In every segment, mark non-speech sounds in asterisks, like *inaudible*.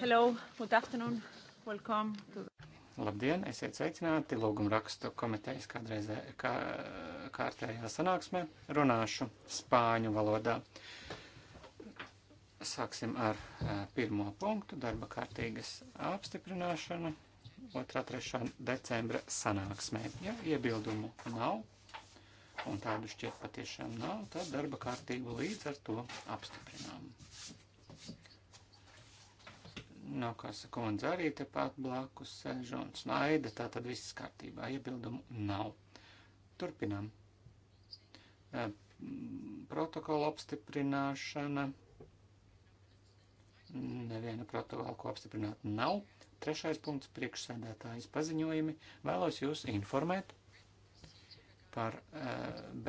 Hello, good afternoon, welcome to. Labdien, esiet sveicināti lūguma rakstu komitejas kādreiz kā, kārtējā sanāksmē. Runāšu spāņu valodā. Sāksim ar eh, pirmo punktu - darba kārtīgas apstiprināšanu 2.3. decembra sanāksmē. Ja iebildumu nav, un tādu šķiet patiešām nav, tad darba kārtību līdz ar to apstiprinām. Nokasa nu, kundze arī tepat blakus sēž un smaida, tā tad viss kārtībā, iebildumu nav. Turpinām. Protokola apstiprināšana. Neviena protokola, ko apstiprināt nav. Trešais punkts priekšsēdētājas paziņojumi. Vēlos jūs informēt par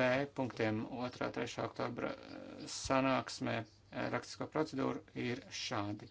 B punktiem 2. 3. oktobra sanāksmē rakstisko procedūru ir šādi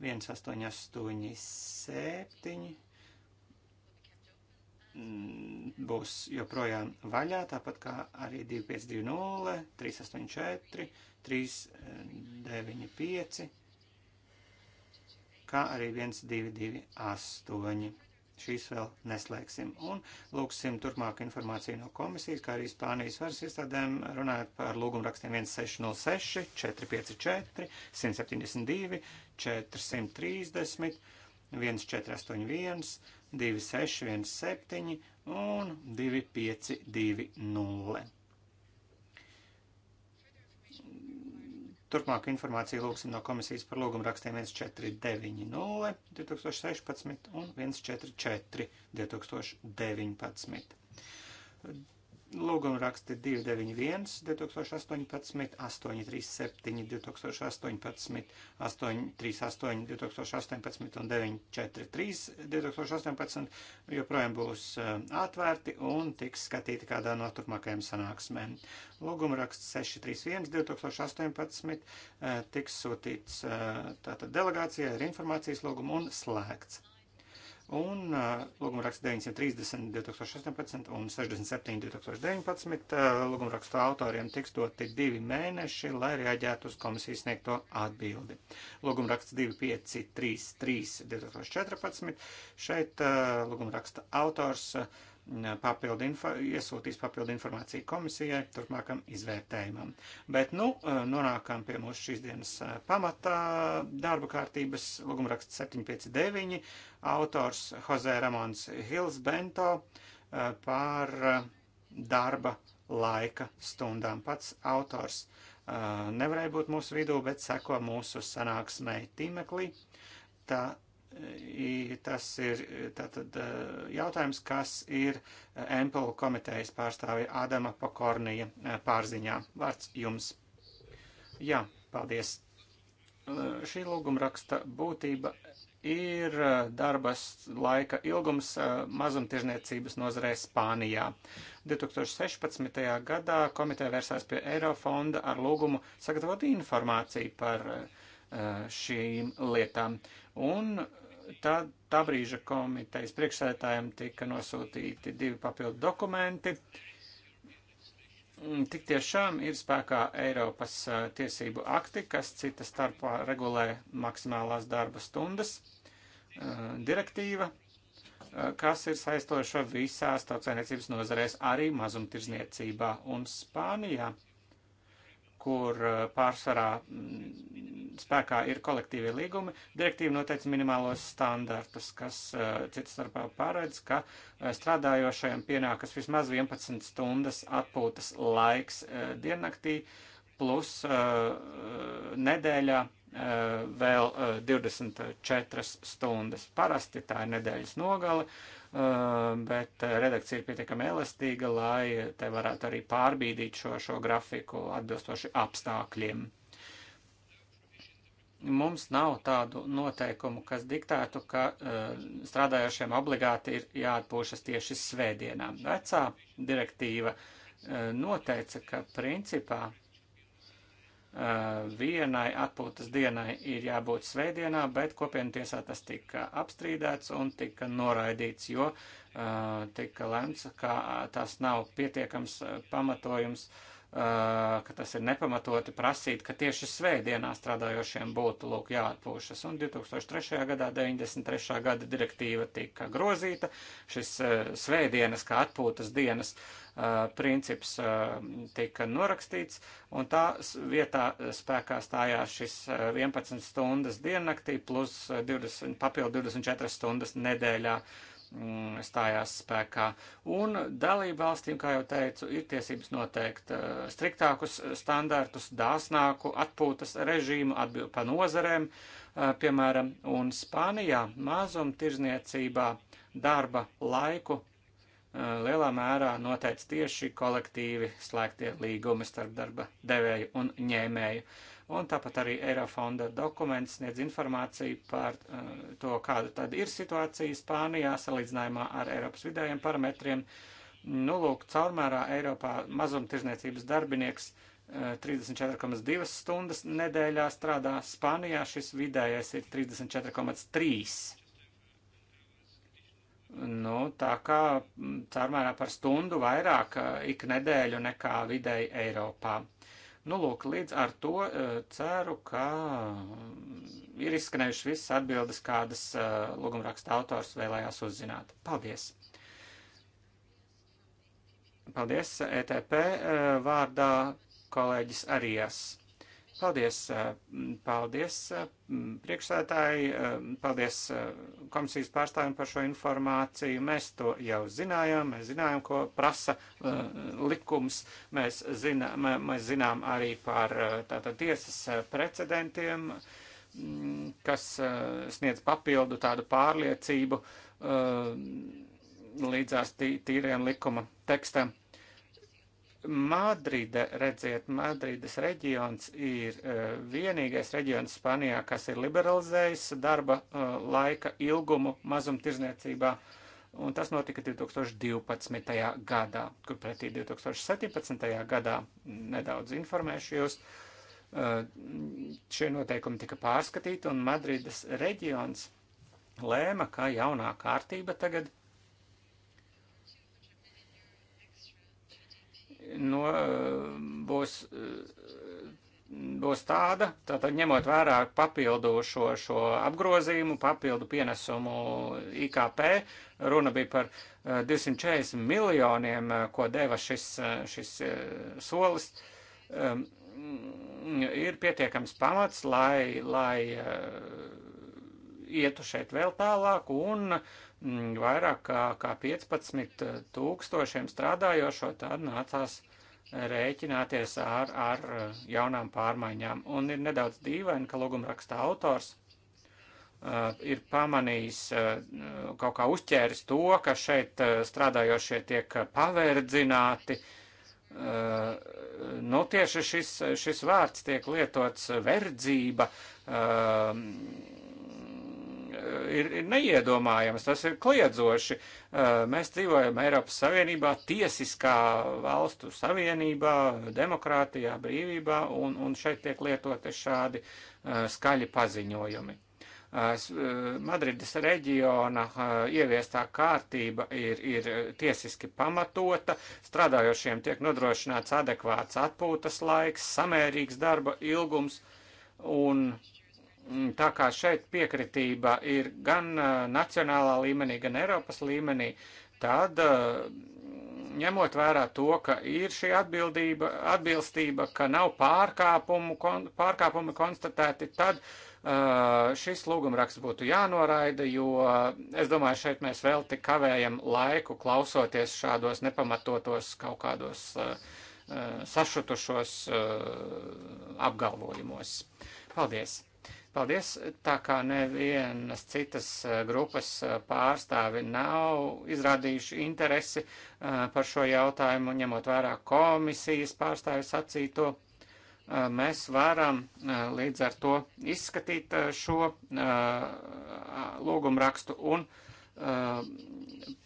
1887 mm, būs joprojām vaļā, tāpat kā arī 2520, 384, 395, kā arī 1228 šīs vēl neslēgsim. Un lūksim turpmāk informāciju no komisijas, kā arī Spānijas varas iestādēm, runājot par lūgumrakstiem 1606, 454, 172, 430, 1481, 2617 un 2520. Turpmāk informāciju lūgsim no komisijas par lūgumu rakstiem 1490 2016 un 144 2019. Lūguma raksti 291, 2018, 837, 2018, 838, 2018 un 943, 2018 joprojām būs eh, atvērti un tiks skatīti kādā no turpmākajām sanāksmēm. Lūguma raksts 631, 2018 eh, tiks sūtīts eh, tātad delegācijai ar informācijas lūgumu un slēgts. Un lūgumraksts 930 2018 un 67 2019 lūgumrakstu autoriem tiks doti divi mēneši, lai reaģētu uz komisijas sniegto atbildi. Lūgumraksts 2533 2014 šeit lūgumraksta autors uh, papildu info, iesūtīs papildu informāciju komisijai turpmākam izvērtējumam. Bet, nu, e, nonākam pie mūsu šīs dienas e, pamatā darba kārtības logumraksts 759, autors Jose Ramons Hils Bento e, par darba laika stundām. Pats autors nevarēja būt mūsu vidū, bet seko mūsu sanāksmē tīmeklī. Tā Tas ir tātad eh, jautājums, kas ir Empulu eh, komitejas pārstāvja Ādama Pokornija eh, pārziņā. Vārds jums. Jā, paldies. Šī lūguma raksta būtība ir darbas laika ilgums mazumtirdzniecības nozarē Spānijā. 2016. gadā komiteja vērsās pie Eirofonda ar lūgumu sagatavot informāciju par šīm lietām. Un Tad tā brīža komitejas priekšsētājiem tika nosūtīti divi papildu dokumenti. Tik tiešām ir spēkā Eiropas tiesību akti, kas cita starpā regulē maksimālās darba stundas direktīva, kas ir saistoša visās tautsēniecības nozarēs, arī mazumtirzniecībā un Spānijā kur uh, pārsvarā mm, spēkā ir kolektīvie līgumi, direktīva noteica minimālos standartus, kas uh, cits starpā paredz, ka uh, strādājošajam pienākas vismaz 11 stundas atpūtas laiks diennaktī plus nedēļā vēl 24 stundas. Parasti tā ir nedēļas nogale Eh, bet eh, redakcija ir pietiekami elastīga, lai te varētu arī pārbīdīt šo, šo grafiku atbilstoši apstākļiem. Mums nav tādu noteikumu, kas diktētu, ka uh, strādājošiem obligāti ir jāatpūšas tieši svētdienā. Vecā direktīva uh, noteica, ka principā Eh, vienai atpūtas dienai ir jābūt svētdienā, bet kopienu tiesā tas tika apstrīdēts un tika noraidīts, jo eh, tika lemts, ka tas nav pietiekams eh, pamatojums uh, ka tas ir nepamatoti prasīt, ka tieši svētdienā strādājošiem būtu lūk jāatpūšas. Un 2003. gadā 93. gada direktīva tika grozīta. Šis svētdienas kā atpūtas dienas princips tika norakstīts, un tā vietā spēkā stājās šis 11 stundas diennaktī plus 20, papildu 24 stundas nedēļā Mm, stājās spēkā. Un dalību valstīm, kā jau teicu, ir tiesības noteikt eh, striktākus standartus, dāsnāku atpūtas režīmu atbild pa nozarēm, eh, piemēram, un Spānijā mazumtirzniecībā darba laiku eh, lielā mērā noteica tieši kolektīvi slēgtie līgumi starp darba devēju un ņēmēju. Un tāpat arī Eirofonda dokuments sniedz informāciju par uh, to, kāda tad ir situācija Spānijā salīdzinājumā ar Eiropas vidējiem parametriem. Nu, lūk, caurmērā Eiropā mazumtirdzniecības darbinieks uh, 34,2 stundas nedēļā strādā, Spānijā šis vidējais ir 34,3. Nu, tā kā mm, caurmērā par stundu vairāk uh, ik nedēļu nekā vidēji Eiropā. Nu, lūk, līdz ar to e, ceru, ka mm, ir izskanējušas visas atbildes, kādas e, lūgumraksta autors vēlējās uzzināt. Paldies! Paldies, ETP e, vārdā kolēģis Arijas. Paldies, eh, paldies eh, priekšsētāji, eh, paldies komisijas pārstāvjiem par šo informāciju. Mēs to jau zinājām, mēs zinājām, ko prasa likums, mēs, zina, mēs zinām arī par tātad tiesas precedentiem, mm, kas sniedz papildu tādu pārliecību līdzās tīriem likuma tekstam. Madride, redziet, Madrides reģions ir e, vienīgais reģions Spanijā, kas ir liberalizējis darba e, laika ilgumu mazumtirzniecībā, un tas notika 2012. gadā, kur pretī 2017. gadā nedaudz informēšu jūs. E, šie noteikumi tika pārskatīti, un Madrides reģions lēma, ka jaunā kārtība tagad no, eh, būs, eh, būs tāda, tātad ņemot vērā papildu šo, šo apgrozījumu, papildu pienesumu IKP, runa bija par 240 eh, miljoniem, ko deva šis, šis solis, ir pietiekams pamats, lai, lai ietu šeit vēl tālāk un uh, Mm, vairāk kā, kā 15 tūkstošiem strādājošo, tad nācās rēķināties ar, ar eh, jaunām pārmaiņām. Un ir nedaudz dīvaini, ka lūgumraksta autors uh, ir pamanījis, uh, kaut kā uzķēris to, ka šeit uh, strādājošie tiek paverdzināti. Uh, nu, tieši šis, šis vārds tiek lietots verdzība. Uh, ir, ir neiedomājams, tas ir kliedzoši. Eh, mēs dzīvojam Eiropas Savienībā, tiesiskā valstu savienībā, demokrātijā, brīvībā, un, un šeit tiek lietoti šādi eh, skaļi paziņojumi. Eh, Madrides reģiona ieviestā kārtība ir, ir tiesiski pamatota, strādājošiem tiek nodrošināts adekvāts atpūtas laiks, samērīgs darba ilgums un Mm, tā kā šeit piekritība ir gan nacionālā līmenī, gan Eiropas līmenī, tad ņemot vērā to, ka ir šī atbildība, atbilstība, ka nav pārkāpumu, kon, pārkāpumi konstatēti, tad uh, šis lūgumraksts būtu jānoraida, jo es domāju, šeit mēs vēl tik kavējam laiku klausoties šādos nepamatotos kaut kādos uh, uh, sašutušos apgalvojumos. Paldies! Paldies, tā kā nevienas citas eh, grupas eh, pārstāvi nav izrādījuši interesi eh, par šo jautājumu, ņemot vērā komisijas pārstāvi sacīto, mēs varam līdz ar to izskatīt šo lūgumu rakstu un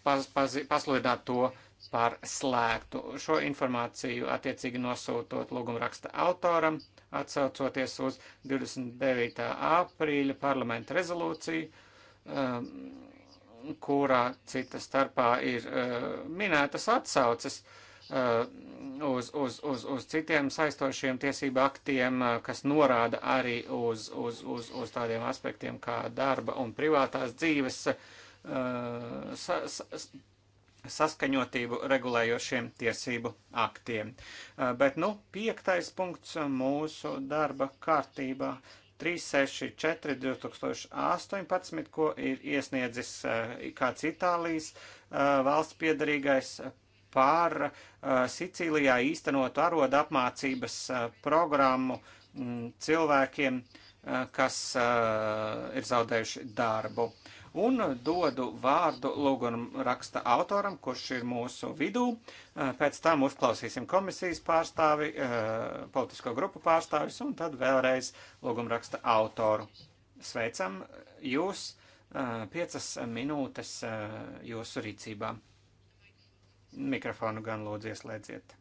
pas, pas, pasludināt to par slēgtu. Šo informāciju attiecīgi nosūtot lūgumu raksta autoram atsaucoties uz 29. aprīļa parlamenta rezolūciju, um, kurā cita starpā ir uh, minētas atsauces uh, uz, uz, uz, uz citiem saistošiem tiesību aktiem, uh, kas norāda arī uz, uz, uz, uz tādiem aspektiem kā darba un privātās dzīves sa, sa, saskaņotību regulējošiem tiesību aktiem. Eh, bet, nu, piektais punkts mūsu darba kārtībā 364 2018, ko ir iesniedzis eh, kāds Itālijas eh, valsts piedarīgais par Sicīlijā īstenotu arodu apmācības programmu mm, cilvēkiem, kas ir zaudējuši darbu un dodu vārdu lūguma raksta autoram, kurš ir mūsu vidū. Eh, pēc tam uzklausīsim komisijas pārstāvi, eh, politisko grupu pārstāvis un tad vēlreiz lūguma raksta autoru. Sveicam jūs! Eh, piecas minūtes jūsu rīcībā. Mikrofonu gan lūdzu ieslēdziet.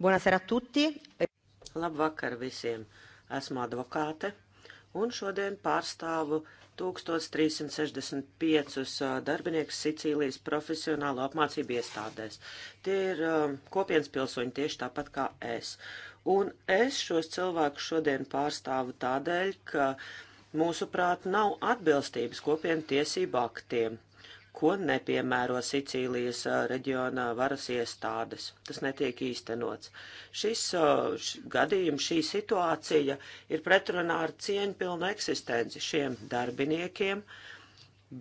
Buonasera a tutti. Labvakar visiem. Esmu advokāte un šodien pārstāvu 1365 darbiniekus Sicīlijas profesionālo apmācību iestādēs. Tie ir um, kopienas pilsoņi tieši tāpat kā es. Un es šos cilvēkus šodien pārstāvu tādēļ, ka mūsuprāt nav atbilstības kopienu tiesību aktiem ko nepiemēro Sicīlijas reģionā varas iestādes. Tas netiek īstenots. Šis š, gadījums, šī situācija ir pretrunā ar cieņpilnu eksistenci šiem darbiniekiem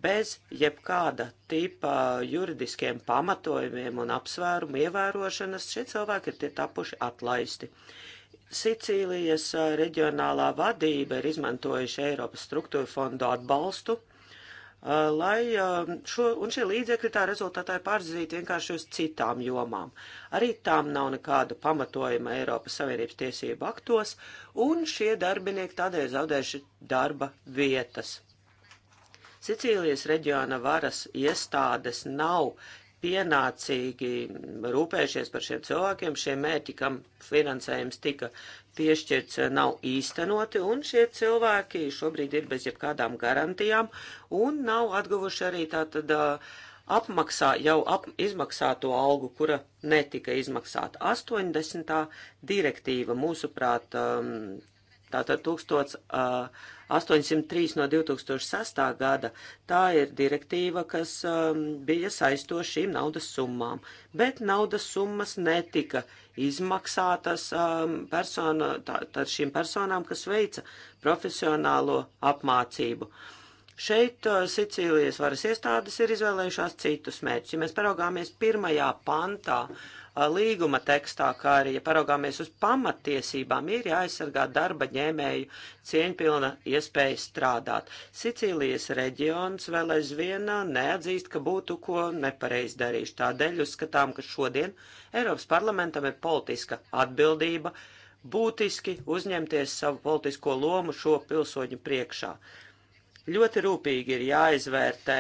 bez jebkāda tipa juridiskiem pamatojumiem un apsvērumu ievērošanas. Šie cilvēki ir tie tapuši atlaisti. Sicīlijas reģionālā vadība ir izmantojuši Eiropas struktūra fondu atbalstu Eh, lai eh, šo un šie līdzekļi tā rezultātā ir pārzīti vienkārši uz citām jomām. Arī tām nav nekāda pamatojuma Eiropas Savienības tiesību aktos, un šie darbinieki tādēļ zaudējuši darba vietas. Sicīlijas reģiona varas iestādes nav pienācīgi rūpējušies par šiem cilvēkiem, šie mērķi, kam finansējums tika piešķirts eh, nav īstenoti, un šie cilvēki šobrīd ir bez jebkādām garantijām un nav atguvuši arī tātad eh, apmaksā, jau ap, izmaksāto algu, kura netika izmaksāta. 80. direktīva, mūsuprāt, ehm, tātad 1803 eh, no 2006. gada, tā ir direktīva, kas ehm, bija saistoša šīm naudas summām, bet naudas summas netika izmaksāta izmaksātas um, persona, tā, tā šīm personām, kas veica profesionālo apmācību. Šeit uh, Sicīlijas varas iestādes ir izvēlējušās citus mērķus. Ja mēs paraugāmies pirmajā pantā, uh, līguma tekstā, kā arī, ja paraugāmies uz pamattiesībām, ir jāaizsargā darba ņēmēju cieņpilna iespēja strādāt. Sicīlijas reģions vēl aizvien neatzīst, ka būtu ko nepareiz darījuši. Tādēļ uzskatām, ka šodien Eiropas parlamentam ir politiska atbildība būtiski uzņemties savu politisko lomu šo pilsoņu priekšā. Ļoti rūpīgi ir jāizvērtē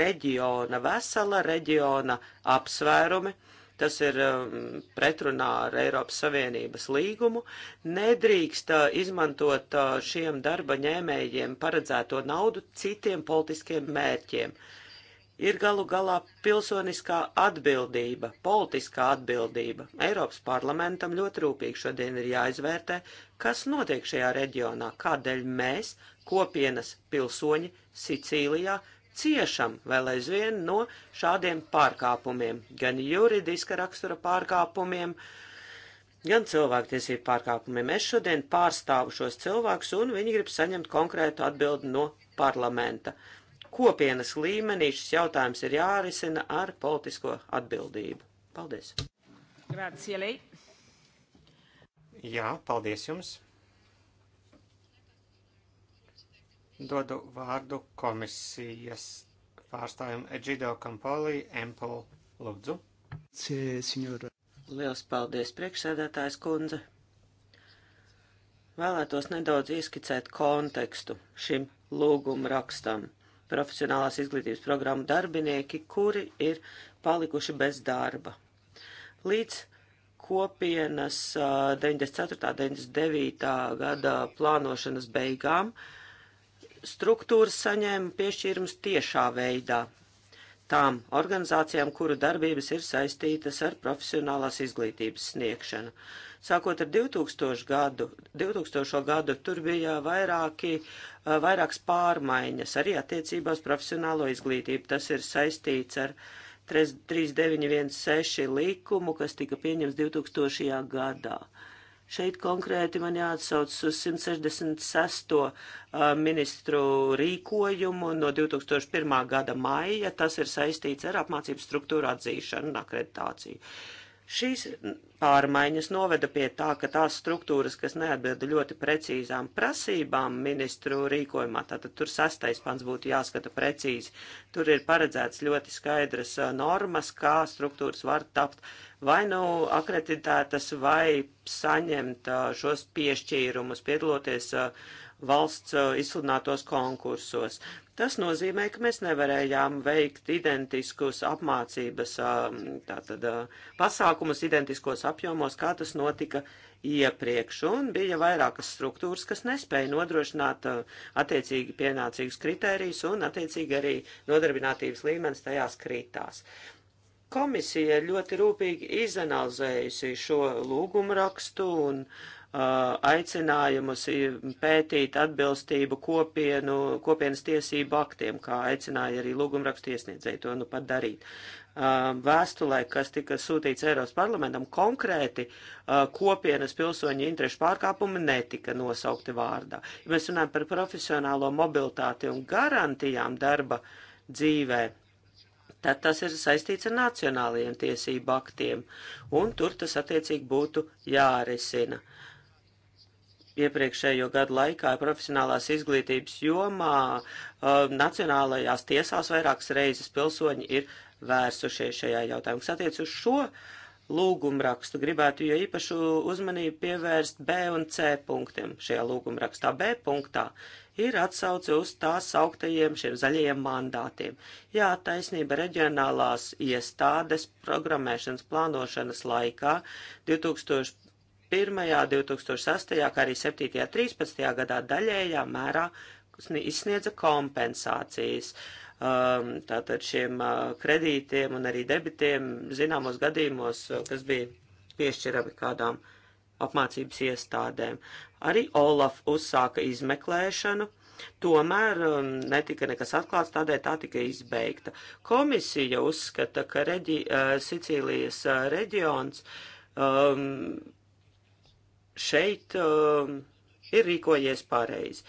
reģiona, vesela reģiona apsvērumi Tas ir um, pretrunā ar Eiropas Savienības līgumu. Nedrīkst uh, izmantot uh, šiem darba ņēmējiem paredzēto naudu citiem politiskiem mērķiem. Ir galu galā pilsoniskā atbildība, politiskā atbildība. Eiropas parlamentam ļoti rūpīgi šodien ir jāizvērtē, kas notiek šajā reģionā, kādēļ mēs, kopienas pilsoņi Sicīlijā, ciešam vēl aizvien no šādiem pārkāpumiem, gan juridiska rakstura pārkāpumiem, gan cilvēktiesību pārkāpumiem. Es šodien pārstāvu šos cilvēkus, un viņi grib saņemt konkrētu atbildi no parlamenta. Kopienas līmenī šis jautājums ir jārisina ar politisko atbildību. Paldies! Grācielī! Jā, paldies jums! Dodu vārdu komisijas pārstāvjiem Egido Kampolī, Empel, lūdzu. Liels paldies, priekšsēdētājs kundze. Vēlētos nedaudz ieskicēt kontekstu šim lūgumu rakstam. Profesionālās izglītības programmu darbinieki, kuri ir palikuši bez darba. Līdz kopienas 94. 99. gada plānošanas beigām uh, struktūras saņēma piešķīrums tiešā veidā tām organizācijām, kuru darbības ir saistītas ar profesionālās izglītības sniegšanu. Sākot ar 2000. gadu, 2000. gadu tur bija vairāki, eh, vairākas pārmaiņas arī attiecībās profesionālo izglītību. Tas ir saistīts ar 3916 likumu, kas tika pieņems 2000. gadā. Šeit konkrēti man jāatsauc uz 166. ministru rīkojumu no 2001. gada maija. Tas ir saistīts ar apmācības struktūru atzīšanu un akreditāciju. Šīs pārmaiņas noveda pie tā, ka tās struktūras, kas neatbilda ļoti precīzām prasībām ministru rīkojumā, tātad tur sastais pants būtu jāskata precīzi, tur ir paredzēts ļoti skaidras normas, kā struktūras var tapt vai nu akreditētas, vai saņemt šos piešķīrumus, piedaloties valsts izsludinātos konkursos. Tas nozīmē, ka mēs nevarējām veikt identiskus apmācības tātad, pasākumus identiskos apjomos, kā tas notika iepriekš, un bija vairākas struktūras, kas nespēja nodrošināt attiecīgi pienācīgus kritērijus, un attiecīgi arī nodarbinātības līmenis tajās kritās. Komisija ļoti rūpīgi izanalizējusi šo lūgumu rakstu un uh, aicinājumus pētīt atbilstību kopienu, kopienas tiesību aktiem, kā aicināja arī lūgumrakstu iesniedzēji to nu pat darīt. Uh, vēstulē, kas tika sūtīts Eiropas parlamentam, konkrēti uh, kopienas pilsoņu interešu pārkāpumi netika nosaukti vārdā. Ja mēs runājam par profesionālo mobilitāti un garantijām darba dzīvē, tad tas ir saistīts ar nacionālajiem tiesību aktiem, un tur tas attiecīgi būtu jārisina. Iepriekšējo gadu laikā profesionālās izglītības jomā uh, nacionālajās tiesās vairākas reizes pilsoņi ir vērsušies šajā jautājumā. Kas attiec uz šo lūgumrakstu, gribētu jo īpašu uzmanību pievērst B un C punktiem šajā lūgumrakstā. B punktā ir atsauce uz tās augtajiem šiem zaļajiem mandātiem. Jā, taisnība reģionālās iestādes programmēšanas plānošanas laikā 2001., 2006, kā arī 7. 13. gadā daļējā mērā izsniedza kompensācijas. Um, tātad šiem uh, kredītiem un arī debitiem zināmos gadījumos, uh, kas bija piešķirami kādām uh, apmācības iestādēm. Arī Olaf uzsāka izmeklēšanu. Tomēr um, netika nekas atklāts, tādēļ tā tika izbeigta. Komisija uzskata, ka reģi, uh, Sicīlijas uh, reģions um, šeit um, ir rīkojies pareizi.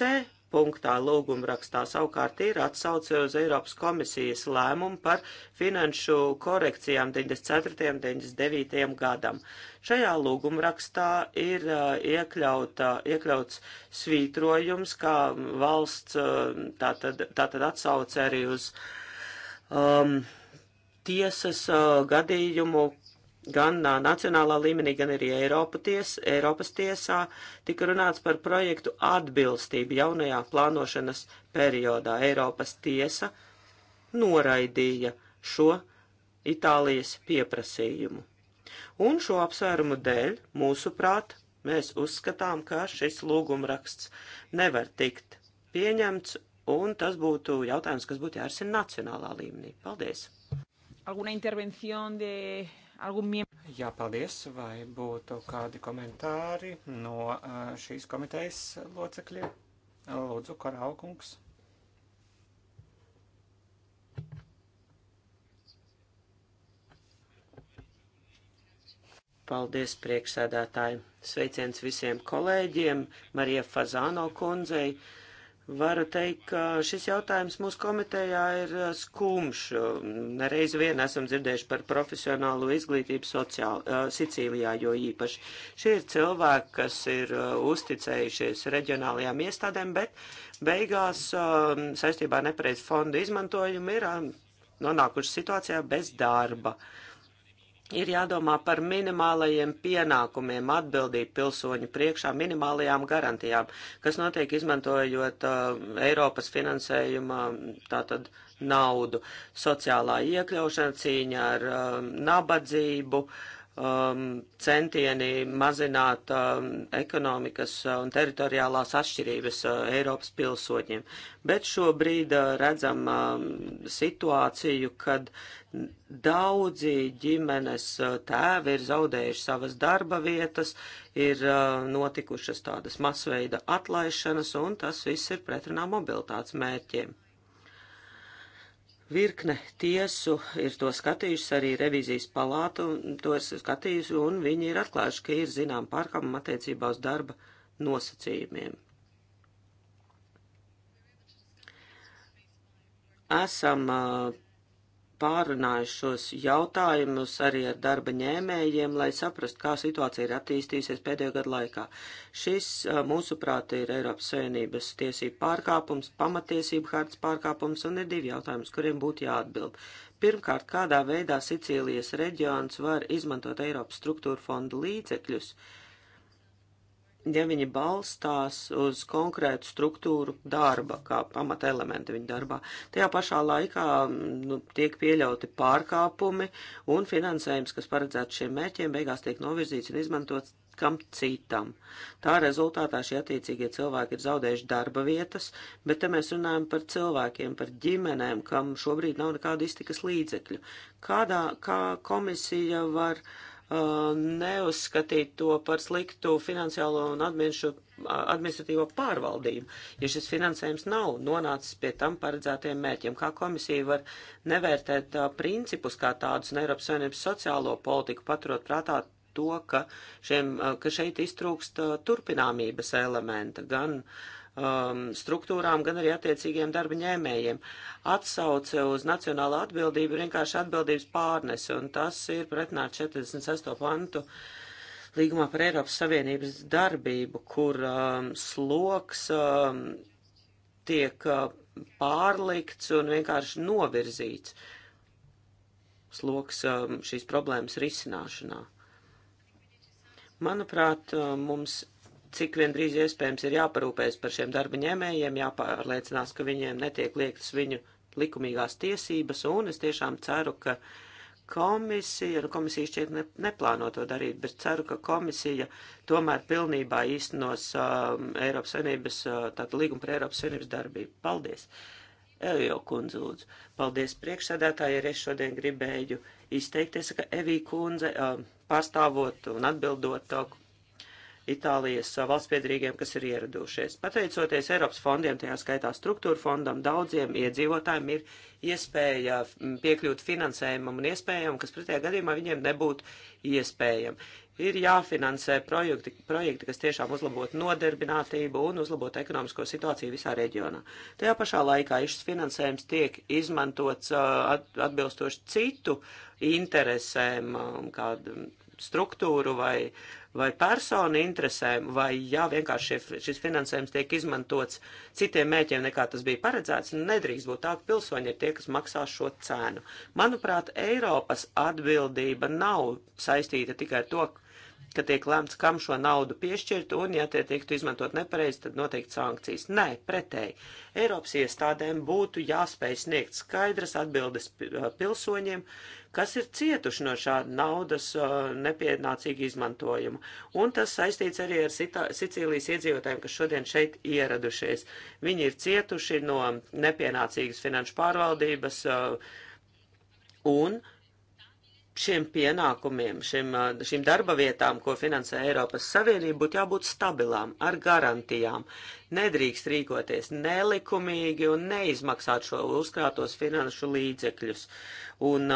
C punktā lūguma rakstā savukārt ir atsauce uz Eiropas komisijas lēmumu par finanšu korekcijām 94. un 99. gadam. Šajā lūguma rakstā ir iekļauta, iekļauts svītrojums, kā valsts, tātad, tātad atsauce arī uz um, tiesas uh, gadījumu, gan nā, nacionālā līmenī, gan arī Eiropa ties, Eiropas tiesā tika runāts par projektu atbilstību jaunajā plānošanas periodā. Eiropas tiesa noraidīja šo Itālijas pieprasījumu. Un šo apsvērumu dēļ, mūsuprāt, mēs uzskatām, ka šis lūgumraksts nevar tikt pieņemts, un tas būtu jautājums, kas būtu jārisina nacionālā līmenī. Paldies! alguna intervención de algún miembro. Jā, paldies. Vai būtu kādi komentāri no šīs komitejas locekļiem? Lūdzu, Karalkungs. Paldies, priekšsēdētāji! Sveiciens visiem kolēģiem, Marija Fazāno kundzei. Varu teikt, ka šis jautājums mūsu komitejā ir eh, skumš. Nereiz vien esam dzirdējuši par profesionālo izglītību sociāli, uh, Sicīlijā, jo īpaši šie ir cilvēki, kas ir uh, uzticējušies reģionālajām iestādēm, bet beigās uh, saistībā nepareiz fondu izmantojumu ir nonākuši situācijā bez darba. Uh, ir jādomā par minimālajiem pienākumiem atbildību pilsoņu priekšā, minimālajām garantijām, kas notiek izmantojot uh, Eiropas finansējuma tātad naudu, sociālā iekļaušana, cīņa ar uh, nabadzību, uh, um, centieni mazināt um, ekonomikas un teritoriālās atšķirības uh, Eiropas pilsoņiem. Bet šobrīd uh, redzam um, situāciju, kad daudzi ģimenes uh, tēvi ir zaudējuši savas darba vietas, ir uh, notikušas tādas masveida atlaišanas, un tas viss ir pretrunā mobilitātes mērķiem. Virkne tiesu ir to skatījušas, arī revizijas palātu to ir skatījusi, un viņi ir atklājuši, ka ir zinām pārkāpuma attiecībā uz darba nosacījumiem. Esam uh, pārunāju šos jautājumus arī ar darba ņēmējiem, lai saprastu, kā situācija ir attīstījusies pēdējo gadu laikā. Šis, mūsuprāt, ir Eiropas Savienības tiesību pārkāpums, pamatiesību hartas pārkāpums, un ir divi jautājumi, kuriem būtu jāatbild. Pirmkārt, kādā veidā Sicīlijas reģions var izmantot Eiropas struktūra fondu līdzekļus? Uh, ja viņi balstās uz konkrētu struktūru darba, kā pamata elementa viņa darbā. Tajā pašā laikā nu, tiek pieļauti pārkāpumi un finansējums, kas paredzēts šiem mērķiem, beigās tiek novirzīts un izmantots kam citam. Tā rezultātā šie attiecīgie cilvēki ir zaudējuši darba vietas, bet te mēs runājam par cilvēkiem, par ģimenēm, kam šobrīd nav nekāda iztikas līdzekļu. Kādā, kā komisija var uh, Uh, neuzskatīt to par sliktu finansiālo un administratīvo pārvaldību, ja šis finansējums nav nonācis pie tam paredzētiem mērķiem. Kā komisija var nevērtēt uh, principus kā tādus un Eiropas Savienības sociālo politiku paturot prātā to, ka, šiem, uh, ka šeit iztrūkst turpināmības elementa gan uh, um, struktūrām, gan arī attiecīgiem darba ņēmējiem. Atsauce uz nacionālo atbildību ir vienkārši atbildības pārnese, un tas ir pretnāts 46. pantu līgumā par Eiropas Savienības darbību, kur um, sloks um, tiek uh, pārlikts un vienkārši novirzīts sloks um, šīs problēmas risināšanā. Manuprāt, um, mums cik vien drīz iespējams ir jāparūpēs par šiem darba ņēmējiem, jāpārliecinās, ka viņiem netiek liektas viņu likumīgās tiesības, un es tiešām ceru, ka komisija, nu komisija šķiet ne, neplāno to darīt, bet ceru, ka komisija tomēr pilnībā īstenos um, Eiropas Savienības, uh, tātad līguma par Eiropas Savienības darbību. Paldies! Elio kundze lūdzu. Paldies priekšsēdētāji, arī es šodien gribēju izteikties, ka Evī kundze um, pārstāvot un atbildot uh, Itālijas uh, valsts piedrīgiem, kas ir ieradušies. Pateicoties Eiropas fondiem, tajā skaitā struktūra fondam, daudziem iedzīvotājiem ir iespēja mm, piekļūt finansējumam un iespējām, kas pretējā gadījumā viņiem nebūtu iespējama. Ir jāfinansē projekti, projekti, kas tiešām uzlabotu nodarbinātību un uzlabotu ekonomisko situāciju visā reģionā. Tajā pašā laikā šis finansējums tiek izmantots uh, atbilstoši citu interesēm, um, kādu struktūru vai uh, vai personu interesēm, vai jā, vienkārši šis finansējums tiek izmantots citiem mēķiem, nekā tas bija paredzēts, nedrīkst būt tā, ka pilsoņi ir tie, kas maksā šo cenu. Manuprāt, Eiropas atbildība nav saistīta tikai ar to, ka tiek lemts, kam šo naudu piešķirt, un, ja tie tiektu izmantot nepareizi, tad noteikti sankcijas. Nē, pretēji. Eiropas iestādēm būtu jāspēj sniegt skaidras atbildes pilsoņiem, kas ir cietuši no šāda naudas nepienācīga izmantojuma. Un tas saistīts arī ar Sitā, Sicīlijas iedzīvotājiem, kas šodien šeit ieradušies. Viņi ir cietuši no nepienācīgas finanšu pārvaldības un šiem pienākumiem, šim, šīm darba vietām, ko finansē Eiropas Savienība, būtu jābūt stabilām, ar garantijām. Nedrīkst rīkoties nelikumīgi un neizmaksāt šo uzkrātos finanšu līdzekļus. Un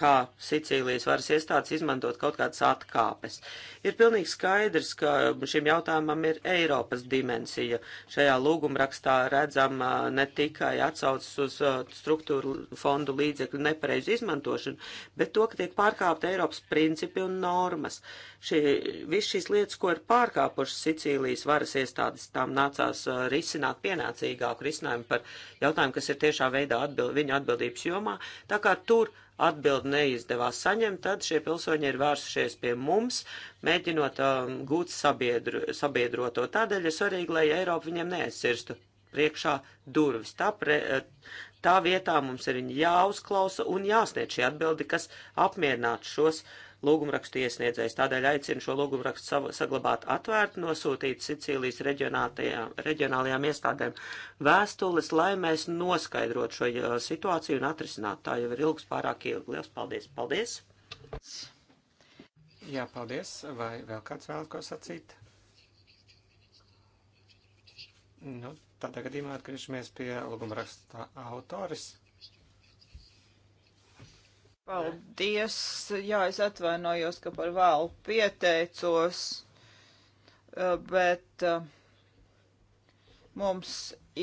kā Sicīlijas varas iestādes izmantot kaut kādas atkāpes. Ir pilnīgi skaidrs, ka šim jautājumam ir Eiropas dimensija. Šajā lūgumrakstā redzam ne tikai atsaucas uz struktūru fondu līdzekļu nepareizu izmantošanu, bet to, ka tiek pārkāpta Eiropas principi un normas. Uh, Šie, viss šīs lietas, ko ir pārkāpušas Sicīlijas varas iestādes, tām nācās uh, risināt pienācīgāku risinājumu par jautājumu, kas ir tiešā veidā atbild, viņa atbildības jomā. Tā kā tur atbildi neizdevās saņemt, tad šie pilsoņi ir vērsušies pie mums, mēģinot um, gūt sabiedru, sabiedroto. Tādēļ ir svarīgi, lai Eiropa viņiem neaizsirstu priekšā durvis. Tā, pre, tā vietā mums ir jāuzklausa un jāsniedz šī atbildi, kas apmierinātu šos uh, lūgumrakstu iesniedzējs. Tādēļ aicinu šo lūgumrakstu saglabāt atvērtu, nosūtīt Sicīlijas reģionālajām iestādēm vēstules, lai mēs noskaidrotu šo situāciju un atrisinātu. Tā jau ir ilgs pārāk ilgi. Lielas paldies! Paldies! Jā, paldies! Vai vēl kāds vēl ko sacīt? Nu, tādā gadījumā atgriežamies pie lūgumraksta autoris. Paldies! Jā, es atvainojos, ka par vēlu pieteicos, eh, bet eh, mums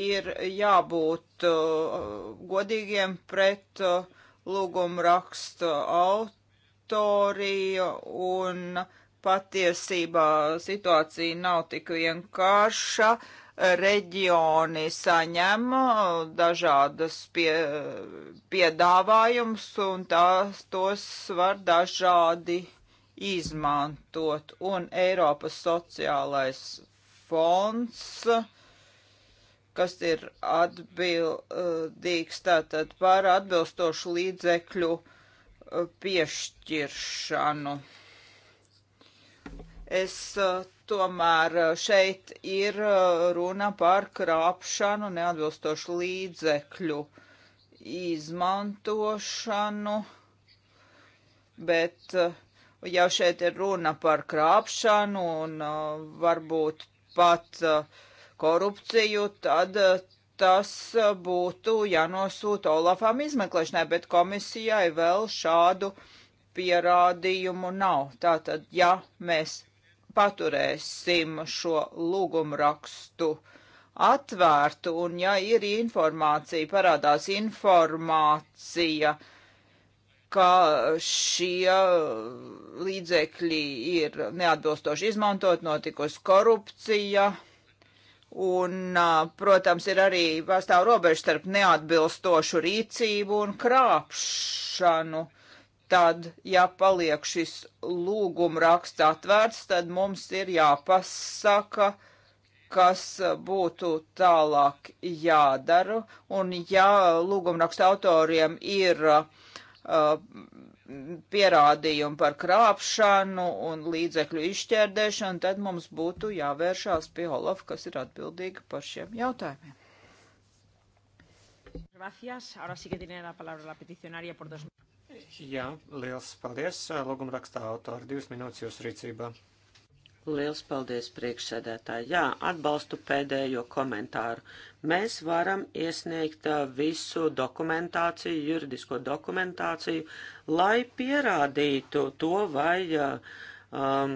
ir jābūt eh, godīgiem pret lūgumu rakstu autoriju un Patiesībā situācija nav tik vienkārša. Reģioni saņem uh, dažādas pie, uh, piedāvājumus un tās, tos var dažādi izmantot. Un Eiropas sociālais fonds kas ir atbildīgs tātad par atbilstošu līdzekļu uh, piešķiršanu. Es eh, tomēr eh, šeit ir eh, runa par krāpšanu, neatbilstošu līdzekļu izmantošanu, bet jau šeit ir runa par krāpšanu un varbūt pat korupciju, tad tas būtu jānosūta Olafam izmeklēšanai, bet komisijai vēl šādu pierādījumu nav. Tātad, ja mēs paturēsim šo lūgumrakstu atvērtu, un ja ir informācija, parādās informācija, ka šie līdzekļi ir neatbilstoši izmantot, notikusi korupcija, un, protams, ir arī pastāv robeža starp neatbilstošu rīcību un krāpšanu tad, ja paliek šis lūguma raksts atvērts, tad mums ir jāpasaka, kas būtu tālāk jādara. Un ja lūguma raksta autoriem ir uh, pierādījumi par krāpšanu un līdzekļu izšķērdēšanu, tad mums būtu jāvēršās pie Olaf, kas ir atbildīga par šiem jautājumiem. Gracias. Ahora sí que tiene la palabra la peticionaria por dos minutos. Jā, liels paldies. Lūguma rakstā autori divas minūtes jūsu rīcībā. Liels paldies priekšsēdētāji. Jā, atbalstu pēdējo komentāru. Mēs varam iesniegt visu dokumentāciju, juridisko dokumentāciju, lai pierādītu to, vai um,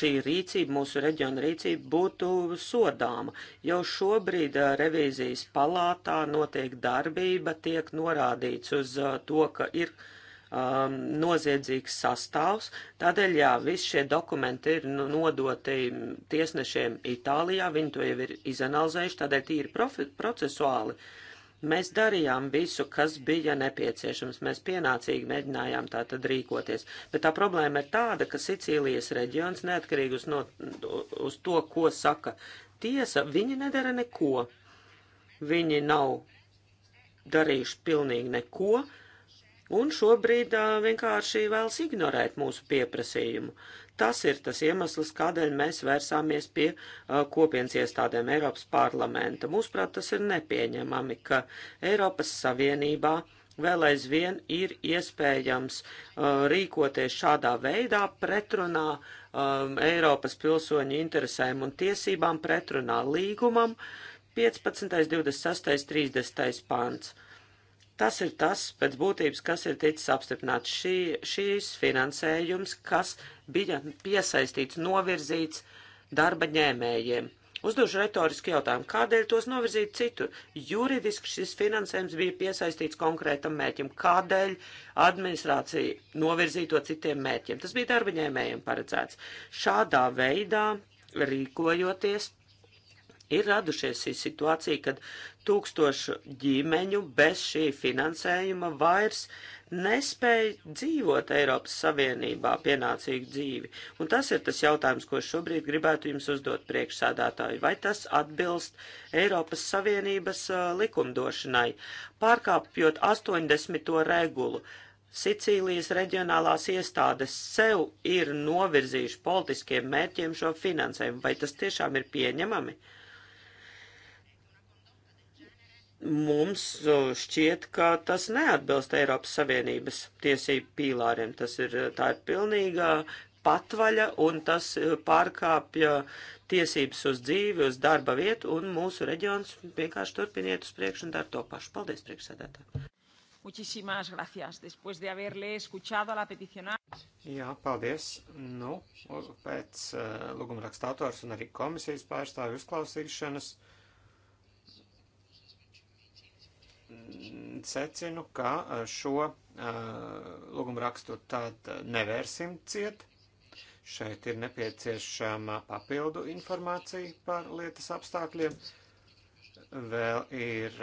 šī rīcība, mūsu reģiona rīcība būtu sodāma. Jau šobrīd uh, revīzijas palātā notiek darbība, tiek norādīts uz uh, to, ka ir uh, um, noziedzīgs sastāvs. Tādēļ, jā, visi šie dokumenti ir nu, nodoti tiesnešiem Itālijā, viņi to jau ir izanalizējuši, tādēļ tīri profi, procesuāli. Mēs darījām visu, kas bija nepieciešams, mēs pienācīgi mēģinājām tā tad rīkoties, bet tā problēma ir tāda, ka Sicīlijas reģions neatkarīgi uz, no, uz to, ko saka tiesa, viņi nedara neko. Viņi nav darījuši pilnīgi neko, uh, un šobrīd uh, vienkārši vēlas ignorēt mūsu pieprasījumu. Tas ir tas iemesls, kādēļ mēs vērsāmies pie uh, kopienas iestādēm Eiropas parlamenta. Mūsuprāt, tas ir nepieņemami, ka Eiropas Savienībā vēl aizvien ir iespējams uh, rīkoties šādā veidā pretrunā um, Eiropas pilsoņu interesēm un tiesībām, pretrunā līgumam 15, 26, 30 pants. Uh, Tas ir tas, pēc būtības, kas ir ticis apstiprināts šī, šīs finansējums, kas bija piesaistīts, novirzīts darba ņēmējiem. Uzdošu retorisku jautājumu, kādēļ tos novirzīt citur? Juridiski šis finansējums bija piesaistīts konkrētam mērķim, kādēļ administrācija novirzīja to citiem mērķiem. Tas bija darba ņēmējiem paredzēts. Šādā veidā rīkojoties, ir radušies šī situācija, kad tūkstošu ģimeņu bez šī finansējuma vairs nespēja dzīvot Eiropas Savienībā pienācīgu dzīvi. Un tas ir tas jautājums, ko šobrīd gribētu jums uzdot priekšsādātāju. Vai tas atbilst Eiropas Savienības uh, likumdošanai, pārkāpjot 80. regulu? Sicīlijas reģionālās iestādes sev ir novirzījuši politiskiem mērķiem šo finansējumu. Vai tas tiešām ir pieņemami? Uh, mums šķiet, ka tas neatbilst Eiropas Savienības tiesību pīlāriem. Tas ir, tā ir pilnīgā patvaļa un tas e, pārkāpja tiesības uz dzīvi, uz darba vietu un mūsu reģions vienkārši turpiniet uz priekšu un dar to pašu. Paldies, priekšsēdētāji! Muchísimas gracias. Después de haberle escuchado a la peticionaria. Jā, paldies. Nu, pēc uh, lūguma rakstātors un arī komisijas pārstāvju uzklausīšanas. Uh, secinu, ka šo lūgumu rakstu tad nevērsim ciet. Šeit ir nepieciešama papildu informācija par lietas apstākļiem vēl ir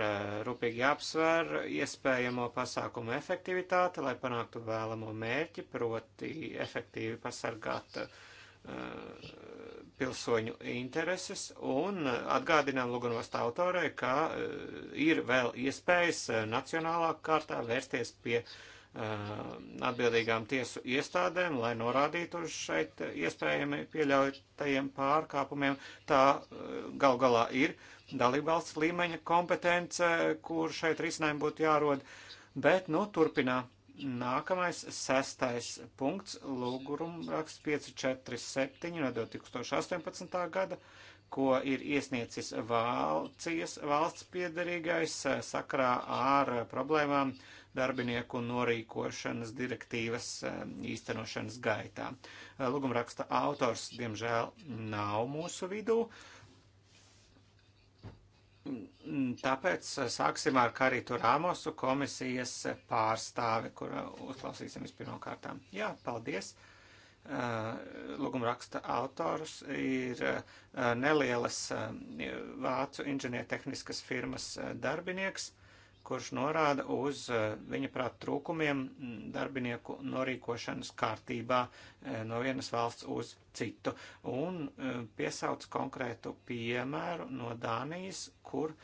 rūpīgi jāapsver iespējamo pasākumu efektivitāte, lai panāktu vēlamo mērķi, proti efektīvi pasargāt uh, pilsoņu intereses un eh, atgādinām Luganovas autorai, ka eh, ir vēl iespējas eh, nacionālā kārtā vērsties pie atbildīgām tiesu iestādēm, lai norādītu uz šeit iespējami pieļautajiem pārkāpumiem. Tā gal galā ir dalībvalsts līmeņa kompetence, kur šeit risinājumi būtu jārod, bet, nu, turpinā Nākamais sestais punkts - lūgurumraksts 547 no 2018. gada, ko ir iesniecis Vācijas valsts piedarīgais eh, sakrā ar eh, problēmām darbinieku norīkošanas direktīvas eh, īstenošanas gaitā. Lūgumraksta autors, diemžēl, nav mūsu vidū. Uh, Mm, tāpēc eh, sāksim ar Karītu Rāmosu komisijas pārstāvi, kur eh, uzklausīsim vispirmkārtām. Jā, paldies! Eh, lūgumraksta autors ir nelielas vācu inženiertehniskas firmas darbinieks kurš norāda uz eh, viņa prāt trūkumiem darbinieku norīkošanas kārtībā eh, no vienas valsts uz citu un eh, piesauc konkrētu piemēru no Dānijas, kur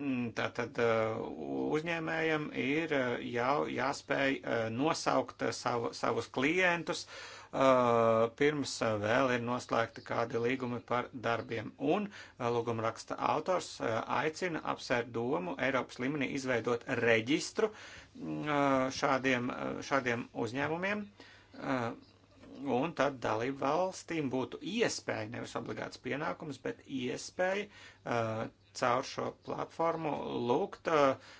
Tātad uzņēmējam ir jau jāspēj nosaukt savu, savus klientus, uh, Uh, pirms uh, vēl ir noslēgti kādi līgumi par darbiem. Un uh, lūguma raksta autors aicina apsvērt domu Eiropas līmenī izveidot reģistru mm, šādiem, šādiem uzņēmumiem. Un tad dalību valstīm būtu iespēja, nevis obligāts pienākums, bet iespēja uh, caur šo platformu lūgt uh,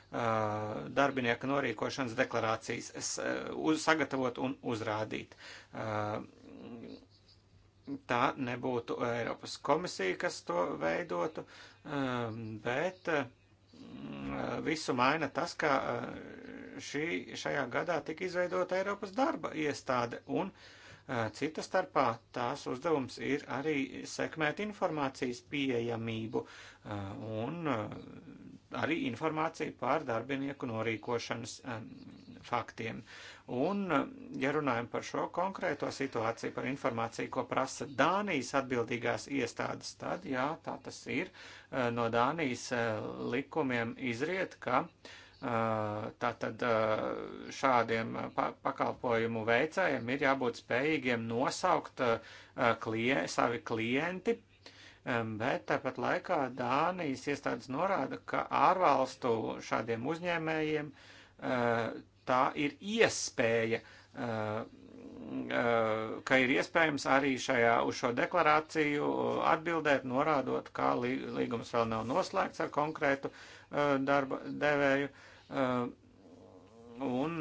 darbinieka norīkošanas deklarācijas es, uh, sagatavot un uzrādīt. Uh, tā nebūtu Eiropas komisija, kas to veidotu, uh, bet uh, visu maina tas, ka uh, šī, šajā gadā tika izveidota Eiropas darba iestāde un uh, Cita starpā tās uzdevums ir arī sekmēt informācijas pieejamību un arī informāciju par darbinieku norīkošanas faktiem. Un, ja runājam par šo konkrēto situāciju, par informāciju, ko prasa Dānijas atbildīgās iestādes, tad jā, tā tas ir. No Dānijas likumiem izriet, ka uh, Eh, tātad eh, šādiem eh, pakalpojumu veicējiem ir jābūt spējīgiem nosaukt klien, savi klienti, bet tāpat laikā Dānijas iestādes norāda, ka ārvalstu šādiem uzņēmējiem tā ir iespēja ka ir iespējams arī šajā uz šo deklarāciju atbildēt, norādot, kā līgums vēl nav noslēgts ar konkrētu darba devēju. Uh, Uh, un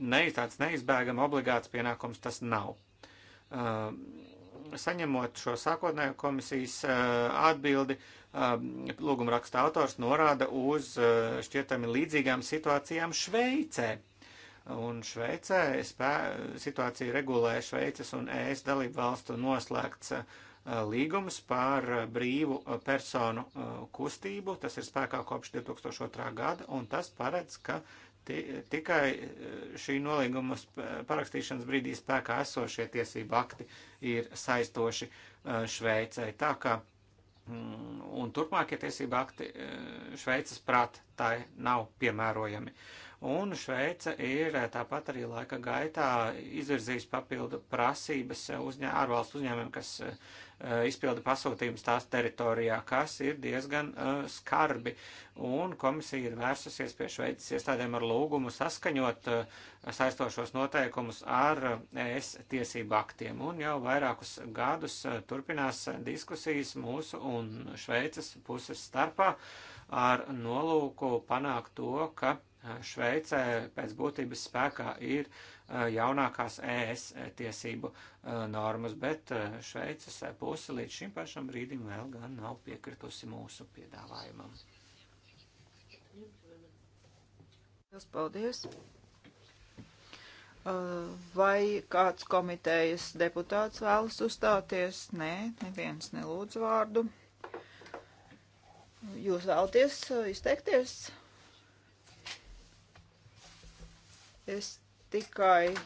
ne, tāds neizbēgama obligāts pienākums tas nav. Uh, saņemot šo sākotnējo komisijas uh, atbildi, lūguma raksta autors norāda uz šķietami līdzīgām situācijām Šveicē. Un Šveicē spē, situācija regulē Šveices un ES dalību valstu noslēgts uh, Eh, līgums par eh, brīvu eh, personu kustību. Tas ir spēkā kopš 2002. gada, un tas paredz, ka tikai šī nolīguma parakstīšanas brīdī spēkā esošie tiesību akti ir saistoši Šveicai. Tā kā mm, un turpmākie tiesību akti Šveices prāt tai nav piemērojami. Uh, Un Šveica ir eh, tāpat arī laika gaitā izvirzījis papildu prasības eh, uzņē, ārvalstu uzņēmumiem, kas uh, izpilda pasūtījumus tās teritorijā, kas ir diezgan uh, skarbi. Un komisija ir vērsusies pie Šveices iestādēm ar lūgumu saskaņot uh, saistošos noteikumus ar ES tiesību aktiem. Un jau vairākus gadus turpinās diskusijas mūsu un Šveices puses starpā ar nolūku panākt to, ka Eh, Šveicē pēc būtības spēkā ir eh, jaunākās ES eh, tiesību normas, bet Šveices puse līdz šim pašam brīdim vēl gan nav piekritusi mūsu piedāvājumam. Paldies! Vai kāds komitejas deputāts vēlas uzstāties? Nē, neviens nelūdz vārdu. Jūs vēlaties izteikties? Es tikai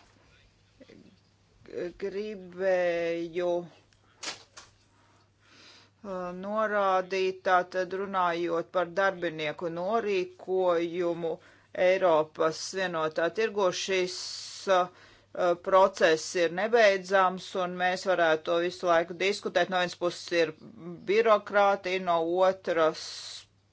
gribēju uh, norādīt, tātad runājot par darbinieku norīkojumu Eiropas vienotā tirgo, šis uh, process ir nebeidzams un mēs varētu to visu laiku diskutēt. No vienas puses ir birokrātija, no otras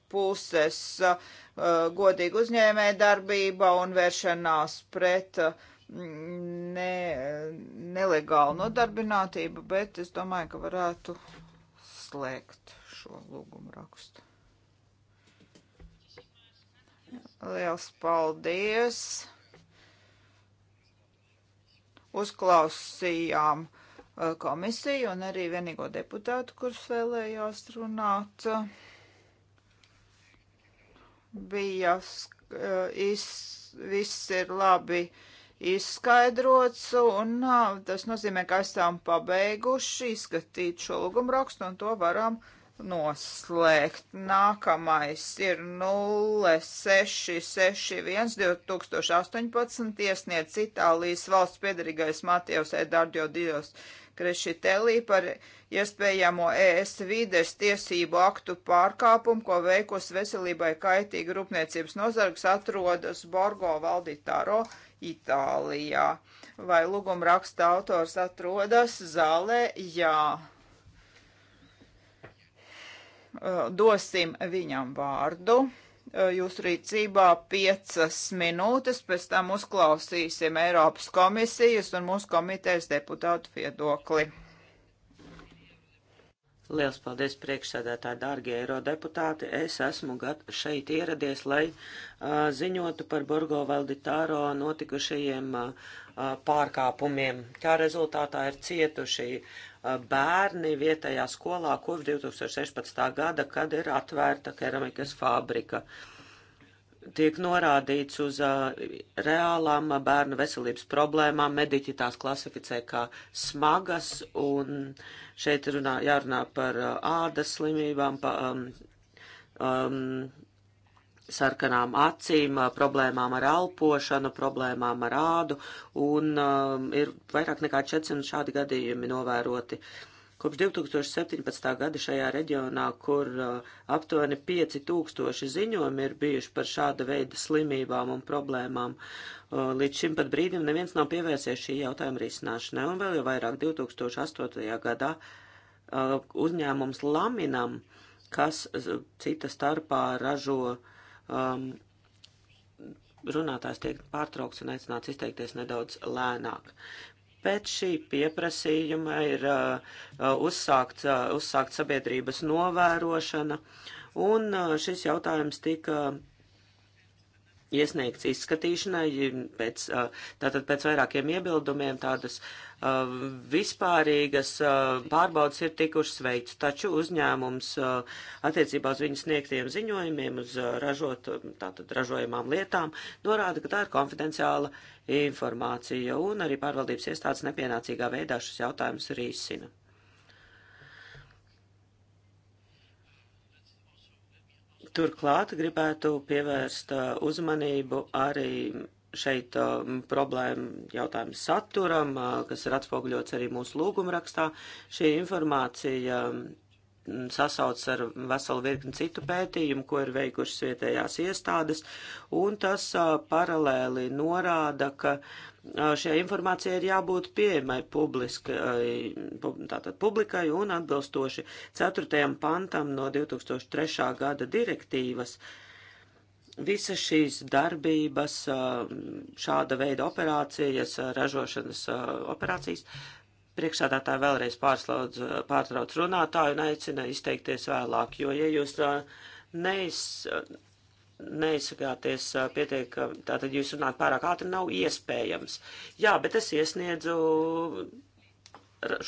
puses uh, Uh, godīga uzņēmē darbība un vēršanās pret uh, ne, nelegālu nodarbinātību, bet es domāju, ka varētu slēgt šo lūgumu rakstu. Liels paldies! Uzklausījām uh, komisiju un arī vienīgo deputātu, kurš vēlējās runāt bija, eh, iz, viss ir labi izskaidrots, un ah, tas nozīmē, ka esam pabeiguši izskatīt šo lūgumrakstu, un to varam noslēgt. Nākamais ir 0661 2018 iesniedz Itālijas valsts piedarīgais Matijos Edardjo Dijos Krešitelī par iespējamo ES vides tiesību aktu pārkāpumu, ko veikus veselībai kaitīgi rūpniecības nozargs atrodas Borgo Valditaro, Itālijā. Vai lūguma raksta autors atrodas zālē? Jā. Uh, dosim viņam vārdu. Eh, jūsu rīcībā piecas minūtes, pēc tam uzklausīsim Eiropas komisijas un mūsu komitejas deputātu viedokli. Liels paldies priekšsēdētāji, dārgie eirodeputāti. Es esmu šeit ieradies, lai uh, ziņotu par Borgo Valditāro notikušajiem uh, pārkāpumiem, kā rezultātā ir cietuši uh, bērni vietējā skolā kopš 2016. gada, kad ir atvērta keramikas fabrika. Tiek norādīts uz reālām bērnu veselības problēmām, mediķi tās klasificē kā smagas, un šeit runā, jārunā par ādas slimībām, pa, um, um, sarkanām acīm, problēmām ar elpošanu, problēmām ar ādu, un um, ir vairāk nekā 400 šādi gadījumi novēroti. Kopš 2017. gada šajā reģionā, kur uh, aptuveni 5000 ziņojumi ir bijuši par šāda veida slimībām un problēmām, uh, līdz šim pat brīdim neviens nav pievērsies šī jautājuma risināšanai, un vēl jau vairāk 2008. gadā uh, uzņēmums Laminam, kas cita starpā ražo uh, um, runātājs tiek pārtraukts un aicināts izteikties nedaudz lēnāk. Pēc šī pieprasījuma ir uh, uh uzsākts, uh, uzsākt sabiedrības novērošana, un uh, šis jautājums tika iesniegts izskatīšanai, pēc, tātad pēc vairākiem iebildumiem tādas vispārīgas pārbaudas ir tikušas veikts, taču uzņēmums attiecībā uz viņu sniegtiem ziņojumiem, uz ražot, tātad ražojamām lietām, norāda, ka tā ir konfidenciāla informācija, un arī pārvaldības iestādes nepienācīgā veidā šis jautājums risina. Turklāt gribētu pievērst uh, uzmanību arī šeit uh, um, problēma jautājums saturam, uh, kas ir atspoguļots arī mūsu lūgumrakstā. Šī informācija um, sasaucas ar veselu virkni citu pētījumu, ko ir veikušas vietējās iestādes, un tas uh, paralēli norāda, ka uh, šajā informācijai ir jābūt pieejamai publiskai, pub, tātad publikai un atbilstoši 4. pantam no 2003. gada direktīvas. Visas šīs darbības, šāda veida operācijas, ražošanas operācijas Priekšsādātāji vēlreiz pārslaudz, pārtrauc runātāju un aicina izteikties vēlāk, jo, ja jūs uh, neiz, neizsakāties uh, pietiekami, tātad jūs runāt pārāk ātri nav iespējams. Jā, bet es iesniedzu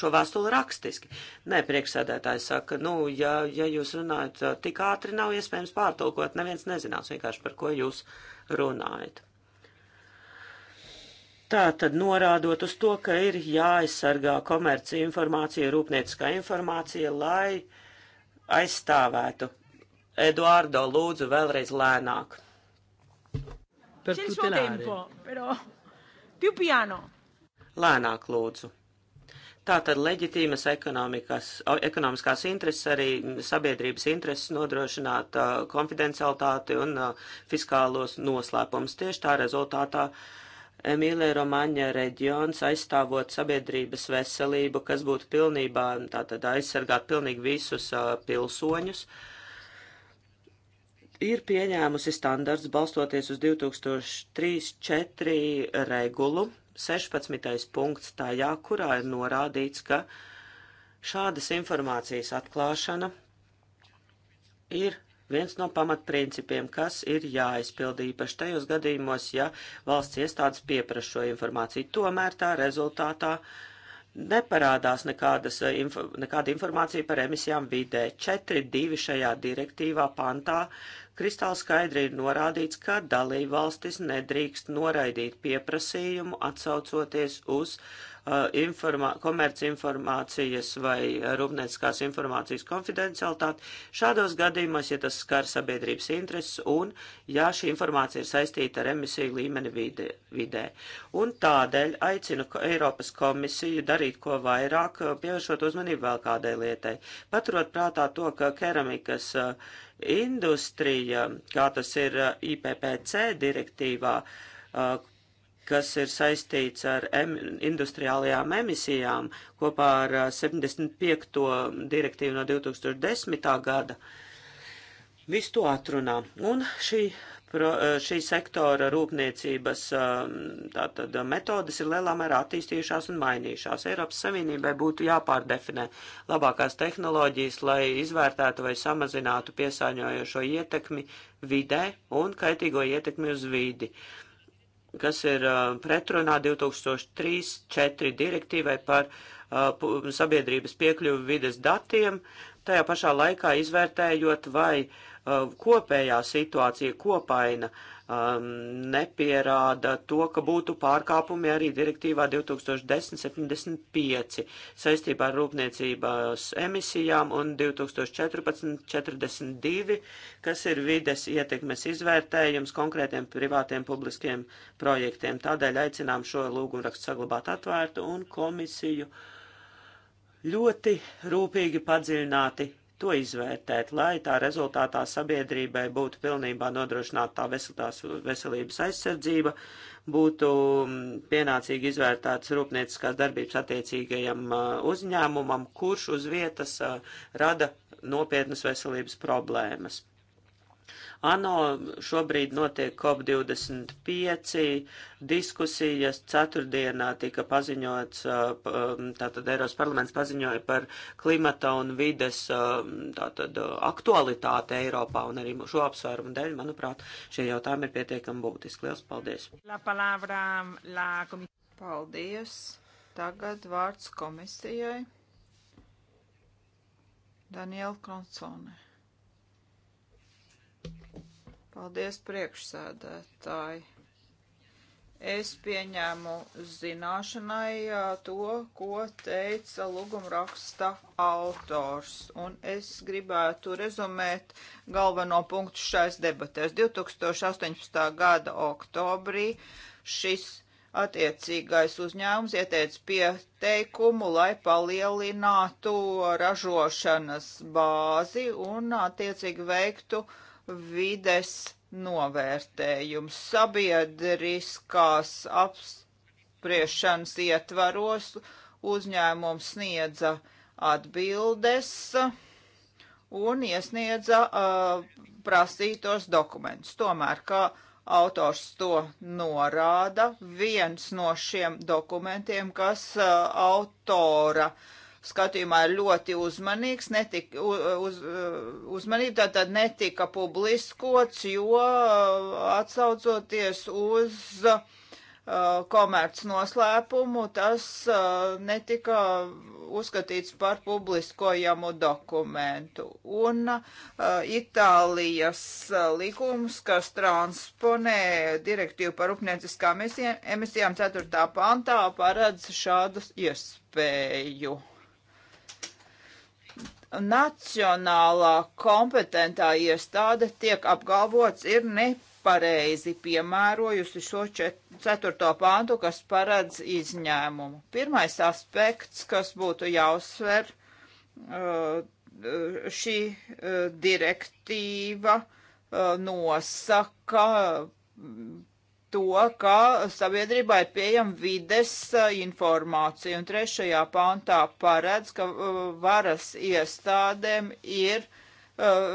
šo vēstuli rakstiski. Nē, priekšsēdētājs saka, nu, ja, ja jūs runājat uh, tik ātri, nav iespējams pārtulkot, neviens nezinās vienkārši, par ko jūs runājat. Tā tad norādot uz to, ka ir jāaizsargā komerci informācija, rūpnieciskā informācija, lai aizstāvētu. Eduardo, lūdzu, vēlreiz lēnāk. Per tempo, però più piano. Lēnāk, lūdzu. Tātad leģitīmas ekonomiskās intereses, arī sabiedrības intereses nodrošināt uh, konfidencialitāti un uh, fiskālos noslēpumus. Tieši tā rezultātā uh, Emīlē Romaņa reģions aizstāvot sabiedrības veselību, kas būtu pilnībā, tātad aizsargāt pilnīgi visus uh, pilsoņus, ir pieņēmusi standarts balstoties uz 2003-4 regulu 16. punkts tajā, kurā ir norādīts, ka šādas informācijas atklāšana ir viens no pamatprincipiem, kas ir jāizpild īpaši tajos gadījumos, ja valsts iestādes pieprasa šo informāciju. Tomēr tā rezultātā neparādās nekādas, eh, info, nekāda informācija par emisijām vidē. 4.2. šajā direktīvā pantā kristāli skaidri ir norādīts, ka dalībvalstis nedrīkst noraidīt pieprasījumu atsaucoties uz uh, Uh, informā, komercinformācijas vai rūpnieciskās informācijas konfidencialitāti. Šādos gadījumos, ja tas skar sabiedrības intereses un ja šī informācija ir saistīta ar emisiju līmeni vide, vidē. Un tādēļ aicinu Eiropas komisiju darīt ko vairāk, uh, pievēršot uzmanību vēl kādai lietai. Paturot prātā to, ka keramikas uh, industrija, kā tas ir IPPC direktīvā, kas ir saistīts ar em, industriālajām emisijām kopā ar 75. direktīvu no 2010. gada. Visu to atrunā. Un šī, pro, šī sektora rūpniecības tātad, metodas ir lielā mērā attīstījušās un mainījušās. Eiropas Savienībai būtu jāpārdefinē labākās tehnoloģijas, lai izvērtētu vai samazinātu piesāņojošo ietekmi vidē un kaitīgo ietekmi uz vīdi. Uh, kas ir pretrunā 2003-4 direktīvai par uh, sabiedrības piekļuvi vides datiem, tajā pašā laikā izvērtējot, vai uh, kopējā situācija kopaina uh, um, nepierāda to, ka būtu pārkāpumi arī direktīvā 2010-75 saistībā ar rūpniecībās emisijām un 2014-42, kas ir vides ietekmes izvērtējums konkrētiem privātiem publiskiem projektiem. Tādēļ aicinām šo lūgumrakstu saglabāt atvērtu un komisiju ļoti rūpīgi padziļināti to izvērtēt, lai tā rezultātā sabiedrībai būtu pilnībā nodrošināta tā veselās, veselības aizsardzība, būtu mm, pienācīgi izvērtēts rūpnieciskās darbības attiecīgajam uzņēmumam, kurš uz vietas rada nopietnas veselības problēmas. ANO šobrīd notiek COP25 diskusijas. Ceturtdienā tika paziņots, uh, um, tātad Eiropas parlaments paziņoja par klimata un vides um, tātad, uh, aktualitāti Eiropā un arī šo apsvērumu dēļ, manuprāt, šie jautājumi ir pietiekami būtiski. Lielas paldies! La palabra, la komis... Paldies! Tagad vārds komisijai. Daniela Kronsone. Paldies, priekšsēdētāji. Es pieņēmu zināšanai to, ko teica lūgumraksta autors, un es gribētu rezumēt galveno punktu šais debatēs. 2018. gada oktobrī šis attiecīgais uzņēmums ieteica pieteikumu, lai palielinātu ražošanas bāzi un attiecīgi veiktu uh, vides novērtējums sabiedriskās apspriešanas ietvaros uzņēmums sniedza atbildes un iesniedza uh, prasītos dokumentus. Tomēr, kā autors to norāda, viens no šiem dokumentiem, kas uh, autora uh, skatījumā ir ļoti uzmanīgs, netika, uz, uzmanība tātad netika publiskots, jo uh, atsaucoties uz uh, komerc noslēpumu, tas uh, netika uzskatīts par publiskojamu dokumentu. Un uh, Itālijas uh, likums, kas transponē direktīvu par rūpnieciskām emisijām 4. pantā, paredz šādu iespēju nacionālā kompetentā iestāde tiek apgalvots ir nepareizi piemērojusi šo ceturto pāntu, kas paredz izņēmumu. Pirmais aspekts, kas būtu jāuzsver, uh, šī uh, direktīva uh, nosaka to, ka sabiedrībai pieejam vides uh, informācija. Un trešajā pantā paredz, ka uh, varas iestādēm ir uh,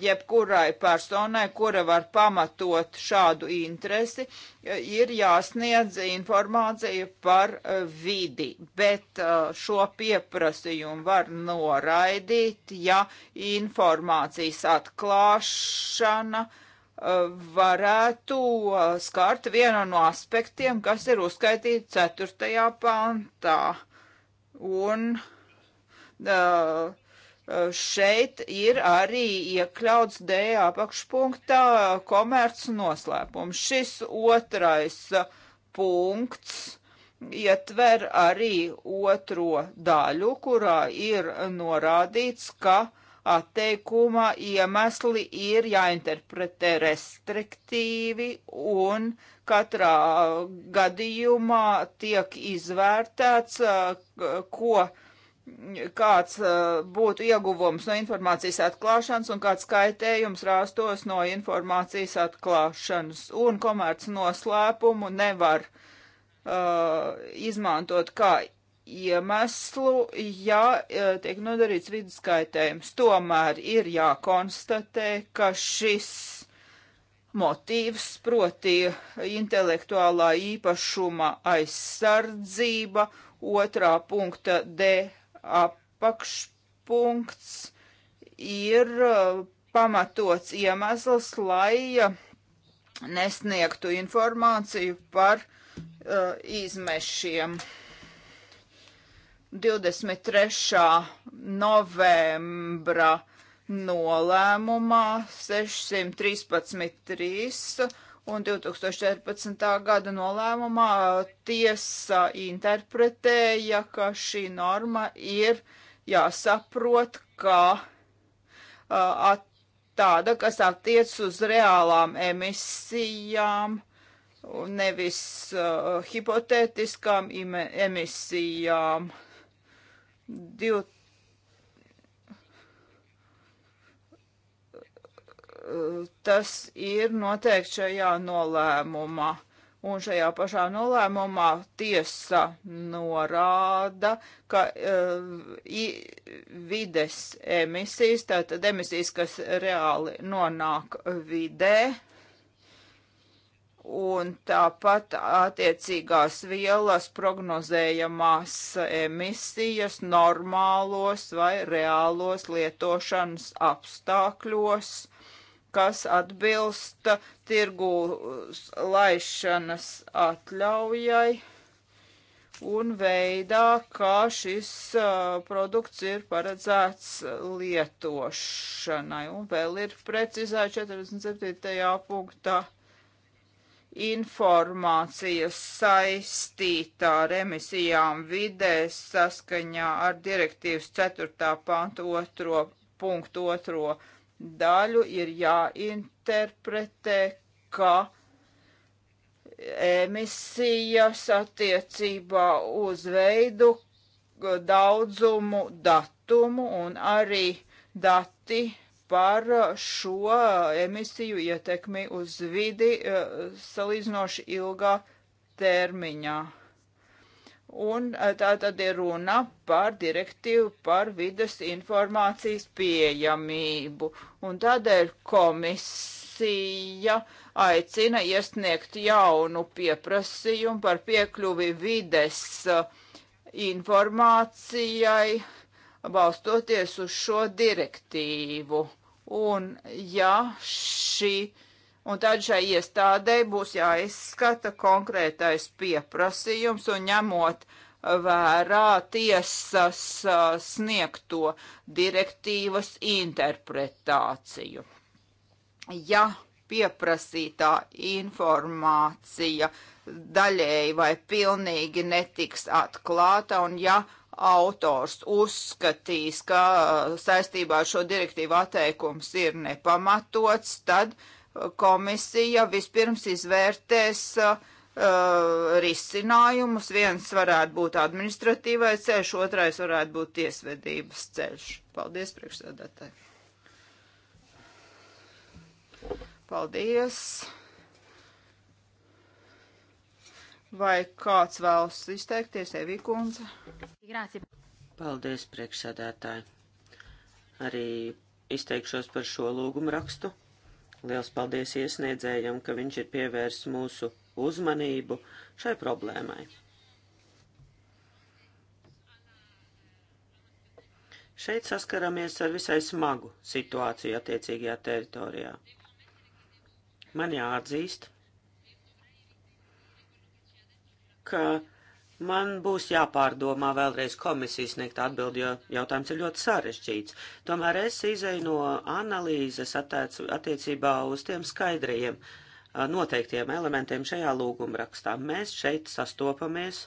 jebkurai personai, kura var pamatot šādu interesi, ir jāsniedz informācija par vidi, bet šo pieprasījumu var noraidīt, ja informācijas atklāšana uh, varētu uh, skart vienu no aspektiem, kas ir uzskaitīti 4. pantā. Un uh, uh, šeit ir arī iekļauts D apakšpunktā komerc noslēpums. Šis otrais punkts ietver arī otro daļu, kurā ir norādīts, ka uh, atteikuma iemesli ir jāinterpretē restriktīvi un katrā gadījumā tiek izvērtēts, eh, ko kāds eh, būtu ieguvums no informācijas atklāšanas un kāds kaitējums rāstos no informācijas atklāšanas. Un komerc noslēpumu nevar uh, izmantot kā iemeslu, ja e, tiek nodarīts vidskaitējums. Tomēr ir jākonstatē, ka šis motīvs, proti intelektuālā īpašuma aizsardzība, otrā punkta D apakšpunkts, ir e, pamatots iemesls, lai nesniegtu informāciju par uh, izmešiem. 23. novembra nolēmumā 613.3 un 2014. gada nolēmumā tiesa interpretēja, ka šī norma ir jāsaprot, ka uh, tāda, kas attiec uz reālām emisijām, nevis uh, hipotētiskām emisijām. Uh, div... Tas ir noteikti šajā nolēmumā. Un šajā pašā nolēmumā tiesa norāda, ka uh, vides emisijas, tātad emisijas, kas reāli nonāk vidē, un tāpat attiecīgās vielas prognozējamās emisijas normālos vai reālos lietošanas apstākļos, kas atbilst tirgū laišanas atļaujai un veidā, kā šis uh, produkts ir paredzēts lietošanai. Un vēl ir precizēts 47. punktā informācija saistītā ar emisijām vidē saskaņā ar direktīvas 4. pantu 2. punktu 2. daļu ir jāinterpretē, ka emisijas attiecībā uz veidu, daudzumu, datumu un arī dati par uh, šo uh, emisiju ietekmi uz vidi uh, salīdzinoši ilgā termiņā. Un tā tad ir runa par direktīvu par vides informācijas pieejamību. Un tādēļ komisija aicina iesniegt jaunu pieprasījumu par piekļuvi vides informācijai, balstoties uz šo direktīvu Un ja šī, un tad šai iestādēji būs jāizskata konkrētais pieprasījums un ņemot vērā tiesas sniegto direktīvas interpretāciju. Ja pieprasītā informācija daļēji vai pilnīgi netiks atklāta, un ja uh, autors uzskatīs, ka uh, saistībā ar šo direktīvu atteikums ir nepamatots, tad uh, komisija vispirms izvērtēs uh, uh, risinājumus. Viens varētu būt administratīvais ceļš, otrais varētu būt tiesvedības ceļš. Paldies priekšsēdētāji! Paldies! Vai kāds vēlas izteikties, Evī kundze? Paldies, priekšsēdētāji. Arī izteikšos par šo lūgumu rakstu. Liels paldies iesniedzējam, ka viņš ir pievērsis mūsu uzmanību šai problēmai. Šeit saskaramies ar visai smagu situāciju attiecīgajā teritorijā. Man jāatzīst, ka man būs jāpārdomā vēlreiz komisijas sniegt atbildi, jo jautājums ir ļoti sarežģīts. Tomēr es izēju no analīzes attiec, attiecībā uz tiem skaidrajiem noteiktiem elementiem šajā lūgumrakstā. Mēs šeit sastopamies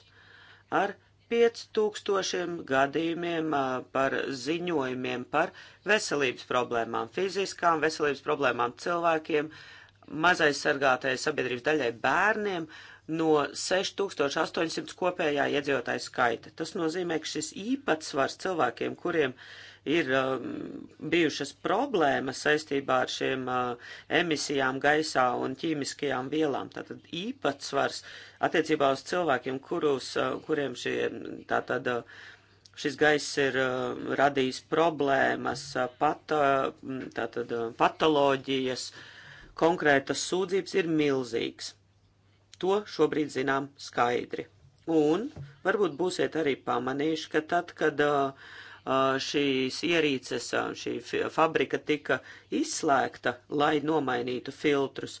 ar 5000 gadījumiem par ziņojumiem par veselības problēmām, fiziskām veselības problēmām cilvēkiem, mazais sargātais sabiedrības daļai bērniem no 6800 kopējā iedzīvotāja skaita. Tas nozīmē, ka šis īpatsvars cilvēkiem, kuriem ir um, bijušas problēmas saistībā ar šiem uh, emisijām gaisā un ķīmiskajām vielām, tātad īpatsvars attiecībā uz cilvēkiem, kurus, uh, kuriem šie tātad. Uh, Šis gaiss ir uh, radījis problēmas, uh, pata, uh, tātad, uh, patoloģijas, konkrētas sūdzības ir milzīgs To šobrīd zinām skaidri. Un varbūt būsiet arī pamanījuši, ka tad, kad uh, uh šīs ierīces, uh, šī fabrika tika izslēgta, lai nomainītu filtrus,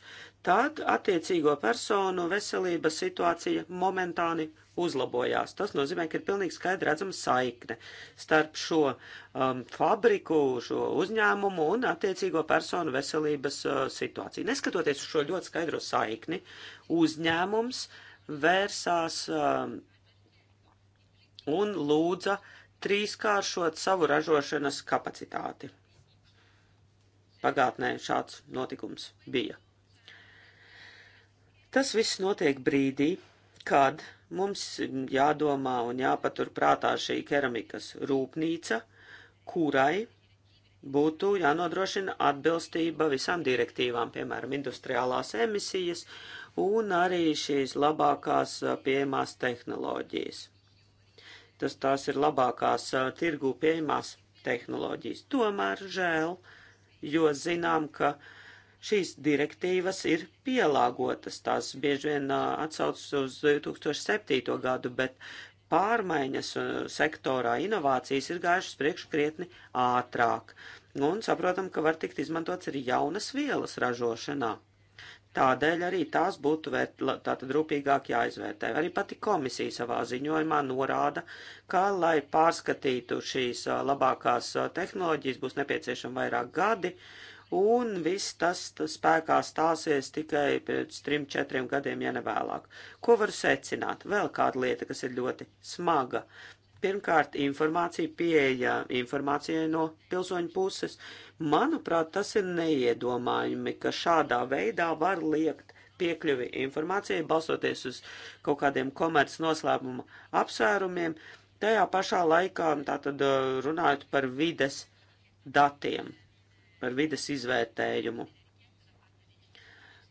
tad attiecīgo personu veselības situācija momentāni uzlabojās. Tas nozīmē, ka ir pilnīgi skaidri redzama saikne starp šo um, fabriku, šo uzņēmumu un attiecīgo personu veselības uh, situāciju. Neskatoties uz šo ļoti skaidro saikni, uzņēmums vērsās um, un lūdza trīskāršot savu ražošanas kapacitāti. Pagātnē šāds notikums bija. Tas viss notiek brīdī, kad mums jādomā un jāpaturprātā šī keramikas rūpnīca, kurai būtu jānodrošina atbilstība visām direktīvām, piemēram, industriālās emisijas un arī šīs labākās pieejamās tehnoloģijas. Tas tās ir labākās tirgū pieejamās tehnoloģijas. Tomēr žēl, jo zinām, ka uh, šīs direktīvas ir pielāgotas. Tās bieži vien atsaucas uz 2007. gadu, bet pārmaiņas sektorā inovācijas ir gājušas priekšu krietni ātrāk. Un saprotam, ka var tikt izmantots arī jaunas vielas ražošanā. Tādēļ arī tās būtu vērt, tātad rūpīgāk jāizvērtē. Arī pati komisija savā ziņojumā norāda, ka, lai pārskatītu šīs labākās tehnoloģijas, būs nepieciešama vairāk gadi, uh, un viss tas, tas spēkā stāsies tikai pēc trim, četriem gadiem, ja nevēlāk. Ko varu secināt? Vēl kāda lieta, kas ir ļoti smaga. Pirmkārt, informācija pieeja informācijai no pilsoņu puses. Manuprāt, tas ir neiedomājumi, ka šādā veidā var liekt piekļuvi informācijai, balstoties uz kaut kādiem komerc noslēpuma apsvērumiem, tajā pašā laikā tātad runājot par vides datiem par vides izvērtējumu.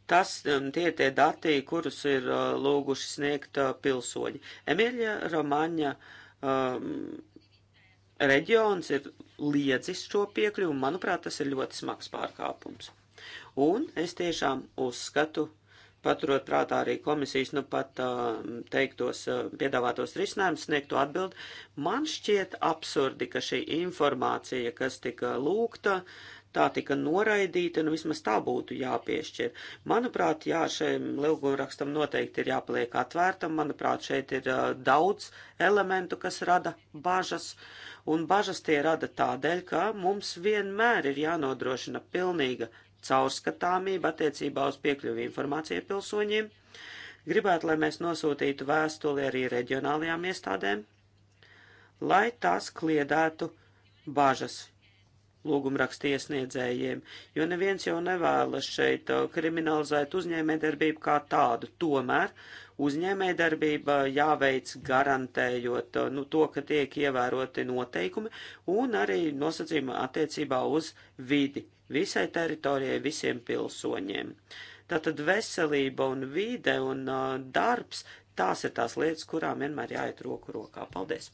Tas um, tie tie dati, kurus ir uh, lūguši sniegt uh, pilsoņi. Emīļa Romaņa um, reģions ir liedzis šo piekļuvu, un manuprāt, tas ir ļoti smags pārkāpums. Un es tiešām uzskatu, paturot prātā arī komisijas, nu pat um, teiktos, uh, piedāvātos risinājumus, sniegtu atbildi, man šķiet absurdi, ka šī informācija, kas tika lūgta, uh, tā tika noraidīta, nu vismaz tā būtu jāpiešķir. Manuprāt, jā, šiem lielgumrakstam noteikti ir jāpaliek atvērtam, manuprāt, šeit ir uh, daudz elementu, kas rada bažas, un bažas tie rada tādēļ, ka mums vienmēr ir jānodrošina pilnīga caurskatāmība attiecībā uz piekļuvi informācijai pilsoņiem. Gribētu, lai mēs nosūtītu vēstuli arī reģionālajām iestādēm, lai tās kliedētu bažas lūgumrakstu iesniedzējiem, jo neviens jau nevēlas šeit uh, kriminalizēt uzņēmējdarbību kā tādu. Tomēr uzņēmējdarbība jāveic garantējot uh, nu, to, ka tiek ievēroti noteikumi un arī nosacījumi attiecībā uz vidi visai teritorijai, visiem pilsoņiem. Tātad veselība un vide un uh, darbs Tās ir tās lietas, kurām vienmēr jāiet roku rokā. Paldies!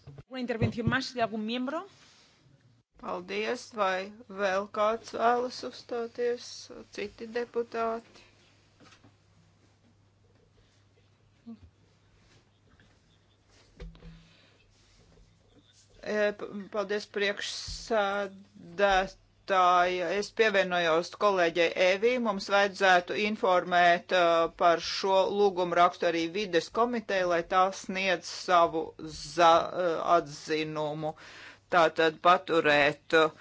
Paldies, vai vēl kāds vēlas uzstāties, citi deputāti? E, paldies priekšsēdētāji. Es pievienojos kolēģei Evī. Mums vajadzētu informēt e, par šo lūgumu rakstu arī vides komiteju, lai tā sniedz savu e, atzinumu. Uh, tātad paturēt uh,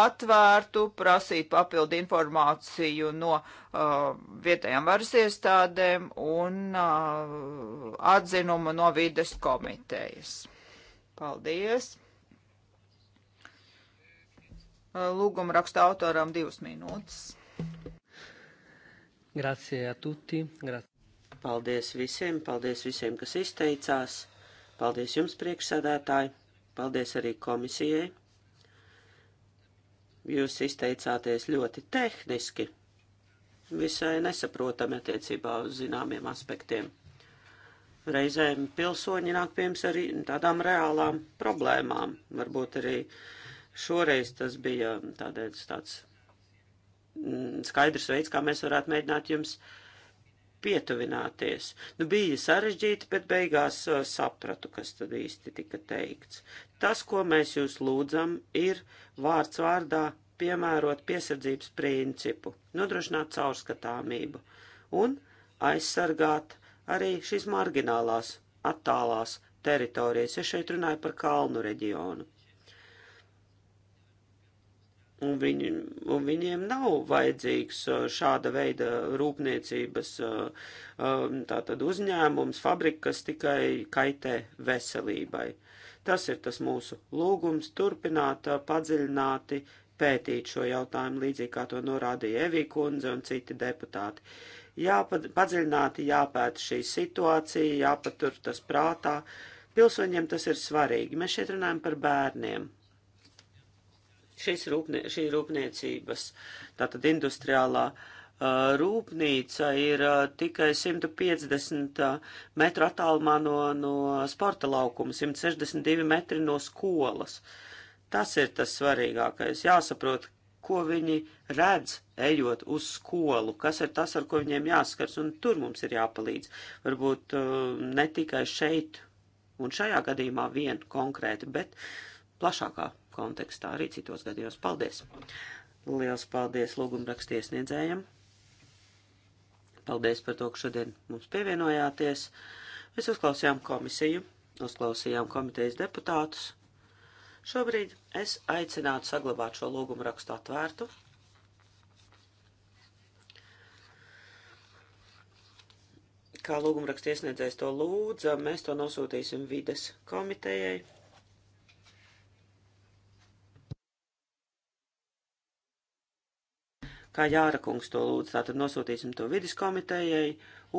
atvērtu, prasīt papildu informāciju no uh, vietējām varas iestādēm un uh, atzinumu no vides komitejas. Paldies! Uh, lūguma raksta autoram divas minūtes. Grazie a tutti. Grazie. Paldies visiem, paldies visiem, kas izteicās. Paldies jums, priekšsēdētāji. Paldies arī komisijai. Jūs izteicāties ļoti tehniski, visai nesaprotami attiecībā uz zināmiem aspektiem. Reizēm pilsoņi nāk pie mums arī tādām reālām problēmām. Varbūt arī šoreiz tas bija tādēļ tāds mm, skaidrs veids, kā mēs varētu mēģināt jums uh, pietuvināties. Nu, bija sarežģīti, bet beigās uh, sapratu, kas tad īsti tika teikts. Tas, ko mēs jūs lūdzam, ir vārds vārdā piemērot piesardzības principu, nodrošināt caurskatāmību un aizsargāt arī šīs marginālās, attālās teritorijas, ja šeit runāju par kalnu reģionu un, viņi, un viņiem nav vajadzīgs uh, šāda veida rūpniecības uh, um, tātad uzņēmums, fabrika, kas tikai kaitē veselībai. Tas ir tas mūsu lūgums turpināt uh, padziļināti pētīt šo jautājumu, līdzīgi kā to norādīja Evī kundze un citi deputāti. Jāpadziļināti jāpēta šī situācija, jāpatur tas prātā. Pilsoņiem tas ir svarīgi. Mēs šeit runājam par bērniem, šīs rūpnie, šī rūpniecības. Tātad industriālā uh, rūpnīca ir uh, tikai 150 uh, metru attālumā no, no sporta laukuma, 162 metri no skolas. Tas ir tas svarīgākais. Jāsaprot, ko viņi redz, ejot uz skolu, kas ir tas, ar ko viņiem jāskars, un tur mums ir jāpalīdz. Varbūt uh, ne tikai šeit un šajā gadījumā vien konkrēti, bet plašākā kontekstā arī citos gadījos. Paldies! Liels paldies lūgumrakstiesniedzējiem! Paldies par to, ka šodien mums pievienojāties. Mēs uzklausījām komisiju, uzklausījām komitejas deputātus. Šobrīd es aicinātu saglabāt šo lūgumu rakstu atvērtu. Kā lūgumraksta iesniedzējs to lūdza, mēs to nosūtīsim vides komitejai. kā Jāra kungs to lūdz, tātad nosūtīsim to vidus komitejai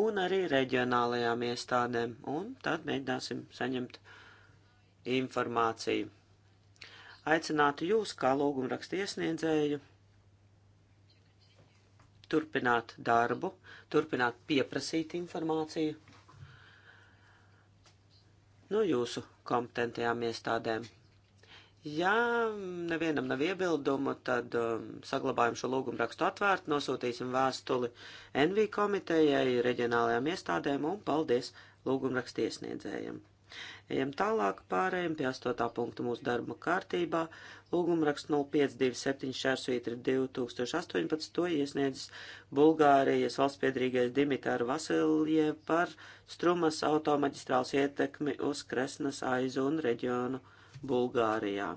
un arī reģionālajām iestādēm, un tad mēģināsim saņemt informāciju. Aicinātu jūs, kā lūgumraksta iesniedzēju, turpināt darbu, turpināt pieprasīt informāciju no jūsu kompetentajām iestādēm. Ja nevienam nav iebildumu, tad um, saglabājam šo lūgumu rakstu atvērt, nosūtīsim vēstuli NV komitejai, reģionālajām iestādēm un paldies lūgumu rakstu iesniedzējiem. Ejam tālāk pārējiem pie 8. punktu mūsu darba kārtībā. Lūgumu rakstu 0527 šērsvītri 2018 to iesniedzis Bulgārijas valstspiedrīgais Dimitāra Vasilje par Strumas automaģistrāls ietekmi uz Kresnas aizu un reģionu. Bulgārijā.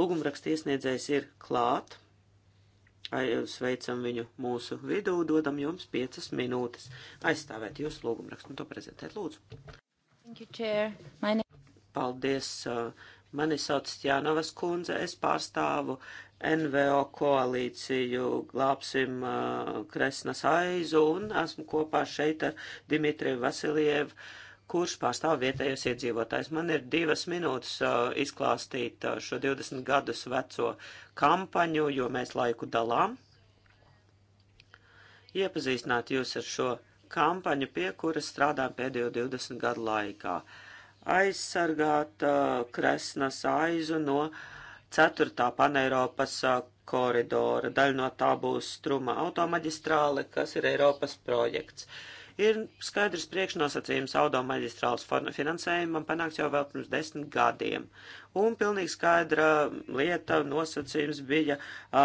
Lūgumraksta iesniedzējs ir klāt. Sveicam viņu mūsu vidū, dodam jums piecas minūtes. Aizstāvēt jūsu lūgumrakstu un to prezentēt, lūdzu. Thank you, Chair. My name... Paldies. Uh, mani sauc Jānavas kundze. Es pārstāvu NVO koalīciju glābsim uh, Kresnas aizu un esmu kopā šeit ar Dimitriju Vasilievu kurš pārstāv vietējos iedzīvotājs. Man ir divas minūtes uh, izklāstīt uh, šo 20 gadus veco kampaņu, jo mēs laiku dalām. Iepazīstināt jūs ar šo kampaņu, pie kuras strādājam pēdējo 20 gadu laikā. Aizsargāt uh, kresnas aizu no 4. paneiropas uh, koridora. Daļa no tā būs struma automaģistrāle, kas ir Eiropas projekts. Uh, Ir skaidrs priekšnosacījums audomaģistrāls finansējumam panākts jau vēl pirms desmit gadiem. Un pilnīgi skaidra lieta nosacījums bija uh,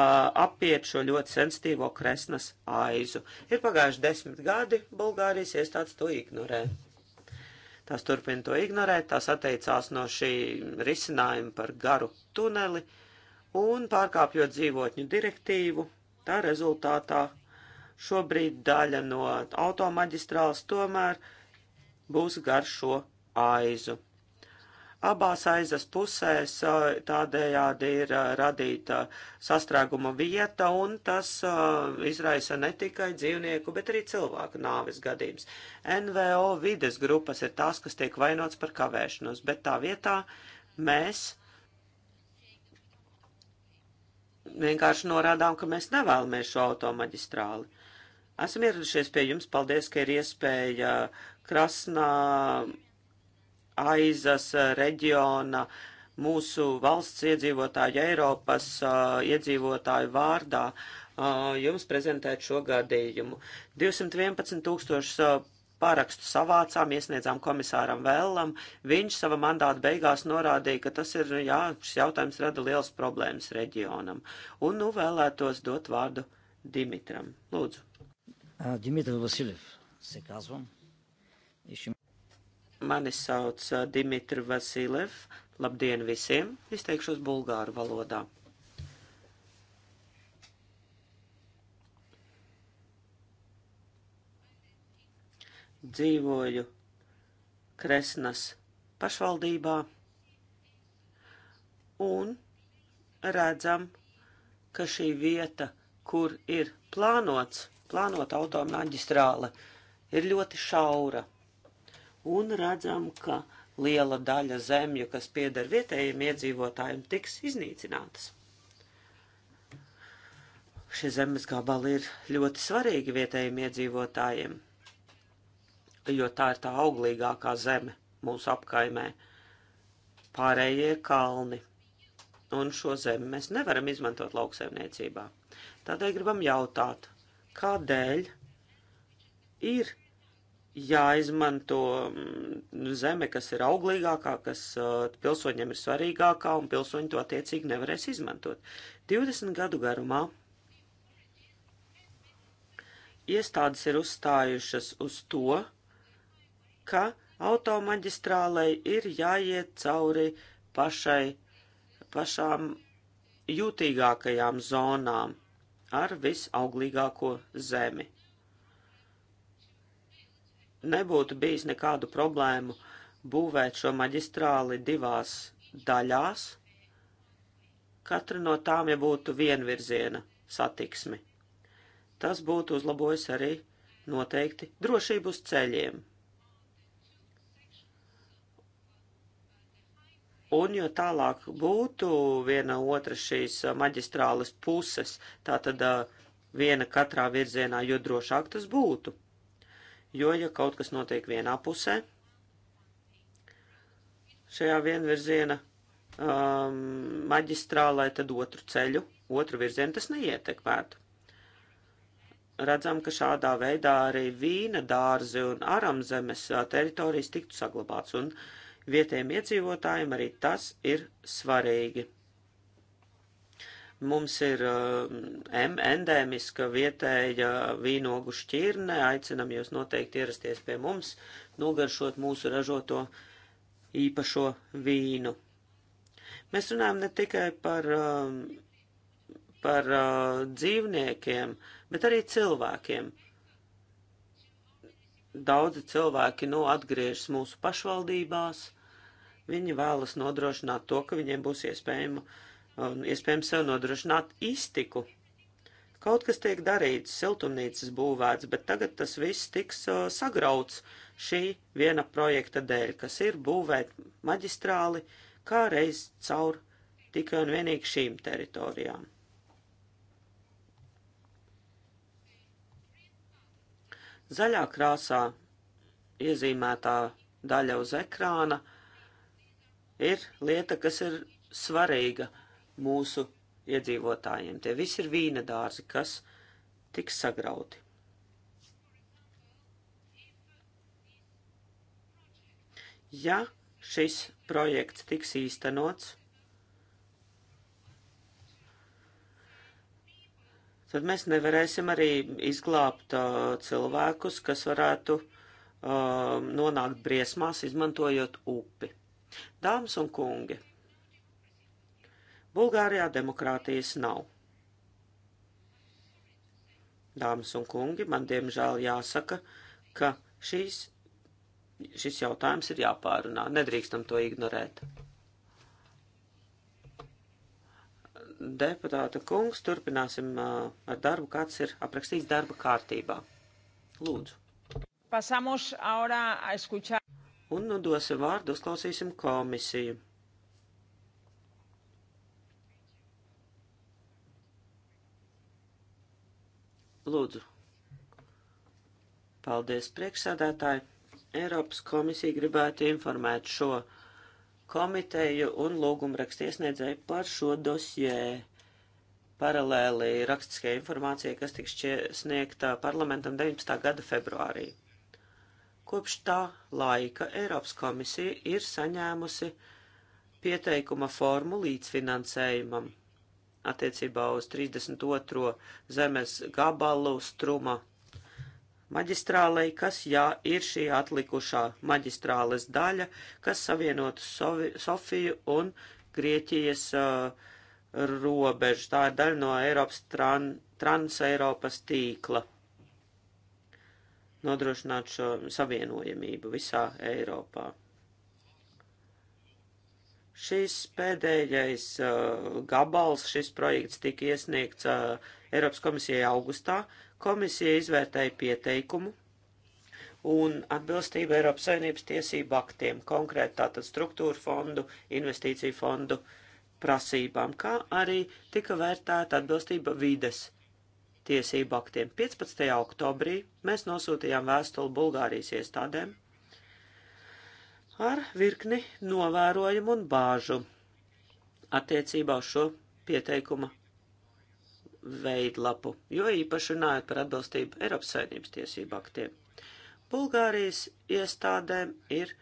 apiet šo ļoti sensitīvo kresnas aizu. Ir pagājuši desmit gadi, Bulgārijas iestādes to ignorē. Tās turpina to ignorēt, tās atteicās no šī risinājuma par garu tuneli un pārkāpjot dzīvotņu direktīvu, tā rezultātā Šobrīd daļa no automaģistrāls tomēr būs gar šo aizu. Abās aizas pusēs tādējādi ir radīta sastrēguma vieta, un tas izraisa ne tikai dzīvnieku, bet arī cilvēku nāves gadījums. NVO vides grupas ir tās, kas tiek vainots par kavēšanos, bet tā vietā mēs vienkārši norādām, ka mēs nevēlamies šo automaģistrāli. Esam ieradušies pie jums. Paldies, ka ir iespēja Krasnā aizas reģiona mūsu valsts iedzīvotāju, Eiropas uh, iedzīvotāju vārdā uh, jums prezentēt šo gadījumu. 211 tūkstošus uh, parakstu savācām, iesniedzām komisāram Vēlam. Viņš sava mandāta beigās norādīja, ka tas ir, jā, šis jautājums rada liels problēmas reģionam. Un nu vēlētos dot vārdu Dimitram. Lūdzu. Димитър Василев се казвам. И ще... Mani sauc Dimitri Vasilev. Labdien visiem! Izteikšos bulgāru valodā. Dzīvoju Kresnas pašvaldībā un redzam, ka šī vieta, kur ir plānots plānota automaģistrāle ir ļoti šaura. Un redzam, ka liela daļa zemju, kas pieder vietējiem iedzīvotājiem, tiks iznīcinātas. Šie zemes gabali ir ļoti svarīgi vietējiem iedzīvotājiem, jo tā ir tā auglīgākā zeme mūsu apkaimē. Pārējie ir kalni, un šo zemi mēs nevaram izmantot lauksaimniecībā. Tādēļ gribam jautāt, kādēļ ir jāizmanto mm, zeme, kas ir auglīgākā, kas uh, pilsoņiem ir svarīgākā, un pilsoņi to attiecīgi nevarēs izmantot. 20 gadu garumā iestādes ir uzstājušas uz to, ka automaģistrālei ir jāiet cauri pašai, pašām jūtīgākajām zonām, ar visauglīgāko zemi. Nebūtu bijis nekādu problēmu būvēt šo maģistrāli divās daļās, katra no tām ja būtu vienvirziena satiksmi. Tas būtu uzlabojis arī noteikti drošību uz ceļiem. Un jo tālāk būtu viena otra šīs maģistrāles puses, tā tad viena katrā virzienā, jo drošāk tas būtu. Jo, ja kaut kas notiek vienā pusē, šajā vienvirziena um, maģistrālē, tad otru ceļu, otru virzienu tas neietekmētu redzam, ka šādā veidā arī vīna dārzi un aramzemes teritorijas tiktu saglabāts, un vietējiem iedzīvotājiem, arī tas ir svarīgi. Mums ir um, endēmiska vietēja vīnogu šķirne, aicinam jūs noteikti ierasties pie mums, nogaršot mūsu ražoto īpašo vīnu. Mēs runājam ne tikai par, um, par uh, dzīvniekiem, bet arī cilvēkiem daudzi cilvēki nu atgriežas mūsu pašvaldībās, viņi vēlas nodrošināt to, ka viņiem būs iespējama, um, iespējams sev nodrošināt iztiku. Kaut kas tiek darīts, siltumnīcas būvēts, bet tagad tas viss tiks uh, sagrauts šī viena projekta dēļ, kas ir būvēt maģistrāli kā reiz caur tikai un vienīgi šīm teritorijām. Zaļā krāsā iezīmētā daļa uz ekrāna ir lieta, kas ir svarīga mūsu iedzīvotājiem. Tie visi ir vīna dārzi, kas tiks sagrauti. Ja šis projekts tiks īstenots, tad mēs nevarēsim arī izglābt uh, cilvēkus, kas varētu uh, nonākt briesmās, izmantojot upi. Dāmas un kungi, Bulgārijā demokrātijas nav. Dāmas un kungi, man diemžēl jāsaka, ka šīs, šis jautājums ir jāpārunā. Nedrīkstam to ignorēt. deputāta kungs, turpināsim ar darbu, kāds ir aprakstīts darba kārtībā. Lūdzu. Pasamos ahora a escuchar. Un nu dosim vārdu, uzklausīsim komisiju. Lūdzu. Paldies, priekšsādātāji. Eiropas komisija gribētu informēt šo komiteju un lūgumrakstu iesniedzēju par šo dosjē. Paralēli rakstiskajai informācijai, kas tiks sniegta parlamentam 19. gada februārī. Kopš tā laika Eiropas komisija ir saņēmusi pieteikuma formu līdzfinansējumam attiecībā uz 32. zemes gabalu struma maģistrālei, kas jā, ir šī atlikušā maģistrāles daļa, kas savienotu Sovi, Sofiju un Grieķijas uh, robežu. Tā ir daļa no Eiropas tran, transeiropas tīkla. Nodrošināt šo savienojamību visā Eiropā. Šis pēdējais uh, gabals, šis projekts tika iesniegts uh, Eiropas komisijai augustā, Komisija izvērtēja pieteikumu un atbilstību Eiropas Savienības tiesību aktiem, konkrēt tātad struktūra fondu, investīciju fondu prasībām, kā arī tika vērtēta atbilstība vides tiesību aktiem. 15. oktobrī mēs nosūtījām vēstuli Bulgārijas iestādēm ar virkni novērojumu un bāžu attiecībā uz šo pieteikuma veidlapu, jo īpaši runājot par atbilstību Eiropas Savienības tiesību aktiem. Bulgārijas iestādēm ir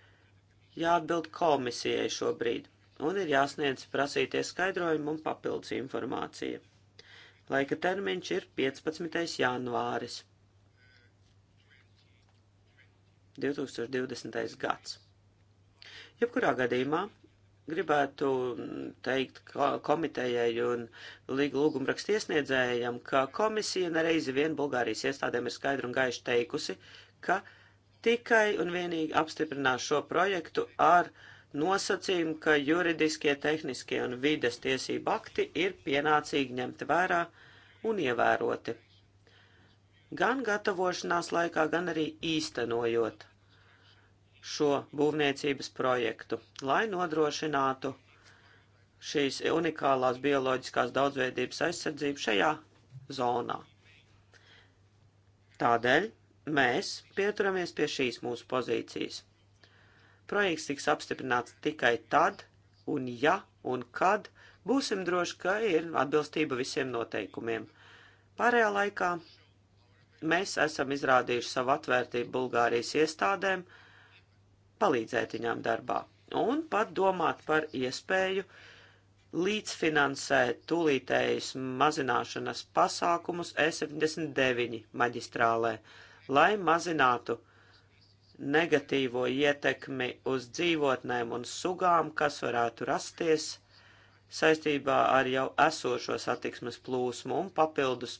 jāatbild komisijai šobrīd, un ir jāsniedz prasītie skaidrojumi un papildus informācija. Laika termiņš ir 15. janvāris 2020. gads. Jebkurā gadījumā gribētu teikt komitejai un lūgumrakstu iesniedzējiem, ka komisija nereizi vien Bulgārijas iestādēm ir skaidri un gaiši teikusi, ka tikai un vienīgi apstiprinās šo projektu ar nosacījumu, ka juridiskie, tehniskie un vides tiesību akti ir pienācīgi ņemti vērā un ievēroti. Gan gatavošanās laikā, gan arī īstenojot šo būvniecības projektu, lai nodrošinātu šīs unikālās bioloģiskās daudzveidības aizsardzību šajā zonā. Tādēļ mēs pieturamies pie šīs mūsu pozīcijas. Projekts tiks apstiprināts tikai tad, un ja un kad būsim droši, ka ir atbilstība visiem noteikumiem. Pārējā laikā mēs esam izrādījuši savu atvērtību Bulgārijas iestādēm, palīdzēt viņām darbā un pat domāt par iespēju līdzfinansēt tūlītējas mazināšanas pasākumus E79 maģistrālē, lai mazinātu negatīvo ietekmi uz dzīvotnēm un sugām, kas varētu rasties saistībā ar jau esošo satiksmes plūsmu un papildus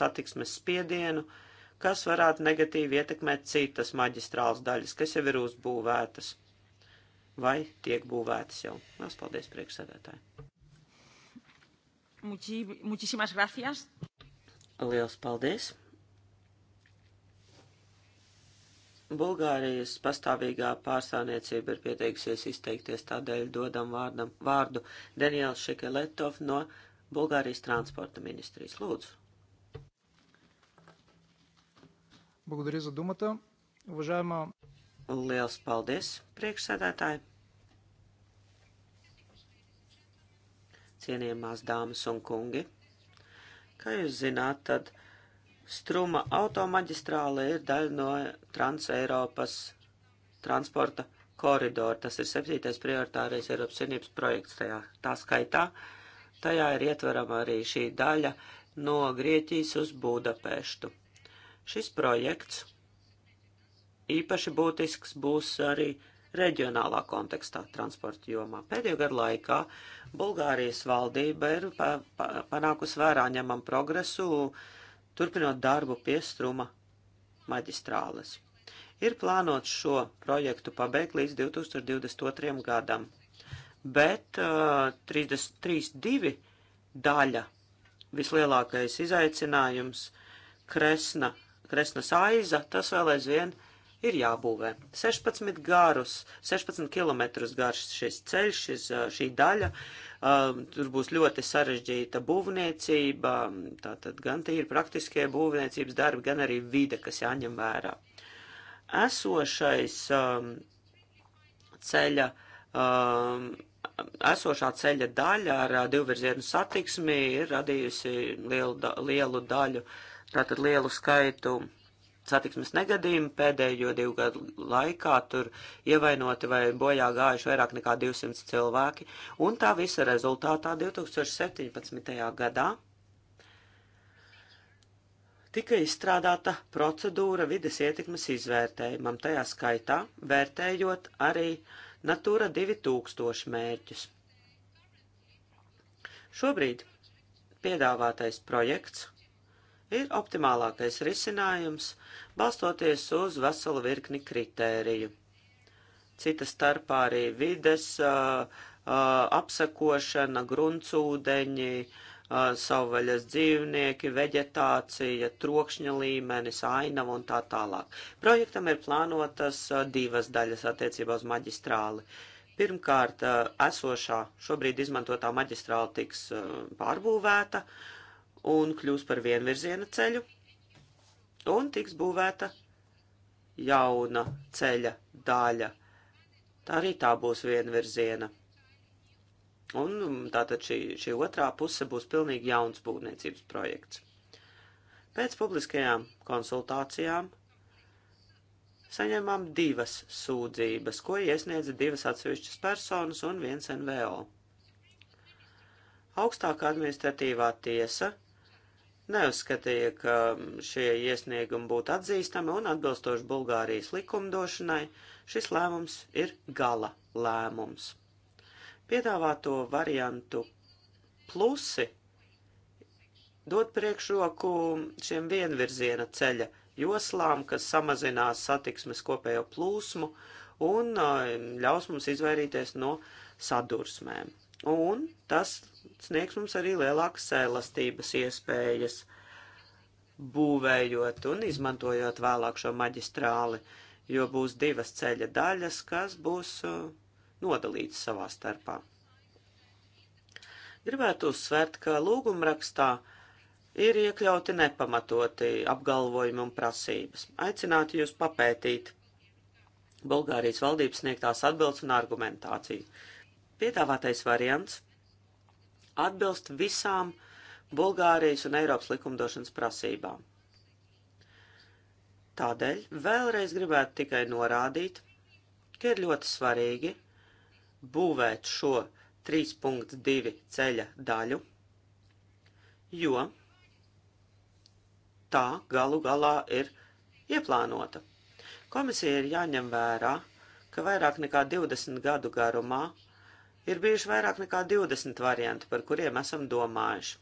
satiksmes spiedienu, uh, kas varētu negatīvi ietekmēt citas maģistrāls daļas, kas jau ir uzbūvētas vai tiek būvētas jau. Mēs paldies priekšsēdētāji. Muchísimas gracias. Liels paldies. Bulgārijas pastāvīgā pārstāvniecība ir pieteikusies izteikties, tādēļ dodam vārdam, vārdu Daniels Šikeletov no Bulgārijas transporta ministrijas. Lūdzu. Благодаря за думата. Уважаема. Liels paldies, priekšsēdētāji. Cienījamās dāmas un kungi. Kā jūs zināt, tad Struma automaģistrāle ir daļa no Trans-Eiropas transporta koridora. Tas ir septītais prioritārais Eiropas Savienības projekts tajā. Tā skaitā tajā ir ietverama arī šī daļa no Grieķijas uz Budapeštu. Šis projekts īpaši būtisks būs arī reģionālā kontekstā transporta jomā. Pēdējo gadu laikā Bulgārijas valdība ir pa, pa, panākusi vērā ņemam progresu, turpinot darbu pie struma maģistrāles. Ir plānots šo projektu pabeigt līdz 2022. gadam, bet uh, 33.2 daļa vislielākais izaicinājums Kresna kresnas aiza, tas vēl aizvien ir jābūvē. 16 garus, 16 km garš šis ceļš, šis, šī daļa, tur būs ļoti sarežģīta būvniecība, tātad gan tīri praktiskie būvniecības darbi, gan arī vide, kas jāņem vērā. Esošais ceļa esošā ceļa daļa ar divvirzienu satiksmi ir radījusi lielu, da, lielu daļu uh, tātad lielu skaitu satiksmes negadījumu pēdējo divu gadu laikā tur ievainoti vai bojā gājuši vairāk nekā 200 cilvēki, un tā visa rezultātā 2017. gadā tika izstrādāta procedūra vides ietekmes izvērtējumam, tajā skaitā vērtējot arī Natura 2000 mērķus. Šobrīd piedāvātais projekts ir optimālākais risinājums, balstoties uz veselu virkni kritēriju. Cita starpā arī vides uh, uh, apsakošana, gruntsūdeņi, uh, savvaļas dzīvnieki, veģetācija, trokšņa līmenis, ainava un tā tālāk. Projektam ir plānotas divas daļas attiecībā uz maģistrāli. Pirmkārt, esošā šobrīd izmantotā maģistrāla tiks pārbūvēta, uh, un kļūs par vienvirziena ceļu, un tiks būvēta jauna ceļa daļa. Tā arī tā būs vienvirziena. Un mm, tātad šī, šī otrā puse būs pilnīgi jauns būvniecības projekts. Pēc publiskajām konsultācijām saņēmām divas sūdzības, ko iesniedza divas atsevišķas personas un viens NVO. Augstākā administratīvā tiesa neuzskatīja, ka šie iesniegumi būtu atzīstami un atbilstoši Bulgārijas likumdošanai, šis lēmums ir gala lēmums. Piedāvāto variantu plusi dod priekšroku šiem vienvirziena ceļa joslām, kas samazinās satiksmes kopējo plūsmu un uh, ļaus mums izvairīties no sadursmēm un tas sniegs mums arī lielākas sēlastības iespējas būvējot un izmantojot vēlāk šo maģistrāli, jo būs divas ceļa daļas, kas būs uh, nodalītas savā starpā. Gribētu uzsvērt, ka lūgumrakstā ir iekļauti nepamatoti apgalvojumi un prasības. Aicinātu jūs papētīt Bulgārijas valdības sniegtās atbildes un argumentāciju. Piedāvātais variants atbilst visām Bulgārijas un Eiropas likumdošanas prasībām. Tādēļ vēlreiz gribētu tikai norādīt, ka ir ļoti svarīgi būvēt šo 3.2 ceļa daļu, jo tā galu galā ir ieplānota. Komisija ir jāņem vērā, ka vairāk nekā 20 gadu garumā Ir bijuši vairāk nekā 20 varianti, par kuriem esam domājuši.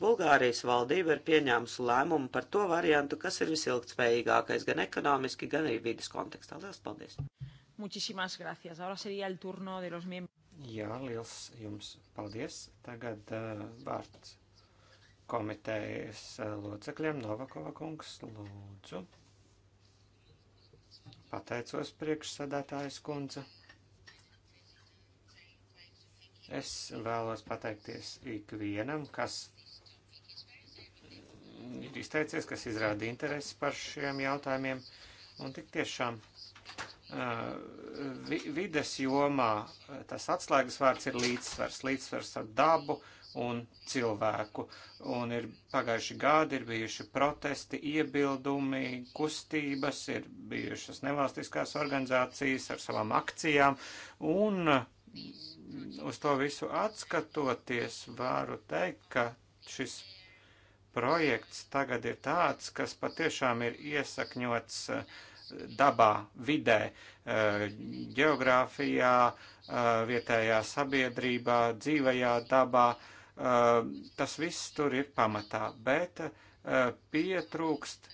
Bulgārijas valdība ir pieņēmusi lēmumu par to variantu, kas ir visilgtspējīgākais gan ekonomiski, gan arī vidas kontekstā. Lielas paldies! Muchísimas gracias. Ahora sería el turno de los miembros. Jā, liels jums paldies. Tagad uh, vārds komitejas uh, locekļiem Novakova kungs lūdzu. Pateicos priekšsēdētājas kundze. Es vēlos pateikties ikvienam, kas ir izteicies, kas izrāda interesi par šiem jautājumiem. Un tik tiešām vi vides jomā tas atslēgas vārds ir līdzsvars, līdzsvars ar dabu un cilvēku. Un ir pagājuši gadi, ir bijuši protesti, iebildumi, kustības, ir bijušas nevalstiskās organizācijas ar savām akcijām un uz to visu atskatoties, varu teikt, ka šis projekts tagad ir tāds, kas patiešām ir iesakņots eh, dabā, vidē, eh, geogrāfijā, eh, vietējā sabiedrībā, dzīvajā dabā. Tas viss tur ir pamatā, bet pietrūkst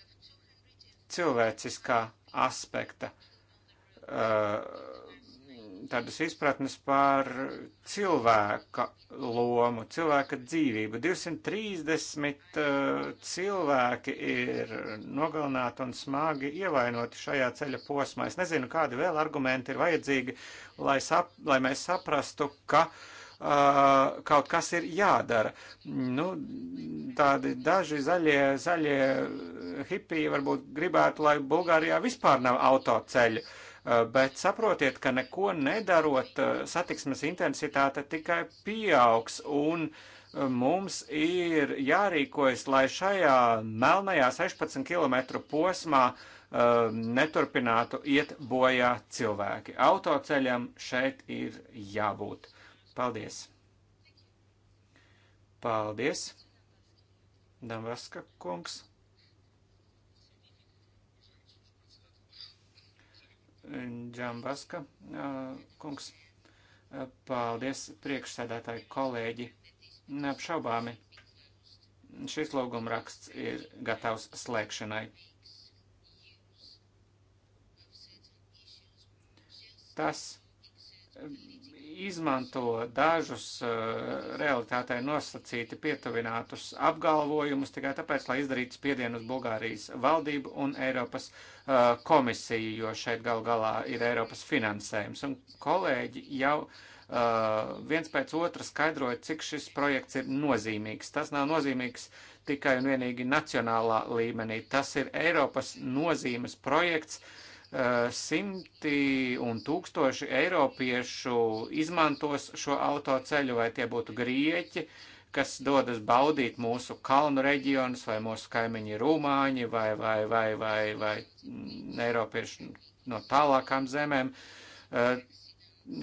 cilvēciskā aspekta. Uh, tādas izpratnes par cilvēka lomu, cilvēka dzīvību. 230 uh, cilvēki ir nogalināti un smagi ievainoti šajā ceļa posmā. Es nezinu, kādi vēl argumenti ir vajadzīgi, lai, sap, lai mēs saprastu, ka uh, kaut kas ir jādara. Nu, tādi daži zaļie, zaļie hipiji varbūt gribētu, lai Bulgārijā vispār nav autoceļu. Uh, Eh, bet saprotiet, ka neko nedarot, eh, satiksmes intensitāte tikai pieaugs un eh, mums ir jārīkojas, lai šajā melnajā 16 km posmā neturpinātu iet bojā cilvēki. Autoceļam šeit ir jābūt. Paldies! Paldies, Damaska kungs! Džambaska kungs. Paldies, priekšsēdētāji kolēģi. Neapšaubāmi, šis logumraksts ir gatavs slēgšanai. Tas izmanto dažus eh, realitātei nosacīti pietuvinātus apgalvojumus tikai tāpēc, lai izdarītu spiedienu uz Bulgārijas valdību un Eiropas eh, komisiju, jo šeit gal galā ir Eiropas finansējums. Un kolēģi jau eh, viens pēc otra skaidroja, cik šis projekts ir nozīmīgs. Tas nav nozīmīgs tikai un vienīgi nacionālā līmenī. Tas ir Eiropas nozīmes projekts. Uh, Eh, simti un tūkstoši eiropiešu izmantos šo autoceļu, vai tie būtu grieķi, kas dodas baudīt mūsu kalnu reģionus, vai mūsu kaimiņi rumāņi, vai, vai, vai, vai, vai mm, eiropieši no tālākām zemēm. Eh,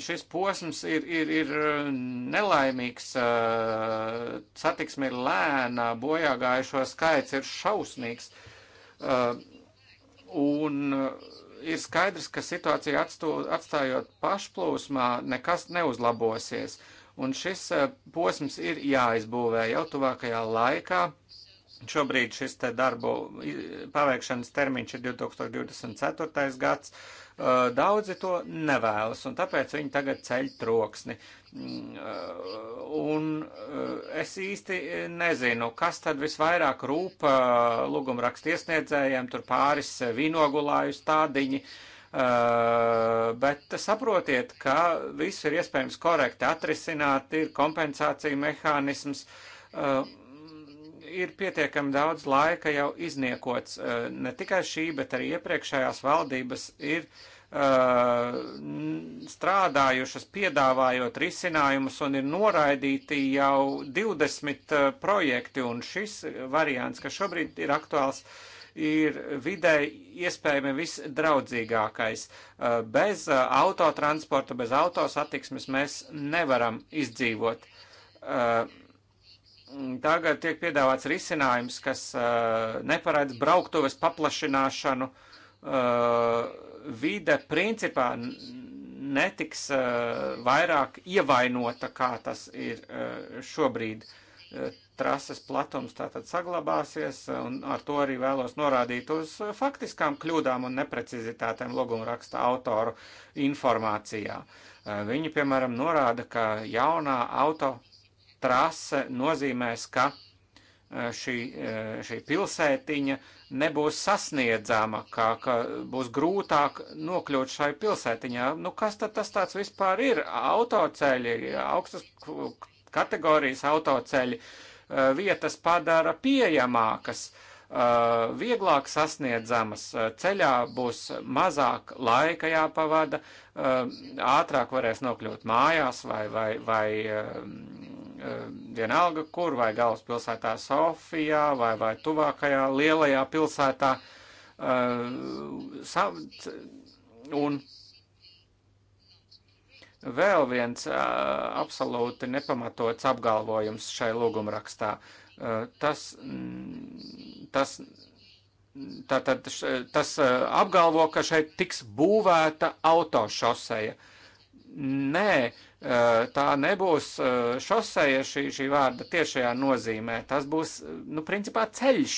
šis posms ir, ir, ir nelaimīgs, eh, satiksme ir lēna, bojāgājušo skaits ir šausmīgs. Un ir skaidrs, ka situācija atstū, atstājot pašplūsmā nekas neuzlabosies. Un šis eh, posms ir jāizbūvē jau tuvākajā laikā. Šobrīd šis te darbu paveikšanas termiņš ir 2024. gads. Daudzi to nevēlas, un tāpēc viņi tagad ceļ troksni. Mm, un es īsti nezinu, kas tad visvairāk rūpa lūgumrakstu iesniedzējiem, tur pāris vinogulāju stādiņi. Uh, bet saprotiet, ka visu ir iespējams korekti atrisināt, ir kompensācija mehānisms. Uh, ir pietiekami daudz laika jau izniekots. Eh, ne tikai šī, bet arī iepriekšējās valdības ir eh, strādājušas, piedāvājot risinājumus un ir noraidīti jau 20 eh, projekti, un šis variants, kas šobrīd ir aktuāls, ir vidēji iespējami visdraudzīgākais. Bez autotransporta, bez autosatiksmes mēs nevaram izdzīvot. Uh, Mm, tagad tiek piedāvāts risinājums, kas uh, neparedz brauktuves paplašināšanu. Uh, vide principā netiks uh, vairāk ievainota, kā tas ir uh, šobrīd. Uh, trases platums tātad saglabāsies, uh, un ar to arī vēlos norādīt uz uh, faktiskām kļūdām un neprecizitātēm loguma raksta autoru informācijā. Uh, viņi, piemēram, norāda, ka jaunā auto trase nozīmēs, ka e, šī, e, šī pilsētiņa nebūs sasniedzama, ka, ka būs grūtāk nokļūt šai pilsētiņā. Nu, kas tad tas tāds vispār ir? Autoceļi, augstas kategorijas autoceļi e, vietas padara pieejamākas, vieglāk sasniedzamas, ceļā būs mazāk laika jāpavada, ātrāk varēs nokļūt mājās vai, vai, vai Eh, vienalga kur, vai galvaspilsētā Sofijā, vai, vai tuvākajā lielajā pilsētā. Eh, un vēl viens eh, absolūti nepamatots apgalvojums šai lūgumrakstā. Tas, mm, tas Tātad tas apgalvo, ka šeit tiks būvēta autošoseja. Nē, uh, Eh, tā nebūs eh, šoseja šī, šī vārda tiešajā nozīmē. Tas būs, eh, nu, principā ceļš.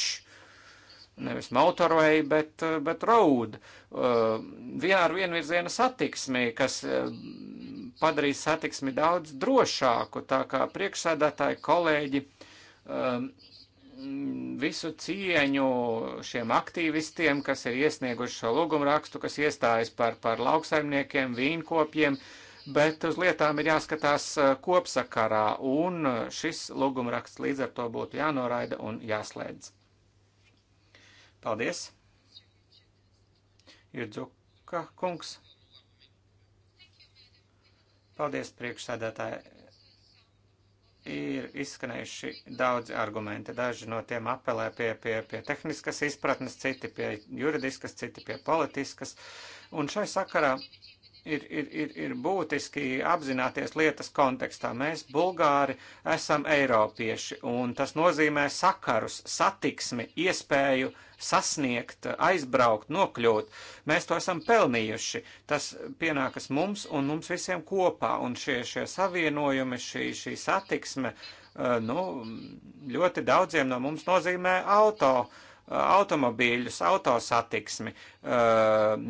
Nevis motorway, bet, bet road. Vienā ar vienvirziena satiksmi, kas padarīs satiksmi daudz drošāku. Tā kā priekšsēdētāji, kolēģi, visu cieņu šiem aktīvistiem, kas ir iesnieguši šo lūgumrakstu, kas iestājas par, par lauksaimniekiem, vīnkopiem, uh, bet uz lietām ir jāskatās eh, kopsakarā, un eh, šis lūgumraksts līdz ar to būtu jānoraida un jāslēdz. Paldies! Ir Dzuka kungs. Paldies, priekšsēdētāji. Ir izskanējuši daudzi argumenti. Daži no tiem apelē pie, pie, pie tehniskas izpratnes, citi pie juridiskas, citi pie politiskas. Un šai sakarā ir, ir, ir, ir būtiski apzināties lietas kontekstā. Mēs, Bulgāri, esam eiropieši, un tas nozīmē sakarus, satiksmi, iespēju sasniegt, aizbraukt, nokļūt. Mēs to esam pelnījuši. Tas pienākas mums un mums visiem kopā, un šie, šie savienojumi, šī, šī satiksme, eh, nu, ļoti daudziem no mums nozīmē auto automobīļus, autosatiksmi,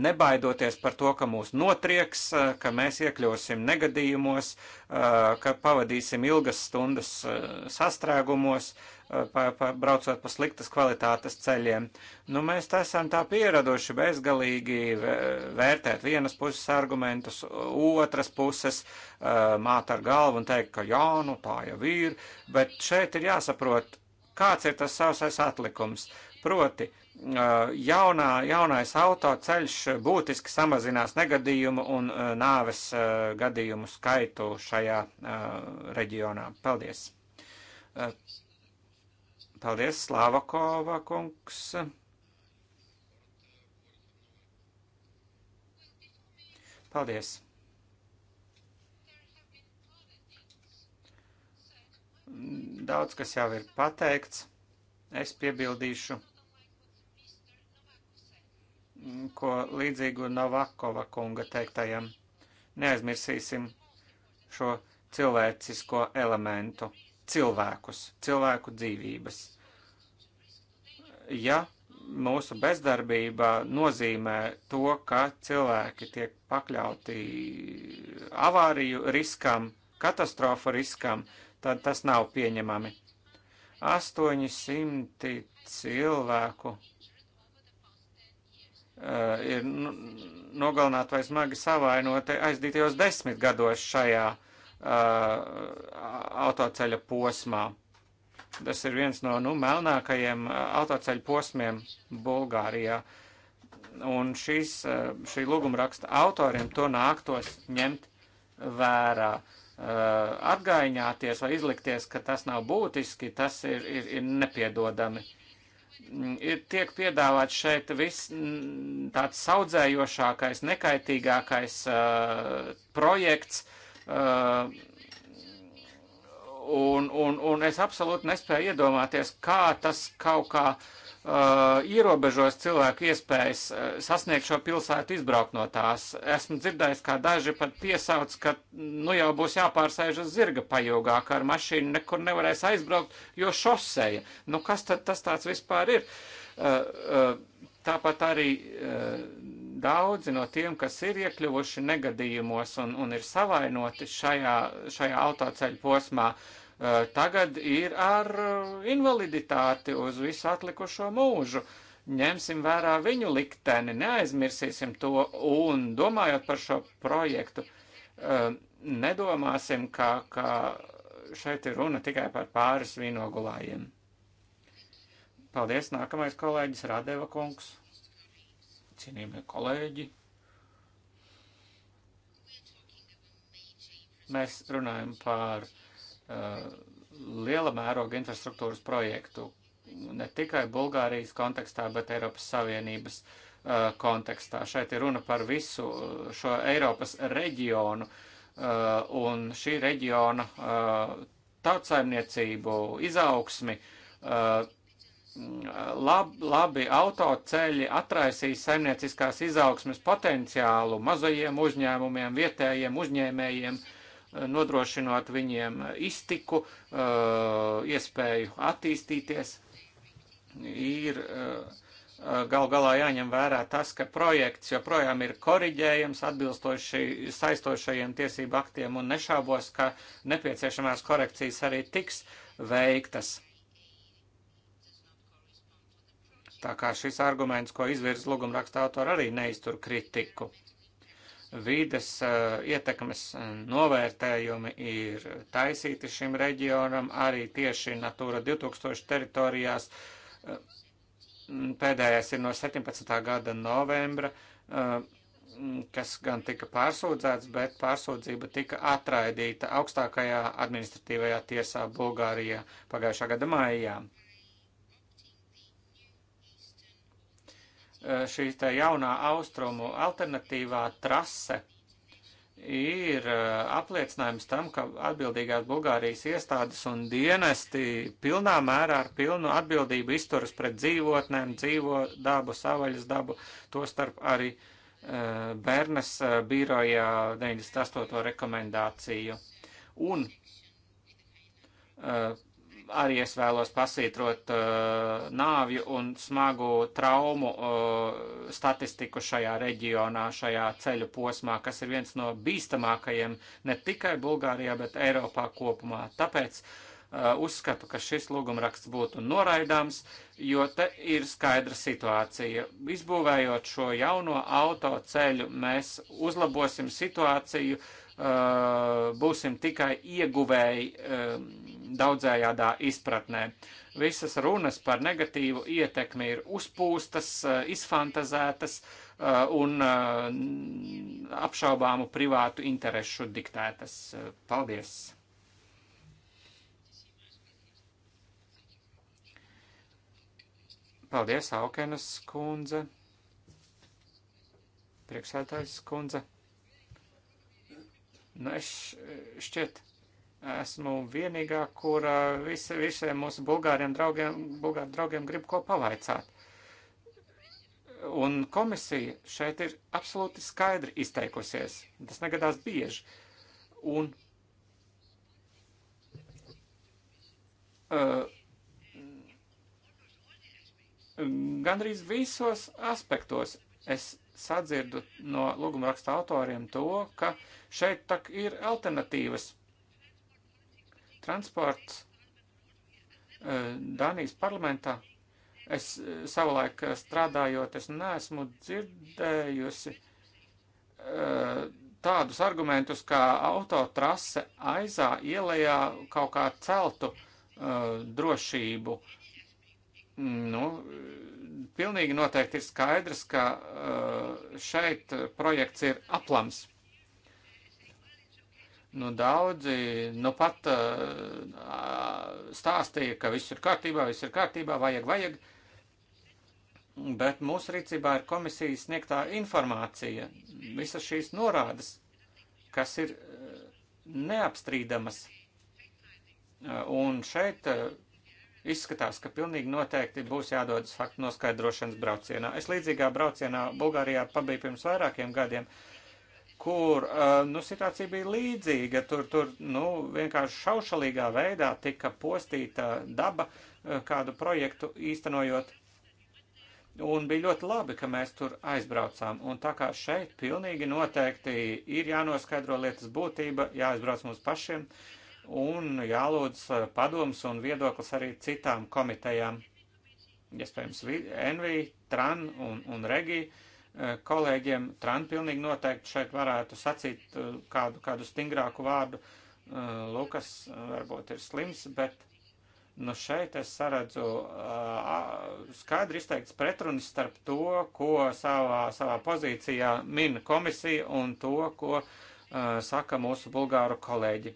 nebaidoties par to, ka mūs notrieks, ka mēs iekļūsim negadījumos, ka pavadīsim ilgas stundas sastrēgumos, pa, pa, braucot pa sliktas kvalitātes ceļiem. Nu, mēs esam tā pieraduši bezgalīgi vērtēt vienas puses argumentus, otras puses māt ar galvu un teikt, ka jā, nu tā jau ir, bet šeit ir jāsaprot, kāds ir tas sausais atlikums. Uh, Proti, jaunā, jaunais autoceļš būtiski samazinās negadījumu un nāves gadījumu skaitu šajā reģionā. Paldies! Paldies, Slāvakova kungs! Paldies! Daudz kas jau ir pateikts, es piebildīšu ko līdzīgu Navakova kunga teiktajam. Neaizmirsīsim šo cilvēcisko elementu, cilvēkus, cilvēku dzīvības. Ja mūsu bezdarbība nozīmē to, ka cilvēki tiek pakļauti avāriju riskam, katastrofu riskam, tad tas nav pieņemami. 800 cilvēku Eh, ir nu, nogalināti vai smagi savainoti aizdītajos desmit gados šajā eh, autoceļa posmā. Tas ir viens no nu, melnākajiem eh, autoceļa posmiem Bulgārijā. Un šīs, šī lūguma raksta autoriem to nāktos ņemt vērā. Atgaiņāties vai izlikties, ka tas nav būtiski, tas ir, ir, ir nepiedodami. Uh, ir, tiek piedāvāts šeit viss tāds saudzējošākais, nekaitīgākais uh, projekts. Uh, un, un, un es absolūti nespēju iedomāties, kā tas kaut kā uh, uh, ierobežos cilvēku iespējas uh, sasniegt šo pilsētu, izbraukt no tās. Esmu dzirdējis, kā daži pat piesauc, ka nu jau būs jāpārsēž uz zirga pajūgā, ka ar mašīnu nekur nevarēs aizbraukt, jo šoseja. Nu kas tad tas tāds vispār ir? Uh, uh, tāpat arī uh, daudzi no tiem, kas ir iekļuvuši negadījumos un, un ir savainoti šajā, šajā autoceļu posmā, uh, Eh, tagad ir ar eh, invaliditāti uz visu atlikušo mūžu. Ņemsim vērā viņu likteni, neaizmirsīsim to un domājot par šo projektu, eh, nedomāsim, ka, ka šeit ir runa tikai par pāris vīnogulājiem. Paldies, nākamais kolēģis Radeva kungs, cienījamie kolēģi. Mēs runājam par uh, Uh, liela mēroga infrastruktūras projektu ne tikai Bulgārijas kontekstā, bet Eiropas Savienības uh, kontekstā. Šeit ir runa par visu uh, šo Eiropas reģionu un šī reģiona tautsaimniecību, izaugsmi, lab, labi autoceļi atraisīs saimnieciskās izaugsmes potenciālu mazajiem uzņēmumiem, vietējiem uzņēmējiem, uh, Eh, nodrošinot viņiem iztiku, eh, iespēju attīstīties. Ir eh, gal galā jāņem vērā tas, ka projekts joprojām ir koriģējams atbilstoši saistošajiem tiesību aktiem un nešābos, ka nepieciešamās korekcijas arī tiks veiktas. Tā kā šis arguments, ko izvirz lūgumraksta autori, arī neiztur kritiku vīdes eh, ietekmes eh, novērtējumi ir taisīti šim reģionam, arī tieši Natūra 2000 teritorijās. Eh, pēdējais ir no 17. gada novembra, kas gan tika pārsūdzēts, bet pārsūdzība tika atraidīta augstākajā administratīvajā tiesā Bulgārijā pagājušā gada maijā. Eh, šī jaunā austrumu alternatīvā trase ir eh, apliecinājums tam, ka atbildīgās Bulgārijas iestādes un dienesti pilnā mērā ar pilnu atbildību izturas pret dzīvotnēm, dzīvo dabu, savaļas dabu, to starp arī uh, Bernes uh, birojā 98. rekomendāciju. Un uh, arī es vēlos pasītrot uh, nāvju un smagu traumu uh, statistiku šajā reģionā, šajā ceļu posmā, kas ir viens no bīstamākajiem ne tikai Bulgārijā, bet Eiropā kopumā. Tāpēc uh, uzskatu, ka šis lūgumraksts būtu noraidāms, jo te ir skaidra situācija. Izbūvējot šo jauno autoceļu, mēs uzlabosim situāciju, uh, būsim tikai ieguvēji. Um, daudzējādā izpratnē. Visas runas par negatīvu ietekmi ir uzpūstas, eh, izfantazētas eh, un eh, apšaubāmu privātu interesu diktētas. Paldies! Paldies, Aukenas kundze, priekšsētājs kundze. Nu, es šķiet esmu vienīgā, kur vis, visiem mūsu bulgāriem draugiem, bulgāru draugiem grib ko pavaicāt. Un komisija šeit ir absolūti skaidri izteikusies. Tas negadās bieži. Un uh, gandrīz visos aspektos es sadzirdu no lūguma raksta autoriem to, ka šeit tak ir alternatīvas transports eh, Dānijas parlamentā. Es eh, savulaik eh, strādājot, es neesmu dzirdējusi tādus argumentus, kā autotrase aizā ielējā kaut kā celtu drošību. Nu, pilnīgi noteikti ir skaidrs, ka šeit projekts ir aplams. Nu, daudzi nu, pat uh, stāstīja, ka viss ir kārtībā, viss ir kārtībā, vajag, vajag. Bet mūsu rīcībā ir komisijas sniegtā informācija, visas šīs norādes, kas ir uh, neapstrīdamas. Uh, un šeit uh, izskatās, ka pilnīgi noteikti būs jādodas faktu noskaidrošanas braucienā. Es līdzīgā braucienā Bulgārijā pabiju pirms vairākiem gadiem. Uh, kur nu, situācija bija līdzīga. Tur, tur nu, vienkārši šaušalīgā veidā tika postīta daba kādu projektu īstenojot. Un bija ļoti labi, ka mēs tur aizbraucām. Un tā kā šeit pilnīgi noteikti ir jānoskaidro lietas būtība, jāaizbrauc mums pašiem un jālūdz padoms un viedoklis arī citām komitejām, iespējams, NV, TRAN un, un REGI. Uh, Eh, kolēģiem. Tran pilnīgi noteikti šeit varētu sacīt eh, kādu, kādu stingrāku vārdu. Eh, Lukas varbūt ir slims, bet nu šeit es saredzu skaidri izteikts pretrunis starp to, ko savā, savā pozīcijā min komisija un to, ko saka mūsu bulgāru kolēģi.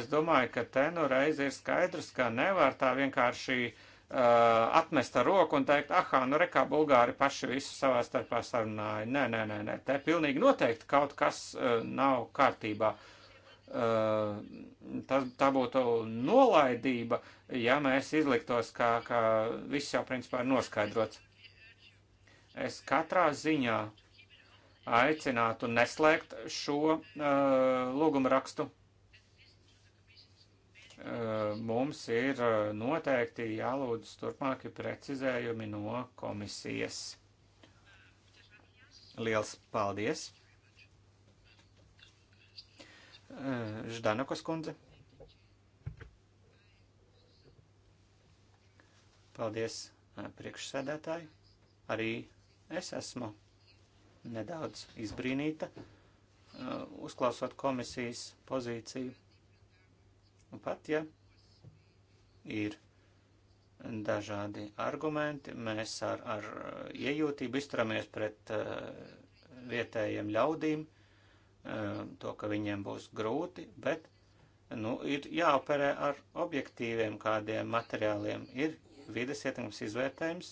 Es domāju, ka te nu reiz ir skaidrs, ka nevar tā vienkārši uh, Uh, atmest ar roku un teikt, ah, nu rekā Bulgāri paši visu savā starpā sarunāja. Nē, nē, nē, nē, te pilnīgi noteikti kaut kas uh, nav kārtībā. Uh, tas, tā būtu nolaidība, ja mēs izliktos, ka, ka viss jau principā ir noskaidrots. Es katrā ziņā aicinātu neslēgt šo uh, lūgumu rakstu Eh, mums ir eh, noteikti jālūdz turpmāki precizējumi no komisijas. Liels paldies! Eh, Ždanakas kundze. Paldies priekšsēdētāji. Arī es esmu nedaudz izbrīnīta, uzklausot komisijas pozīciju Un pat, ja ir dažādi argumenti, mēs ar, ar iejūtību izturamies pret uh, vietējiem ļaudīm, uh, to, ka viņiem būs grūti, bet, nu, ir jāoperē ar objektīviem kādiem materiāliem. Ir vides ietekmes izvērtējums,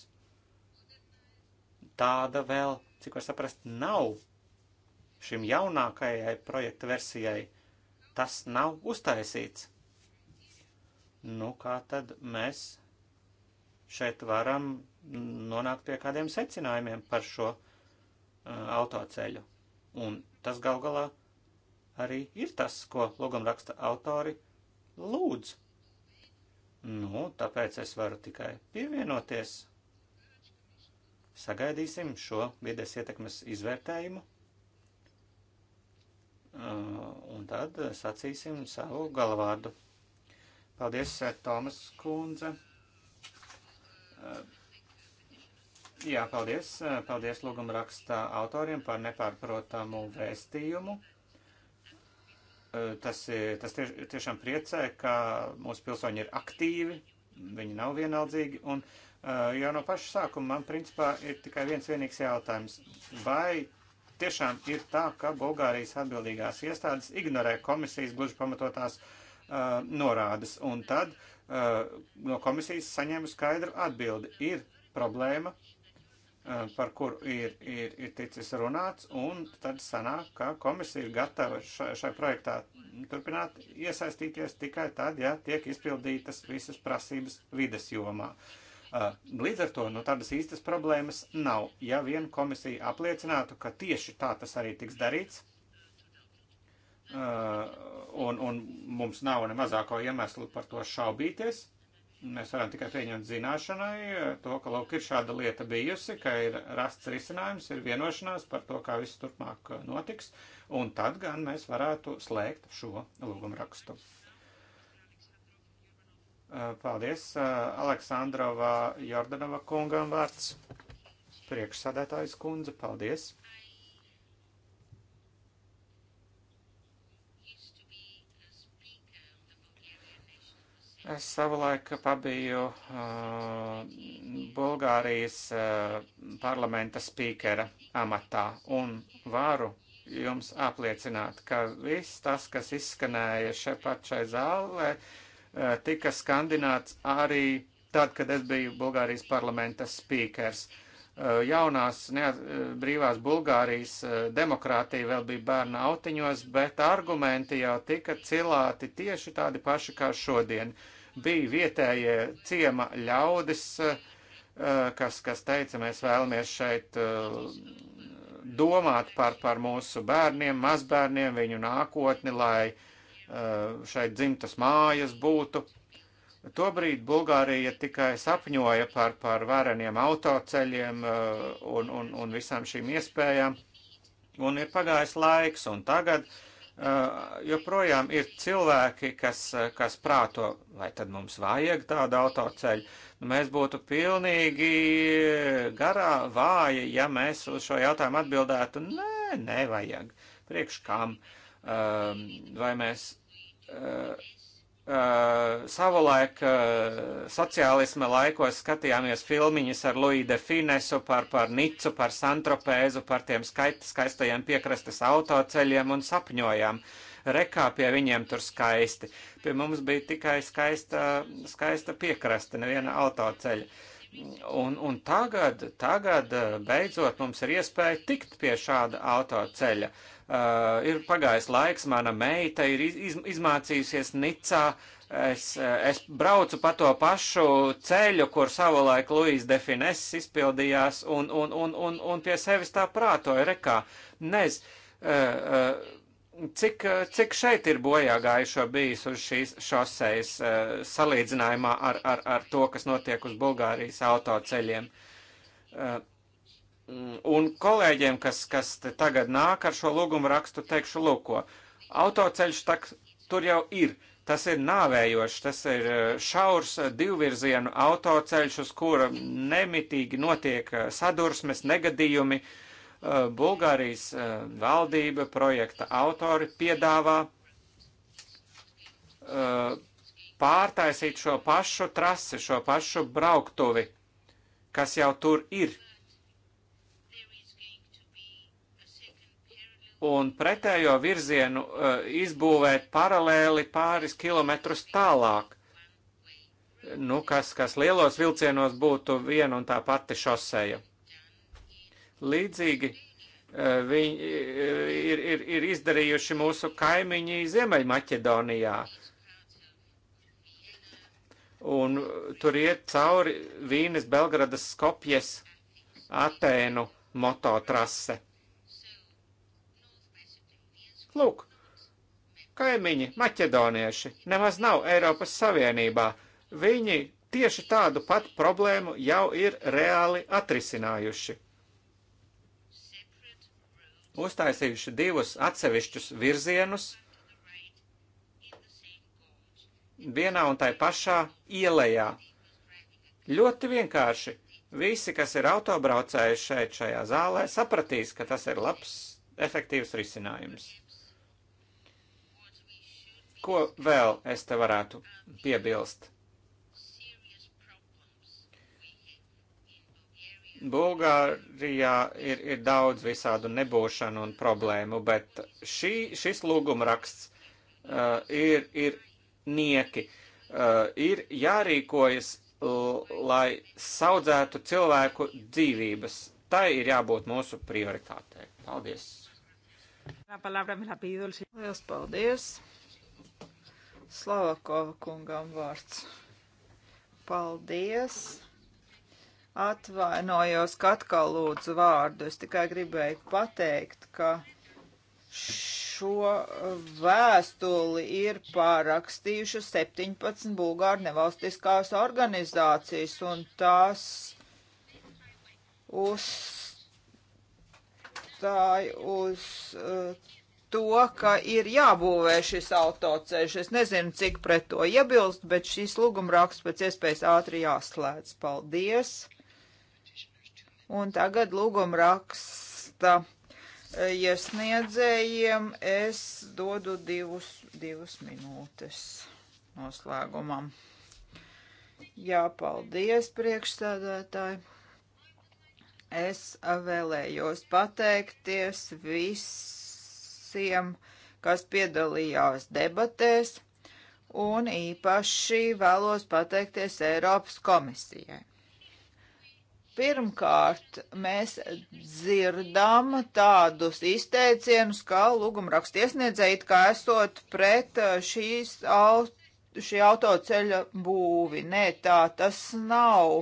tāda vēl, cik var saprast, nav šim jaunākajai projekta versijai. Tas nav uztaisīts Nu, kā tad mēs šeit varam nonākt pie kādiem secinājumiem par šo uh, autoceļu? Un tas gal galā arī ir tas, ko logumraksta autori lūdz. Nu, tāpēc es varu tikai pievienoties. Sagaidīsim šo vides ietekmes izvērtējumu. Uh, un tad sacīsim savu galvādu. Paldies, eh, Tomas kundze. Eh, jā, paldies. Eh, paldies lūguma raksta autoriem par nepārprotamu vēstījumu. Tas, tas tieš, tiešām priecē, ka mūsu pilsoņi ir aktīvi, viņi nav vienaldzīgi. Un jau no paša sākuma man principā ir tikai viens vienīgs jautājums. Vai tiešām ir tā, ka Bulgārijas atbildīgās iestādes ignorē komisijas gluži pamatotās uh, Uh, norādes. Un tad uh, no komisijas saņēmu skaidru atbildi. Ir problēma, uh, par kuru ir, ir, ir ticis runāts, un tad sanāk, ka komisija ir gatava šai, šai projektā turpināt iesaistīties tikai tad, ja tiek izpildītas visas prasības vides jomā. Līdz ar to nu, tādas īstas problēmas nav. Ja vien komisija apliecinātu, ka tieši tā tas arī tiks darīts, Eh, un, un mums nav ne mazāko iemeslu par to šaubīties. Mēs varam tikai pieņemt zināšanai eh, to, ka lūk ir šāda lieta bijusi, ka ir rasts risinājums, ir vienošanās par to, kā viss turpmāk eh, notiks, un tad gan mēs varētu slēgt šo lūgumu rakstu. Paldies, Aleksandrova Jordanova kungam vārds, priekšsādētājs kundze, paldies. Es savulaik pabiju uh, Bulgārijas uh, parlamenta spīkera amatā un varu jums apliecināt, ka viss tas, kas izskanēja šeit pat šai zālē, uh, tika skandināts arī tad, kad es biju Bulgārijas parlamenta spīkers. Uh, jaunās neat, uh, brīvās Bulgārijas uh, demokrātija vēl bija bērna autiņos, bet argumenti jau tika cilāti tieši tādi paši kā šodien. Uh, bija vietējie ciema ļaudis, eh, kas, kas teica, mēs vēlamies šeit eh, domāt par, par mūsu bērniem, mazbērniem, viņu nākotni, lai eh, šeit dzimtas mājas būtu. Tobrīd Bulgārija tikai sapņoja par, par vareniem autoceļiem un, un, un visām šīm iespējām, un ir pagājis laiks, un tagad uh, Eh, joprojām ir cilvēki, kas, eh, kas prāto, vai tad mums vajag tādu autoceļu. Nu, mēs būtu pilnīgi garā vāji, ja mēs uz šo jautājumu atbildētu, nē, nevajag. Priekš kam? Eh, vai mēs Uh, savulaik uh, sociālisma laikos skatījāmies filmiņas ar Luiju de Finesu par, par Nicu, par Santropēzu, par tiem skait, skaistajiem piekrastes autoceļiem un sapņojām. Rekā pie viņiem tur skaisti. Pie mums bija tikai skaista, skaista piekraste, neviena autoceļa. Un, un tagad, tagad eh, beidzot mums ir iespēja tikt pie šāda autoceļa. Uh, Uh, ir pagājis laiks, mana meita ir iz, izmācījusies Nicā. Es, eh, es braucu pa to pašu ceļu, kur savulaik Luīs Defines izpildījās, un, un, un, un, un pie sevis tā prātoja rekā. Nez, uh, uh, cik, cik šeit ir bojā gājušo bijis uz šīs šosejas salīdzinājumā ar, ar, ar to, kas notiek uz Bulgārijas autoceļiem? Un kolēģiem, kas, kas tagad nāk ar šo lūgumu rakstu, teikšu, lūk, ko. Autoceļš tak, tur jau ir. Tas ir nāvējošs, tas ir eh, šaurs eh, divvirzienu autoceļš, uz kura nemitīgi notiek eh, sadursmes, negadījumi. Bulgārijas valdība projekta autori piedāvā pārtaisīt šo pašu trasi, šo pašu brauktuvi, kas jau tur ir un pretējo virzienu eh, izbūvēt paralēli pāris kilometrus tālāk. Nu, kas, kas lielos vilcienos būtu viena un tā pati šoseja. Līdzīgi eh, viņi eh, ir, ir, ir izdarījuši mūsu kaimiņi Ziemeļmaķedonijā. Un tur iet cauri Vīnes, Belgradas, Skopjes, Atēnu mototrase. Lūk, kaimiņi, maķedonieši, nemaz nav Eiropas Savienībā. Viņi tieši tādu pat problēmu jau ir reāli atrisinājuši. Uztaisījuši divus atsevišķus virzienus vienā un tai pašā ielējā. Ļoti vienkārši. Visi, kas ir autobraucēji šeit šajā zālē, sapratīs, ka tas ir labs, efektīvs risinājums. Ko vēl es te varētu piebilst? Bulgārijā ir, ir daudz visādu nebūšanu un problēmu, bet šī, šis lūgumraksts uh, ir, ir nieki. Uh, ir jārīkojas, lai saudzētu cilvēku dzīvības. Tai ir jābūt mūsu prioritātei. Paldies! Lielas paldies! Slavakova kungam vārds. Paldies! Atvainojos, ka atkal lūdzu vārdu. Es tikai gribēju pateikt, ka šo vēstuli ir pārakstījuši 17 bulgāru nevalstiskās organizācijas, un tās uzstāja uz uh, to, ka ir jābūvē šis autoceļš. Es nezinu, cik pret to iebilst, bet šīs lūgumraksts pēc iespējas ātri jāslēdz. Paldies! Un tagad lūgumraksta e, iesniedzējiem es dodu divus, divus minūtes noslēgumam. Jā, paldies, priekšsēdētāji! Es vēlējos pateikties viss visiem, kas piedalījās debatēs, un īpaši vēlos pateikties Eiropas komisijai. Pirmkārt, mēs dzirdam tādus izteicienus, ka lūgumrakstiesniedzēji it kā esot pret uh, šīs aut šī autoceļa būvi. Nē, tā tas nav.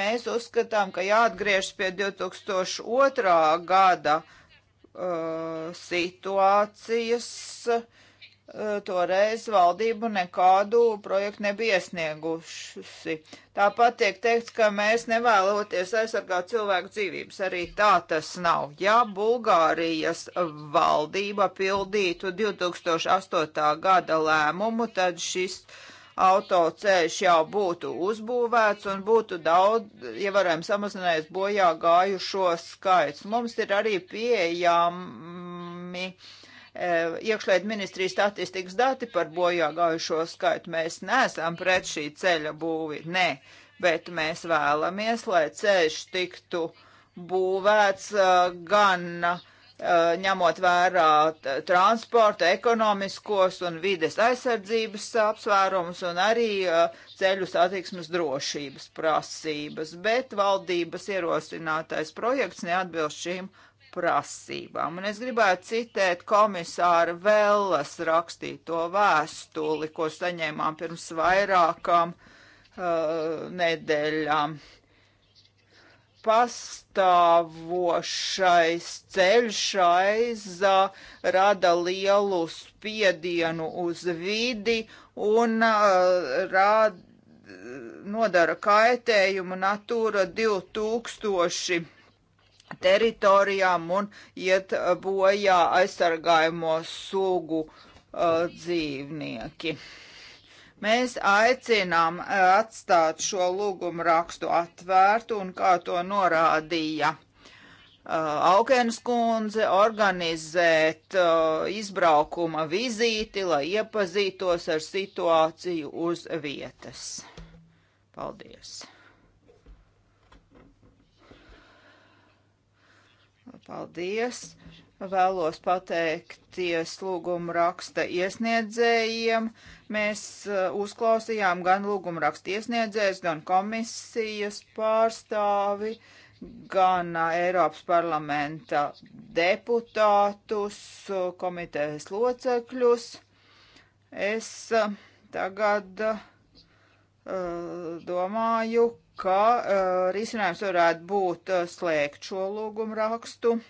Mēs uzskatām, ka jāatgriežas pie 2002. gada uh, Eh, situācijas eh, toreiz valdību nekādu projektu nebija iesnieguši. Tāpat tiek teikts, ka mēs nevēloties aizsargāt cilvēku dzīvības. Arī tā tas nav. Ja Bulgārijas valdība pildītu 2008. gada lēmumu, tad šis uh, autoceļš jau būtu uzbūvēts un būtu daudz, ja varējām samazinājies bojā gājušo skaits. Mums ir arī pieejami e, iekšlietu ministrijas statistikas dati par bojā gājušo skaitu. Mēs neesam pret šī ceļa būvi, nē, bet mēs vēlamies, lai ceļš tiktu būvēts e, gan uh, Uh, ņemot vērā transporta, ekonomiskos un vides aizsardzības apsvērumus un arī uh, ceļu satiksmes drošības prasības, bet valdības ierosinātais projekts neatbilst šīm prasībām. Un es gribētu citēt komisāra Vellas rakstīto vēstuli, ko saņēmām pirms vairākām uh, nedēļām. Uh, pastāvošais ceļš aiza rada lielu spiedienu uz vidi un uh, rada nodara kaitējumu Natūra 2000 teritorijām un iet bojā aizsargājamo sugu uh, dzīvnieki. Mēs aicinām eh, atstāt šo lūgumu rakstu atvērtu un kā to norādīja. Eh, Augēnas kundze organizēt uh, izbraukuma vizīti, lai iepazītos ar situāciju uz vietas. Paldies! Paldies! Vēlos pateikties lūgumu raksta iesniedzējiem. Mēs uh, uzklausījām gan lūgumu raksta iesniedzējus, gan komisijas pārstāvi, gan uh, Eiropas parlamenta deputātus, uh, komitejas locekļus. Es uh, tagad uh, domāju, ka uh, risinājums varētu būt slēgt šo lūgumu rakstu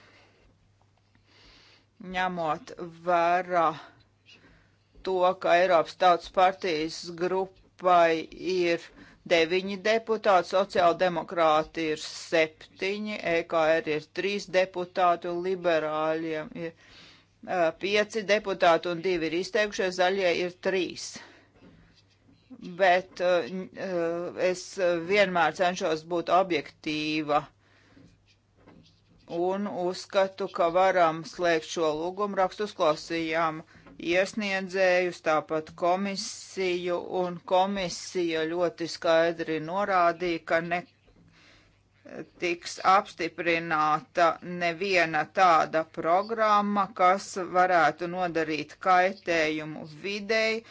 ņemot vērā to, ka Eiropas Tautas partijas grupai ir deviņi deputāti, sociāldemokrāti ir septiņi, EKR ir trīs deputāti un liberāļiem ir uh, pieci deputāti un divi ir izteikušies, zaļie ir trīs. Bet uh, es vienmēr cenšos būt objektīva un uzskatu, ka varam slēgt šo lūgumu rakstu uzklausījām iesniedzējus, tāpat komisiju, un komisija ļoti skaidri norādīja, ka ne tiks apstiprināta neviena tāda programma, kas varētu nodarīt kaitējumu videi,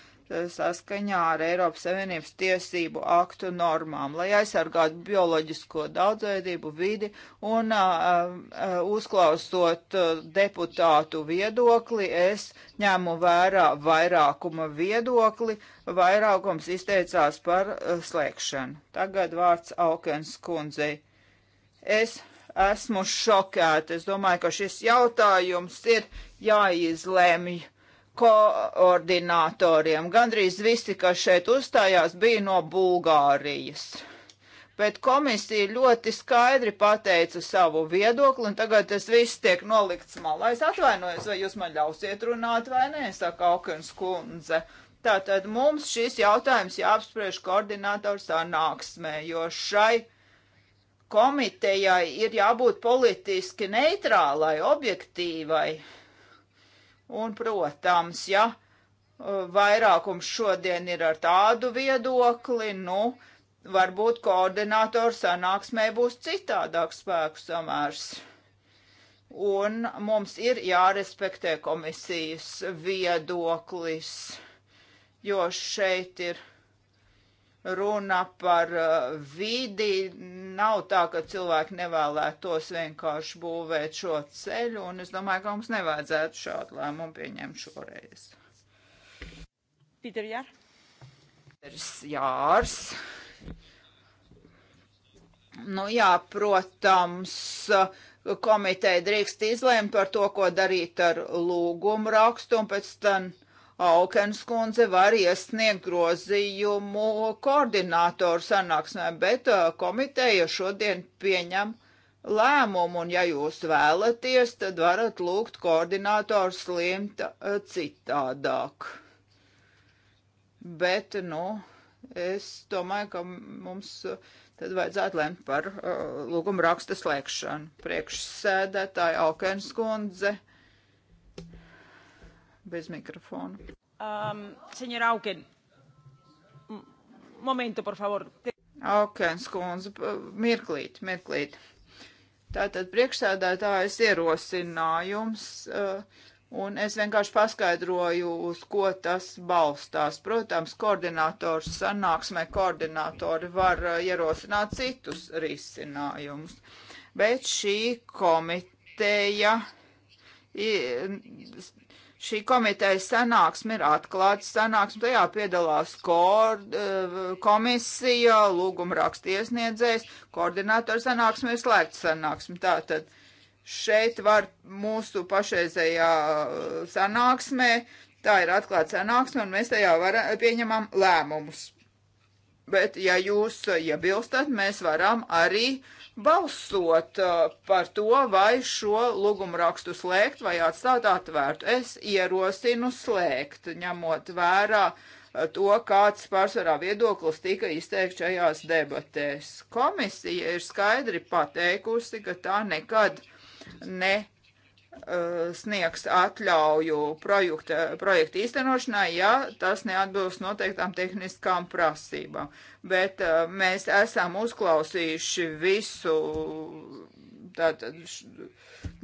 saskaņā ar Eiropas Savienības tiesību aktu normām, lai aizsargātu bioloģisko daudzveidību vidi un uh, uh, uzklausot uh, deputātu viedokli, es ņēmu vērā vairākuma viedokli, vairākums izteicās par uh, slēgšanu. Tagad vārds Aukens kundzei. Es esmu šokēta, es domāju, ka šis jautājums ir jāizlēmj koordinatoriem. Gandrīz visi, kas šeit uzstājās, bija no Bulgārijas. Bet komisija ļoti skaidri pateica savu viedokli, un tagad tas viss tiek nolikts malā. Es atvainojos, vai jūs man ļausiet runāt vai nē, saka Aukens kundze. Tātad mums šis jautājums jāapspriež koordinātoru sanāksmē, jo šai komitejai ir jābūt politiski neitrālai, objektīvai Un, protams, ja e, vairākums šodien ir ar tādu viedokli, nu, varbūt koordinātoru sanāksmē būs citādāks spēku samērs. Un mums ir jārespektē komisijas viedoklis, jo šeit ir runa par uh, vidi. Nav tā, ka cilvēki nevēlētos vienkārši būvēt šo ceļu, un es domāju, ka mums nevajadzētu šādu lēmumu pieņemt šoreiz. Pīter Jār. Pīters Jārs. Nu jā, protams, komiteja drīkst izlēmt par to, ko darīt ar lūgumu rakstu, un pēc tam. Tan Aukenskundze var iesniegt grozījumu koordinātoru sanāksmē, bet uh, komiteja šodien pieņem lēmumu, un ja jūs vēlaties, tad varat lūgt koordinātoru slimt uh, citādāk. Bet, nu, es domāju, ka mums uh, tad vajadzētu lemt par uh, lūgumu raksta slēgšanu. Priekšsēdētāja Aukenskundze bez mikrofona. Um, senjora Auken, momentu, por favor. Aukens kundze, mirklīt, mirklīt. Tātad priekšsēdētājas ierosinājums, uh, un es vienkārši paskaidroju, uz ko tas balstās. Protams, koordinators sanāksmē koordinatori var uh, ierosināt citus risinājumus, bet šī komiteja Šī komiteja sanāksme ir atklāta sanāksme, tajā piedalās kor, eh, komisija, lūguma rakstiesniedzējs, koordinātors sanāksme ir slēgta sanāksme. Tātad šeit var mūsu pašreizējā eh, sanāksmē, tā ir atklāta sanāksme, un mēs tajā var, eh, pieņemam lēmumus. Bet, ja jūs iebilstat, ja mēs varam arī uh, balsot uh, par to, vai šo lūgumu rakstu slēgt vai atstāt atvērtu. Es ierosinu slēgt, ņemot vērā uh, to, kāds pārsvarā viedoklis tika izteikts šajās debatēs. Komisija ir skaidri pateikusi, ka tā nekad ne Eh, sniegs atļauju projekta, projekta īstenošanai, ja tas neatbilst noteiktām tehniskām prasībām. Bet eh, mēs esam uzklausījuši visu tātad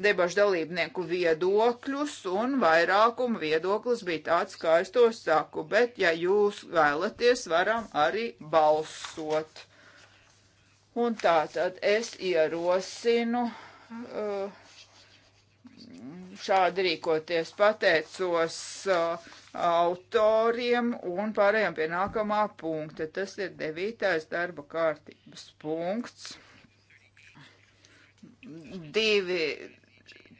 debašu dalībnieku viedokļus, un vairākuma viedoklis bija tāds, kā es to saku. Bet, ja jūs vēlaties, varam arī balsot. Un tātad es ierosinu. Uh, šādi rīkoties. Pateicos uh, autoriem un pārējām pie nākamā punkta. Tas ir devītais darba kārtības punkts. 2,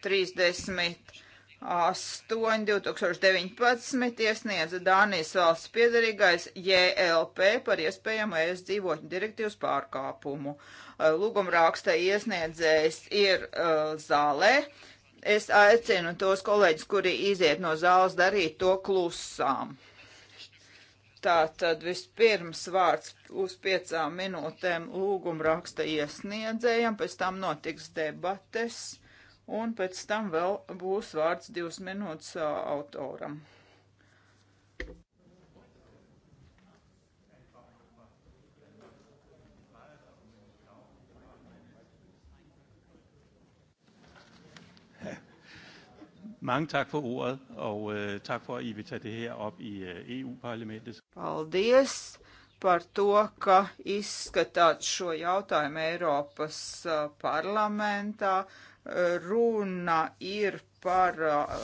30. 8, 2019 iesniedza Dānijas valsts piedarīgais JLP par iespējamo ES dzīvotņu direktīvas pārkāpumu. Lūguma raksta iesniedzējs ir uh, zālē. Uh, Es aicinu tos kolēģis, kuri iziet no zāles, darīt to klusām. Tā tad vispirms vārds uz piecām minūtēm lūguma raksta iesniedzējam, pēc tam notiks debates, un pēc tam vēl būs vārds divas minūtes autoram. Mange tak for ordet, og øh, tak for, at I vil tage det her op i øh, EU-parlamentet. Paldies par to, ka izskatāt šo jautājumu Eiropas uh, parlamentā. Uh, runa ir par uh,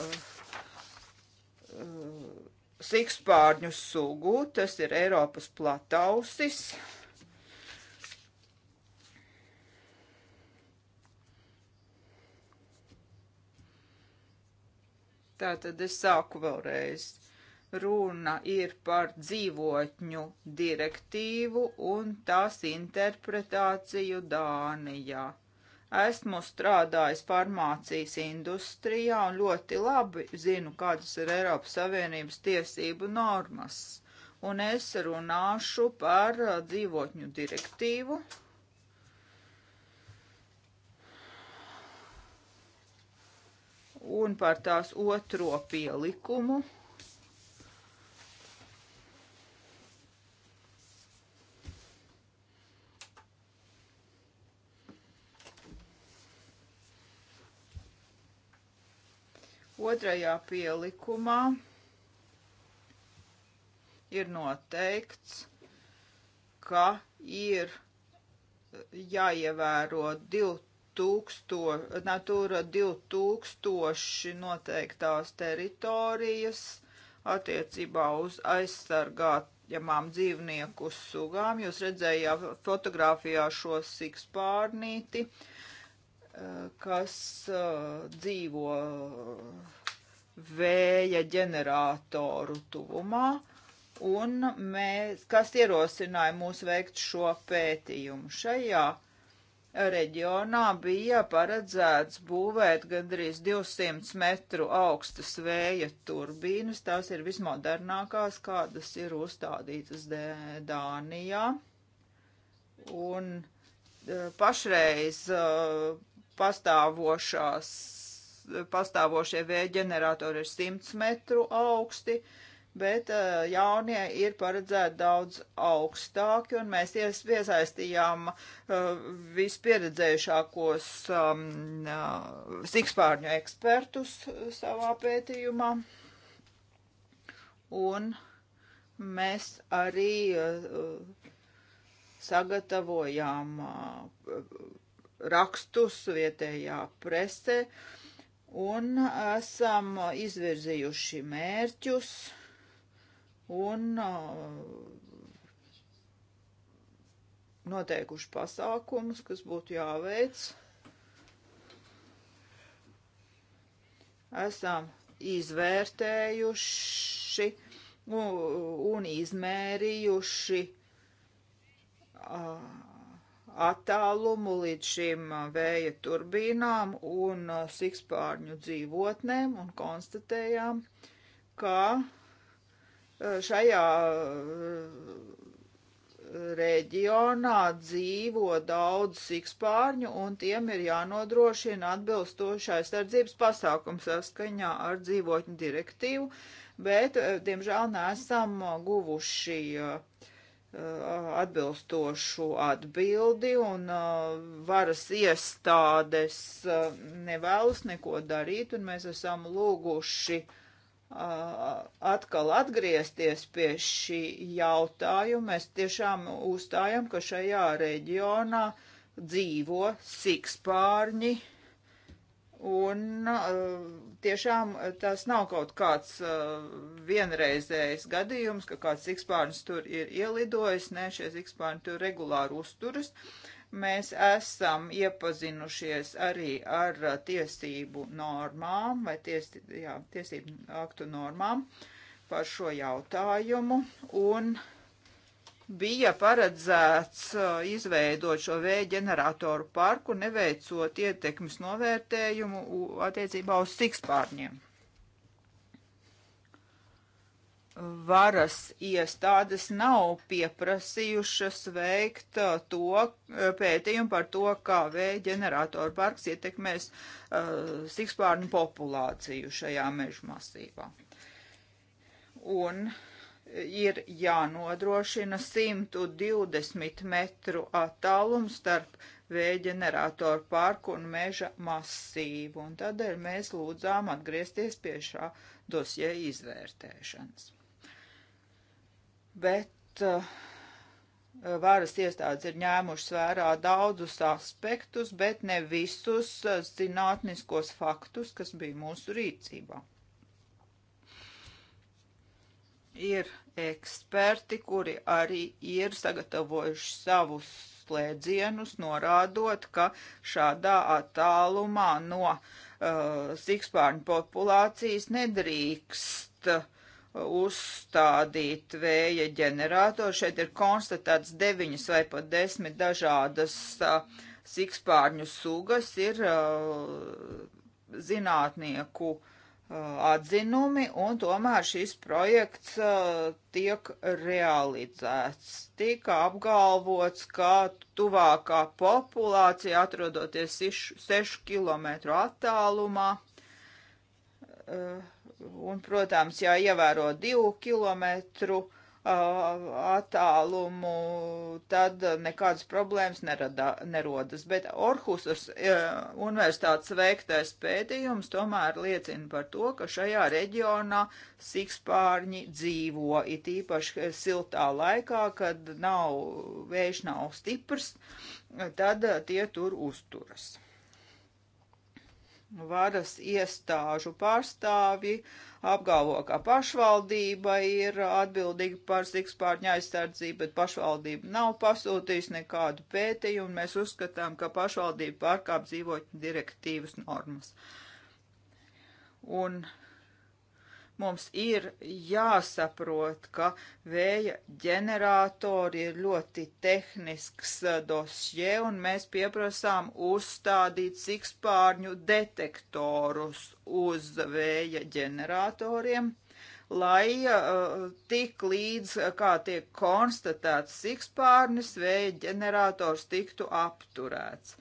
sikspārņu sugu, tas ir Eiropas platausis. Tātad es sāku vēlreiz. Runa ir par dzīvotņu direktīvu un tās interpretāciju Dānijā. Esmu strādājis farmācijas industrijā un ļoti labi zinu, kādas ir Eiropas Savienības tiesību normas. Un es runāšu par dzīvotņu direktīvu un par tās otro pielikumu. Otrajā pielikumā ir noteikts, ka ir jāievēro 2000 tūkstoši, Natūra 2000 noteiktās teritorijas attiecībā uz aizsargātjamām dzīvnieku sugām. Jūs redzējāt fotografijā šo sikspārnīti, eh, kas eh, dzīvo eh, vēja ģeneratoru tuvumā, un mēs, kas ierosināja mūs veikt šo pētījumu šajā pētījumu reģionā bija paredzēts būvēt gandrīz 200 metru augstas vēja turbīnas. Tās ir vismodernākās, kādas ir uzstādītas Dānijā. Un e, pašreiz e, pastāvošās e, pastāvošie vēja ģeneratori ir 100 metru augsti, uh, bet uh, jaunie ir paredzēti daudz augstāki, un mēs iesaistījām uh, vispieredzējušākos um, uh, eh, sikspārņu ekspertus savā pētījumā. Un mēs arī sagatavojām rakstus vietējā presē un esam izvirzījuši mērķus, un uh, noteikuši pasākumus, kas būtu jāveic. Esam izvērtējuši un izmērījuši uh, attālumu līdz šīm uh, vēja turbīnām un sikspārņu dzīvotnēm un konstatējām, ka šajā eh, reģionā dzīvo daudz sikspārņu, un tiem ir jānodrošina atbilstoši aizsardzības pasākums saskaņā ar dzīvotņu direktīvu, bet, eh, diemžēl, nesam guvuši eh, atbilstošu atbildi, un varas iestādes nevēlas neko darīt, un mēs esam lūguši uh, atkal atgriezties pie šī jautājuma. Mēs tiešām uzstājam, ka šajā reģionā dzīvo sikspārņi. Un tiešām tas nav kaut kāds vienreizējs gadījums, ka kāds sikspārnis tur ir ielidojis, nē, šie sikspārni tur regulāri uzturas. Mēs esam iepazinušies arī ar tiesību normām vai ties, jā, tiesību aktu normām par šo jautājumu un bija paredzēts izveidot šo vēja ģeneratoru parku, neveicot ietekmes novērtējumu attiecībā uz sikspārņiem varas iestādes nav pieprasījušas veikt uh, to uh, pētījumu par to, kā vēja ģeneratoru parks ietekmēs uh, sikspārnu populāciju šajā mežu masīvā. Un ir jānodrošina 120 metru attālums starp vēja ģeneratoru parku un meža masīvu, un tādēļ mēs lūdzām atgriezties pie šā dosie izvērtēšanas bet uh, varas iestādes ir ņēmušas vērā daudzus aspektus, bet ne visus eh, zinātniskos faktus, kas bija mūsu rīcībā. Ir eksperti, kuri arī ir sagatavojuši savus slēdzienus, norādot, ka šādā attālumā no uh, eh, sikspārņu populācijas nedrīkst uh, uzstādīt vēja ģeneratoru. Šeit ir konstatēts deviņas vai pat desmit dažādas uh, sikspārņu sugas, ir uh, zinātnieku uh, atzinumi, un tomēr šis projekts tiek realizēts. Tika apgalvots, ka tuvākā populācija atrodoties 6 km attālumā. Uh, un, protams, jāievēro divu kilometru attālumu, tad nekādas problēmas nerada, nerodas. Bet Orhusas universitātes veiktais pētījums tomēr liecina par to, ka šajā reģionā sikspārņi dzīvo, it īpaši siltā laikā, kad nav vējš nav stiprs, tad tie tur uzturas varas iestāžu pārstāvji apgalvo, ka pašvaldība ir atbildīga par sikspārņa aizsardzību, bet pašvaldība nav pasūtījusi nekādu pētījumu. Mēs uzskatām, ka pašvaldība pārkāp dzīvotņu direktīvas normas. Un Mums ir jāsaprot, ka vēja ģeneratori ir ļoti tehnisks uh, dosjē, un mēs pieprasām uzstādīt sikspārņu detektorus uz vēja ģeneratoriem lai uh, tik līdz, uh, kā tiek konstatēts sikspārnis, vēja ģenerators tiktu apturēts.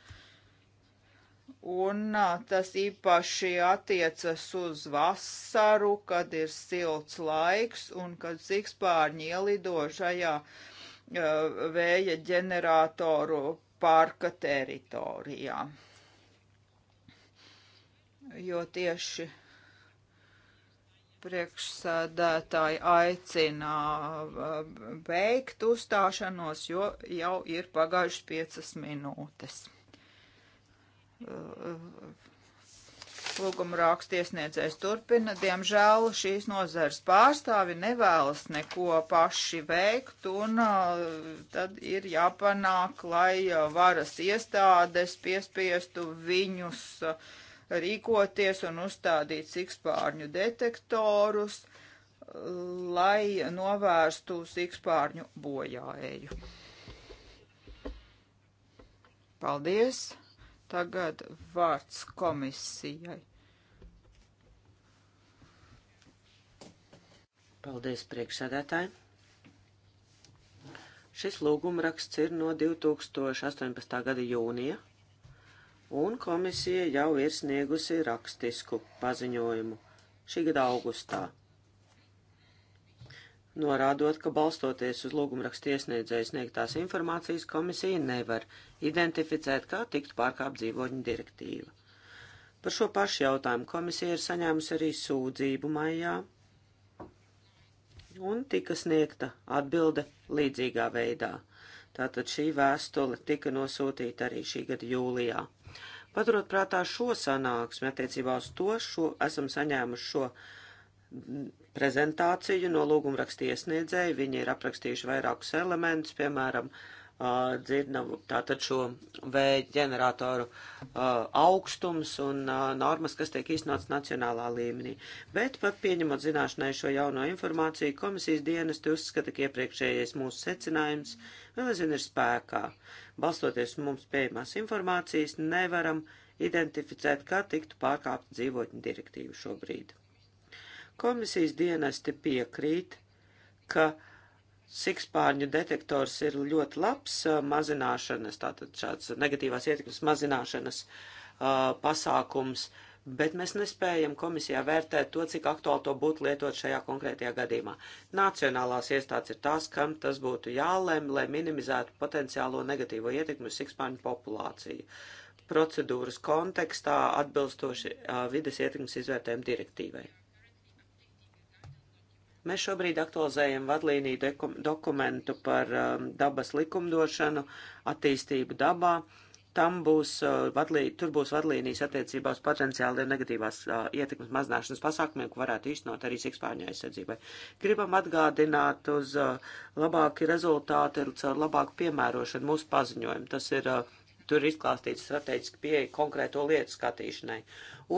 Un tas īpaši attiecas uz vasaru, kad ir silts laiks un kad zikspārņi ielido šajā uh, vēja ģeneratoru parka teritorijā. Jo tieši priekšsēdētāji aicina beigt uzstāšanos, jo jau ir pagājušas piecas minūtes. Lūguma rakstiesniedzējs turpina. Diemžēl šīs nozares pārstāvi nevēlas neko paši veikt, un uh, tad ir jāpanāk, lai uh, varas iestādes piespiestu viņus uh, rīkoties un uzstādīt sikspārņu detektorus, lai novērstu sikspārņu bojāēju. Paldies! Tagad vārds komisijai. Paldies priekšsēdētājiem. Šis lūgumraksts ir no 2018. gada jūnija, un komisija jau ir sniegusi rakstisku paziņojumu šī gada augustā, norādot, ka balstoties uz lūgumrakstu iesniedzēju sniegtās informācijas komisija nevar identificēt, kā tikt pārkāpt dzīvoņu direktīva. Par šo pašu jautājumu komisija ir saņēmusi arī sūdzību maijā, un tika sniegta atbilde līdzīgā veidā. Tātad šī vēstule tika nosūtīta arī šī gada jūlijā. Paturot prātā šo sanāksmi attiecībā uz to, šo esam saņēmuši šo prezentāciju no lūguma rakstiesniedzēja. Viņi ir aprakstījuši vairākus elementus, piemēram, uh, dzirdam tātad šo vēja ģeneratoru uh, augstums un uh, normas, kas tiek īstenots nacionālā līmenī. Bet pat pieņemot zināšanai šo jauno informāciju, komisijas dienesti uzskata, ka iepriekšējais mūsu secinājums vēl aizvien ir spēkā. Balstoties mums pieejamās informācijas, nevaram identificēt, kā tiktu pārkāpta dzīvotņu direktīva šobrīd. Komisijas dienesti piekrīt, ka uh, Sikspārņu detektors ir ļoti labs uh, mazināšanas, tātad šāds negatīvās ietekmes mazināšanas uh, pasākums, bet mēs nespējam komisijā vērtēt to, cik aktuāli to būtu lietot šajā konkrētajā gadījumā. Nacionālās iestādes ir tās, kam tas būtu jālem, lai minimizētu potenciālo negatīvo ietekmi uz sikspārņu populāciju. Procedūras kontekstā atbilstoši uh, vides ietekmes izvērtējumu direktīvai. Mēs šobrīd aktualizējam vadlīniju dokumentu par um, dabas likumdošanu, attīstību dabā. Tam būs, uh, vadlī, tur būs vadlīnijas attiecībā uz potenciāliem negatīvās uh, ietekmes mazināšanas pasākumiem, ko varētu īstenot arī sikspārņu aizsardzībai. Gribam atgādināt uz uh, labāki rezultāti caur labāku piemērošanu mūsu paziņojumu. Tas ir uh, Tur ir izklāstīta strateģiska pieeja konkrēto lietu skatīšanai.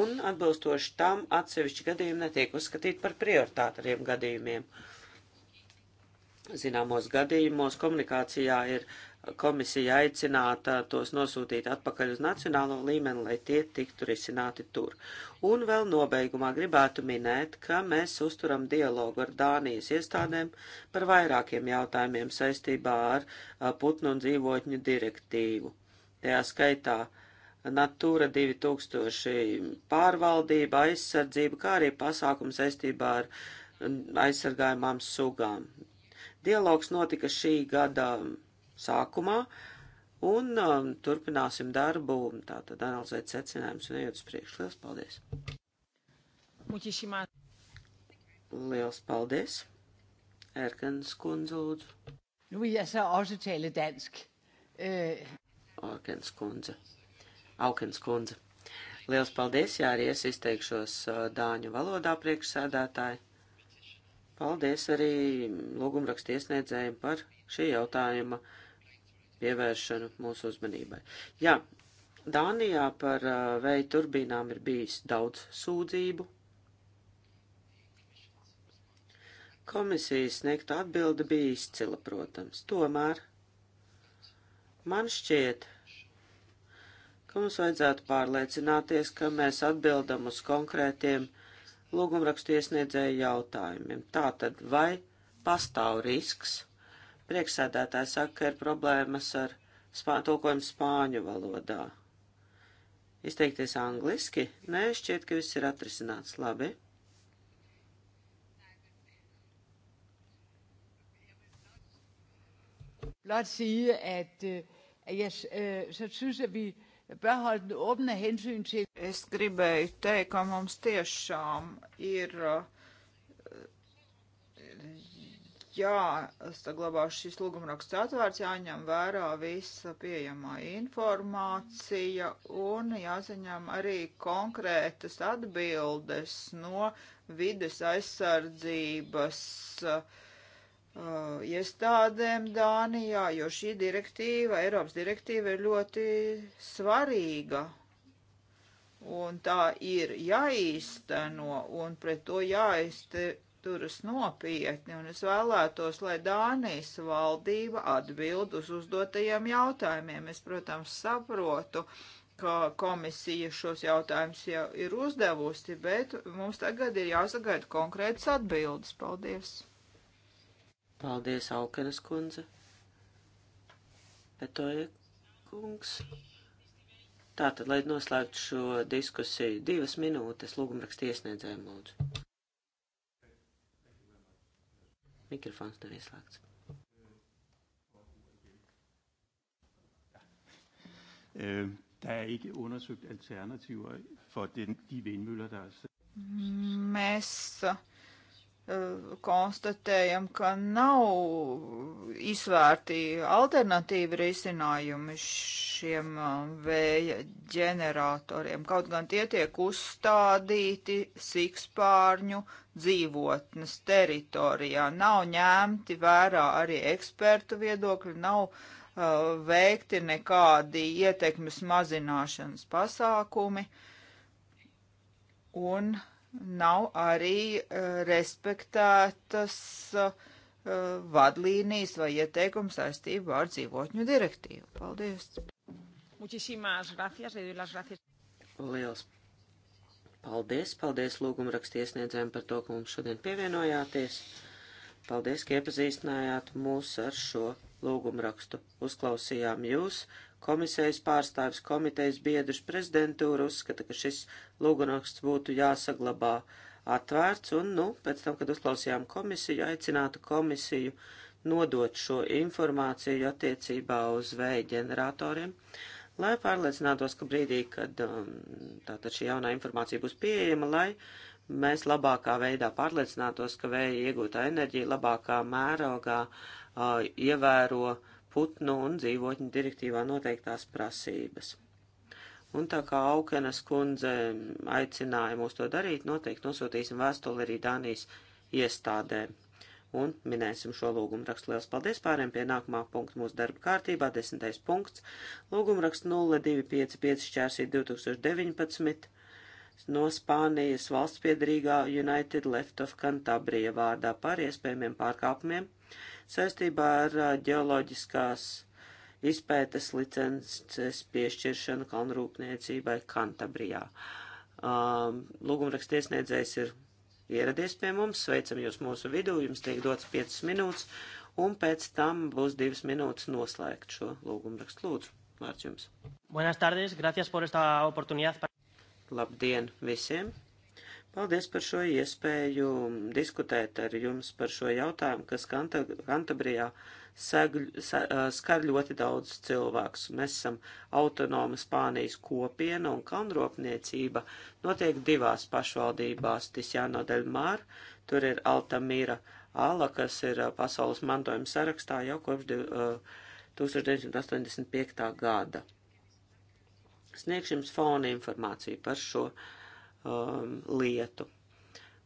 Un atbilstoši tam atsevišķi gadījumi netiek uzskatīti par prioritāriem gadījumiem. Zināmos gadījumos komunikācijā ir komisija aicināta tos nosūtīt atpakaļ uz nacionālo līmeni, lai tie tiktu risināti tur. Un vēl nobeigumā gribētu minēt, ka mēs uzturam dialogu ar Dānijas iestādēm par vairākiem jautājumiem saistībā ar putnu un dzīvotņu direktīvu tajā skaitā Natūra 2000 pārvaldība, aizsardzība, kā arī pasākums saistībā ar aizsargājumām sugām. Dialogs notika šī gada sākumā, un um, turpināsim darbu, tātad analizēt secinājumus un ejot uz priekšu. Lielas paldies! Muķišimā. Lielas paldies! Erkens kundze lūdzu. Nu, jeg så også tale dansk. Øh. Okens kundze. Aukens kundze. Liels paldies, jā, arī es izteikšos dāņu valodā priekšsēdētāji. Paldies arī lūgumrakstu iesniedzējiem par šī jautājuma pievēršanu mūsu uzmanībai. Jā, Dānijā par vēja turbīnām ir bijis daudz sūdzību. Komisijas sniegta atbilde bija izcila, protams. Tomēr Man šķiet, ka mums vajadzētu pārliecināties, ka mēs atbildam uz konkrētiem lūgumrakstu iesniedzēju jautājumiem. Tātad, vai pastāv risks? Prieksēdētājs saka, ka ir problēmas ar spā, tulkojumu spāņu valodā. Izteikties angliski? Nē, šķiet, ka viss ir atrisināts labi. blot sige, at, øh, at jeg øh, så synes, at vi bør holde den åbne hensyn til. Es gribēju teikt, ka mums tiešām ir øh, jāsaglabā šis lūgumraksts atvērts, jāņem vērā visa pieejamā informācija un jāsaņem arī konkrētas atbildes no vides aizsardzības uh, uh, iestādēm Dānijā, jo šī direktīva, Eiropas direktīva ir ļoti svarīga. Un tā ir jāīsteno un pret to jāizturas nopietni. Un es vēlētos, lai Dānijas valdība atbild uz uzdotajiem jautājumiem. Es, protams, saprotu, ka komisija šos jautājumus jau ir uzdevusi, bet mums tagad ir jāsagaida konkrētas atbildes. Paldies! Paldies, Aukenas kundze. Petoja kungs. Tātad, lai noslēgtu šo diskusiju, divas minūtes lūgumrakstu iesniedzējiem lūdzu. Mikrofons nav ieslēgts. Uh, der er ikke undersøgt alternativer for den, de vindmøller, der er sat. Mēs uh, Eh, konstatējam, ka nav izvērti alternatīvi risinājumi šiem eh, vēja ģeneratoriem. Kaut gan tie tiek uzstādīti sikspārņu dzīvotnes teritorijā. Nav ņemti vērā arī ekspertu viedokļi, nav uh, veikti nekādi ietekmes mazināšanas pasākumi. Un uh, nav arī uh, respektētas uh, vadlīnijas vai ieteikums saistību ar dzīvotņu direktīvu. Paldies! Muchísimas gracias, le doy las gracias. Liels paldies, paldies lūguma rakstiesniedzēm par to, ka mums šodien pievienojāties. Paldies, ka iepazīstinājāt mūs ar šo lūgumu rakstu. Uzklausījām jūs, komisijas pārstāvis, komitejas biedrs, prezidentūra uzskata, ka šis lūgunaksts būtu jāsaglabā atvērts, un, nu, pēc tam, kad uzklausījām komisiju, aicinātu komisiju nodot šo informāciju attiecībā uz vēja ģeneratoriem, lai pārliecinātos, ka brīdī, kad um, tātad šī jaunā informācija būs pieejama, lai mēs labākā veidā pārliecinātos, ka vēja iegūtā enerģija labākā mērogā uh, ievēro uh, putnu un dzīvotņu direktīvā noteiktās prasības. Un tā kā Aukenas kundze aicināja mūs to darīt, noteikti nosūtīsim vēstuli arī Dānijas iestādēm. Un minēsim šo lūgumu rakstu. Lielas paldies pāriem pie nākamā punkta mūsu darba kārtībā, desmitais punkts. Lūgumu rakstu 0255 šķērsīt 2019 no Spānijas valsts piedarīgā United Left of Cantabria vārdā par iespējamiem pārkāpumiem saistībā ar ģeoloģiskās izpētes licences piešķiršanu kalnrūpniecībai Kantabrijā. Um, Lūgumraksts iesniedzējs ir ieradies pie mums, sveicam jūs mūsu vidū, jums tiek dots 5 minūtes, un pēc tam būs 2 minūtes noslēgt šo lūgumrakstu. Lūdzu, vārds jums. Buenas tardes, gracias por esta oportunidad. Labdien visiem! Paldies par šo iespēju diskutēt ar jums par šo jautājumu, kas Kanta, Kantabrijā segļ, se, skar ļoti daudz cilvēkus. Mēs esam autonoma Spānijas kopiena un kalnropniecība notiek divās pašvaldībās - Tisjāno del Mār, tur ir Altamīra Ala, kas ir pasaules mantojuma sarakstā jau kopš 1985. gada. Sniegšu jums fona informāciju par šo. Uh, um, lietu.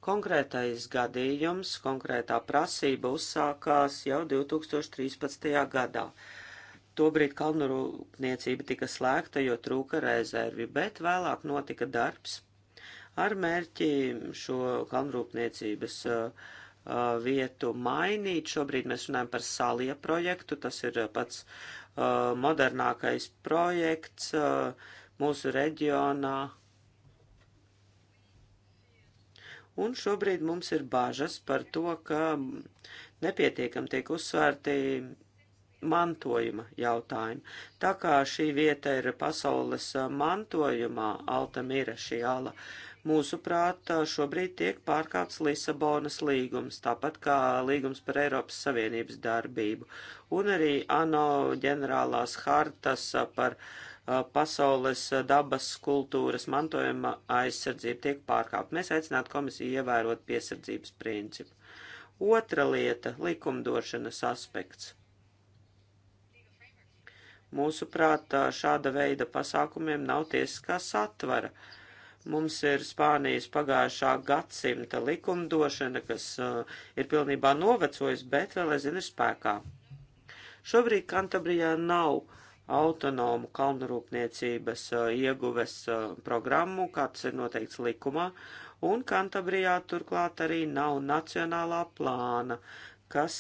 Konkrētais gadījums, konkrētā prasība uzsākās jau 2013. gadā. Tobrīd kalnurūpniecība tika slēgta, jo trūka rezervi, bet vēlāk notika darbs ar mērķi šo kalnrūpniecības uh, uh, vietu mainīt. Šobrīd mēs runājam par salie projektu, tas ir uh, pats uh, modernākais projekts uh, mūsu reģionā, Un šobrīd mums ir bažas par to, ka nepietiekam tiek uzsvērti mantojuma jautājumu. Tā kā šī vieta ir pasaules mantojumā, Altamira šī ala, mūsuprāt, šobrīd tiek pārkāpts Lisabonas līgums, tāpat kā līgums par Eiropas Savienības darbību, un arī ANO ģenerālās hartas par uh, Uh, pasaules uh, dabas kultūras mantojuma aizsardzība tiek pārkāpta. Mēs aicinātu komisiju ievērot piesardzības principu. Otra lieta - likumdošanas aspekts. Mūsuprāt, uh, šāda veida pasākumiem nav tiesiskā satvara. Mums ir Spānijas pagājušā gadsimta likumdošana, kas uh, ir pilnībā novecojusi, bet vēl aizvien ir spēkā. Šobrīd Kantabrijā nav uh, autonomu kalnrūpniecības ieguves programmu, kā tas ir noteikts likumā, un Kantabrijā turklāt arī nav nacionālā plāna, kas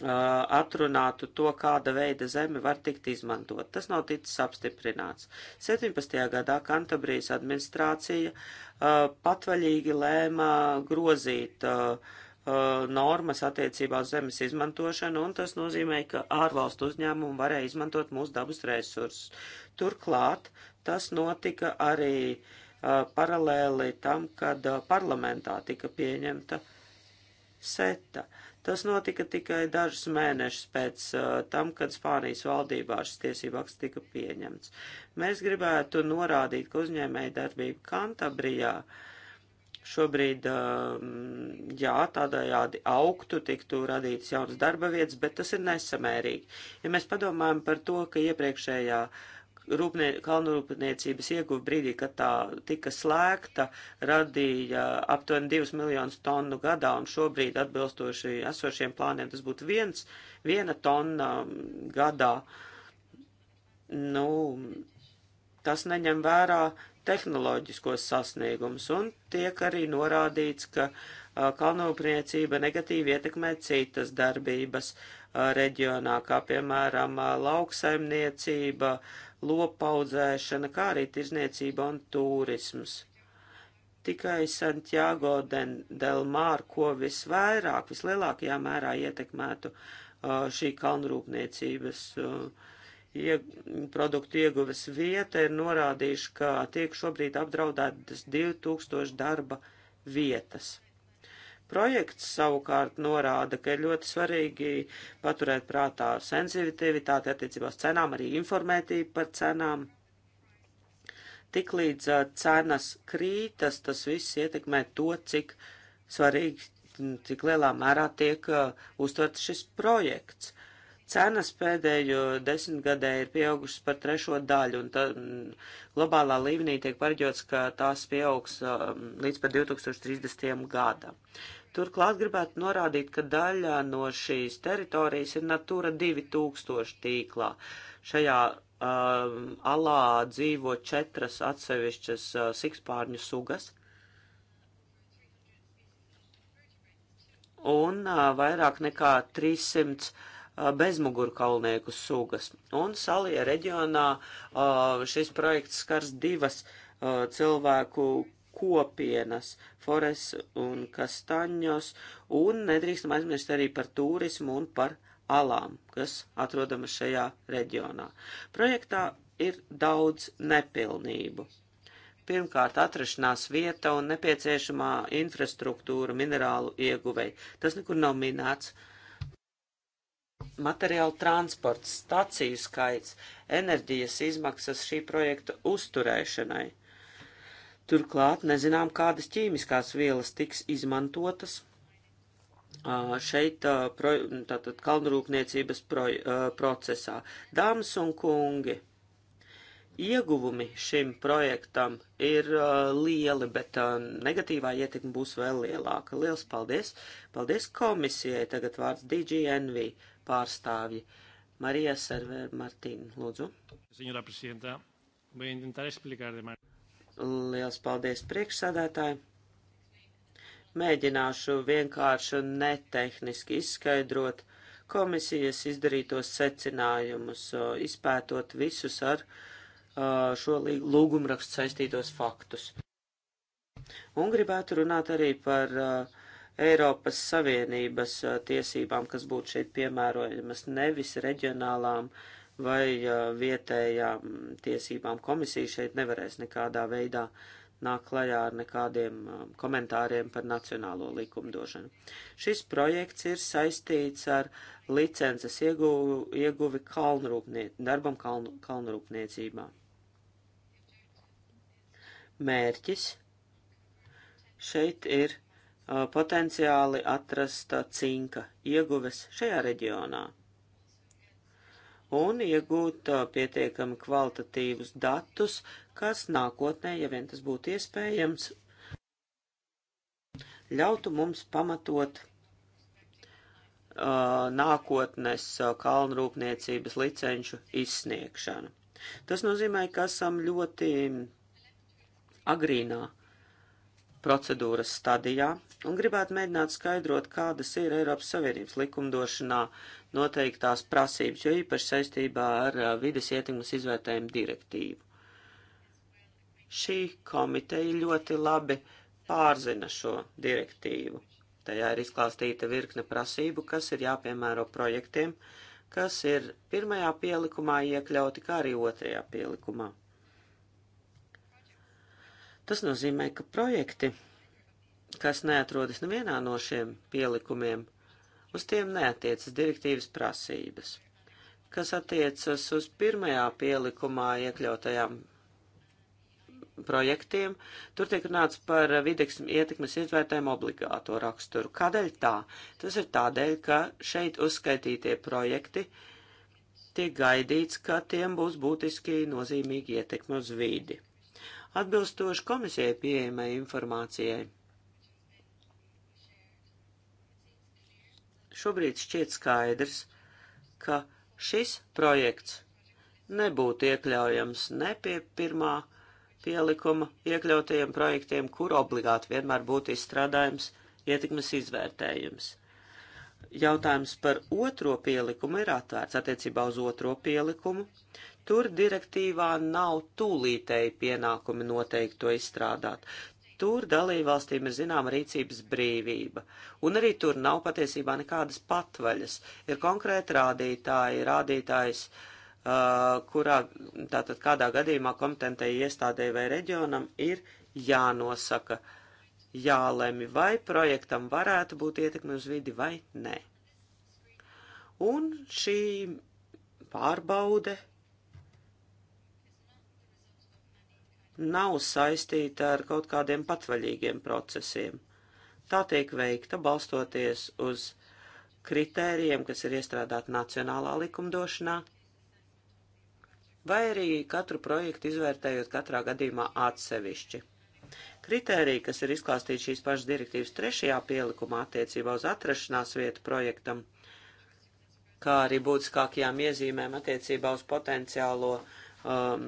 uh, atrunātu to, kāda veida zeme var tikt izmantot. Tas nav ticis apstiprināts. 17. gadā Kantabrijas administrācija uh, patvaļīgi lēma grozīt uh, Uh, normas attiecībā uz zemes izmantošanu, un tas nozīmē, ka ārvalstu uzņēmumu varēja izmantot mūsu dabas resursus. Turklāt tas notika arī uh, paralēli tam, kad uh, parlamentā tika pieņemta seta. Tas notika tikai dažus mēnešus pēc uh, tam, kad Spānijas valdībā šis tiesībāks tika pieņemts. Mēs gribētu norādīt, ka uzņēmēja darbība Kantabrijā uh, šobrīd, um, jā, tādējādi augtu, tiktu radīts jaunas darba vietas, bet tas ir nesamērīgi. Ja mēs padomājam par to, ka iepriekšējā rūpnie, kalnurūpniecības ieguva brīdī, kad tā tika slēgta, radīja aptuveni 2 miljonus tonu gadā, un šobrīd atbilstoši esošiem plāniem tas būtu viens, viena tonna um, gadā. Nu, tas neņem vērā tehnoloģiskos sasniegumus, un tiek arī norādīts, ka kalnūpniecība negatīvi ietekmē citas darbības reģionā, kā piemēram lauksaimniecība, lopaudzēšana, kā arī tirzniecība un turisms. Tikai Santiago del Mar, ko visvairāk, vislielākajā mērā ietekmētu šī kalnrūpniecības uh, ieg produktu ieguves vieta ir norādījuši, ka tiek šobrīd apdraudētas 2000 darba vietas. Projekts savukārt norāda, ka ir ļoti svarīgi paturēt prātā sensitivitāti attiecībās cenām, arī informētību par cenām. Tiklīdz cenas krītas, tas viss ietekmē to, cik svarīgi, cik lielā mērā tiek uh, uztverts šis projekts cenas pēdējo desmitgadē ir pieaugušas par trešo daļu, un tad mm, globālā līmenī tiek pareģots, ka tās pieaugs um, līdz pat 2030. gadam. Turklāt gribētu norādīt, ka daļa no šīs teritorijas ir Natura 2000 tīklā. Šajā um, alā dzīvo četras atsevišķas uh, sikspārņu sugas. Un uh, vairāk nekā 300 bezmugurkaulnieku sugas. Un Salija reģionā šis projekts skars divas cilvēku kopienas, Fores un Kastaņos, un nedrīkstam aizmirst arī par turismu un par alām, kas atrodamas šajā reģionā. Projektā ir daudz nepilnību. Pirmkārt, atrašanās vieta un nepieciešamā infrastruktūra minerālu ieguvei. Tas nekur nav minēts. Uh, materiālu transports, staciju skaits, enerģijas izmaksas šī projekta uzturēšanai. Turklāt nezinām, kādas ķīmiskās vielas tiks izmantotas šeit tātad kalnrūpniecības pro, procesā. Dāmas un kungi, ieguvumi šim projektam ir lieli, bet negatīvā ietekme būs vēl lielāka. Liels paldies! Paldies komisijai! Tagad vārds DGNV pārstāvji. Marija Server Martīna, lūdzu. Senjora prezidentā, vai intentar explicar de manera. Liels paldies priekšsēdētāji. Mēģināšu vienkārši un netehniski izskaidrot komisijas izdarītos secinājumus, izpētot visus ar šo lūgumrakstu saistītos faktus. Un gribētu runāt arī par uh, Eiropas Savienības uh, tiesībām, kas būtu šeit piemērojamas, nevis reģionālām vai uh, vietējām tiesībām. Komisija šeit nevarēs nekādā veidā nāk klajā ar nekādiem um, komentāriem par nacionālo likumdošanu. Šis projekts ir saistīts ar licences ieguvi, ieguvi kalnrūpnie, darbam kaln, kalnrūpniecībā. Mērķis šeit ir potenciāli atrast cinka ieguves šajā reģionā un iegūt pietiekami kvalitatīvus datus, kas nākotnē, ja vien tas būtu iespējams, ļautu mums pamatot uh, nākotnes uh, kalnrūpniecības licenšu izsniegšanu. Tas nozīmē, ka esam ļoti agrīnā procedūras stadijā un gribētu mēģināt skaidrot, kādas ir Eiropas Savienības likumdošanā noteiktās prasības, jo īpaši saistībā ar vides ietekmes izvērtējumu direktīvu. Šī komiteja ļoti labi pārzina šo direktīvu. Tajā ir izklāstīta virkne prasību, kas ir jāpiemēro projektiem, kas ir pirmajā pielikumā iekļauti, kā arī otrajā pielikumā. Tas nozīmē, ka projekti, kas neatrodas nevienā no šiem pielikumiem, uz tiem neatiecas direktīvas prasības, kas attiecas uz pirmajā pielikumā iekļautajām projektiem. Tur tiek runāts par videks ietekmes izvērtējumu obligāto raksturu. Kādēļ tā? Tas ir tādēļ, ka šeit uzskaitītie projekti tiek gaidīts, ka tiem būs būtiski nozīmīgi ietekme uz vīdi atbilstoši komisijai pieejamai informācijai. Šobrīd šķiet skaidrs, ka šis projekts nebūtu iekļaujams ne pie pirmā pielikuma iekļautajiem projektiem, kur obligāti vienmēr būtu izstrādājums ietekmes izvērtējums. Jautājums par otro pielikumu ir atvērts attiecībā uz otro pielikumu. Uh, Tur direktīvā nav tūlītēji pienākumi noteikti to izstrādāt. Tur dalībvalstīm ir zināma rīcības brīvība, un arī tur nav patiesībā nekādas patvaļas. Ir konkrēti rādītāji, rādītājs, uh, kurā, tātad kādā gadījumā kompetentai iestādēji vai reģionam ir jānosaka, jālemj, vai projektam varētu būt ietekme uz vidi vai nē. Un šī pārbaude nav saistīta ar kaut kādiem patvaļīgiem procesiem. Tā tiek veikta balstoties uz kritērijiem, kas ir iestrādāti nacionālā likumdošanā, vai arī katru projektu izvērtējot katrā gadījumā atsevišķi. Kritēriji, kas ir izklāstīti šīs pašas direktīvas trešajā pielikumā attiecībā uz atrašanās vietu projektam, kā arī būtiskākajām iezīmēm attiecībā uz potenciālo uh, um,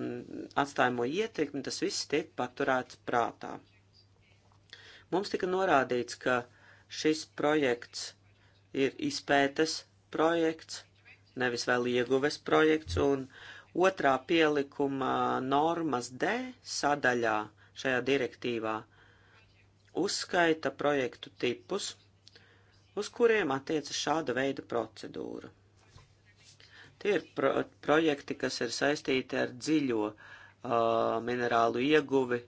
atstājamo ietekmi, tas viss tiek paturēts prātā. Mums tika norādīts, ka šis projekts ir izpētes projekts, nevis vēl ieguves projekts, un otrā pielikuma normas D sadaļā šajā direktīvā uzskaita projektu tipus, uz kuriem attiecas šāda veida procedūra. Tie ir pro projekti, kas ir saistīti ar dziļo uh, minerālu ieguvi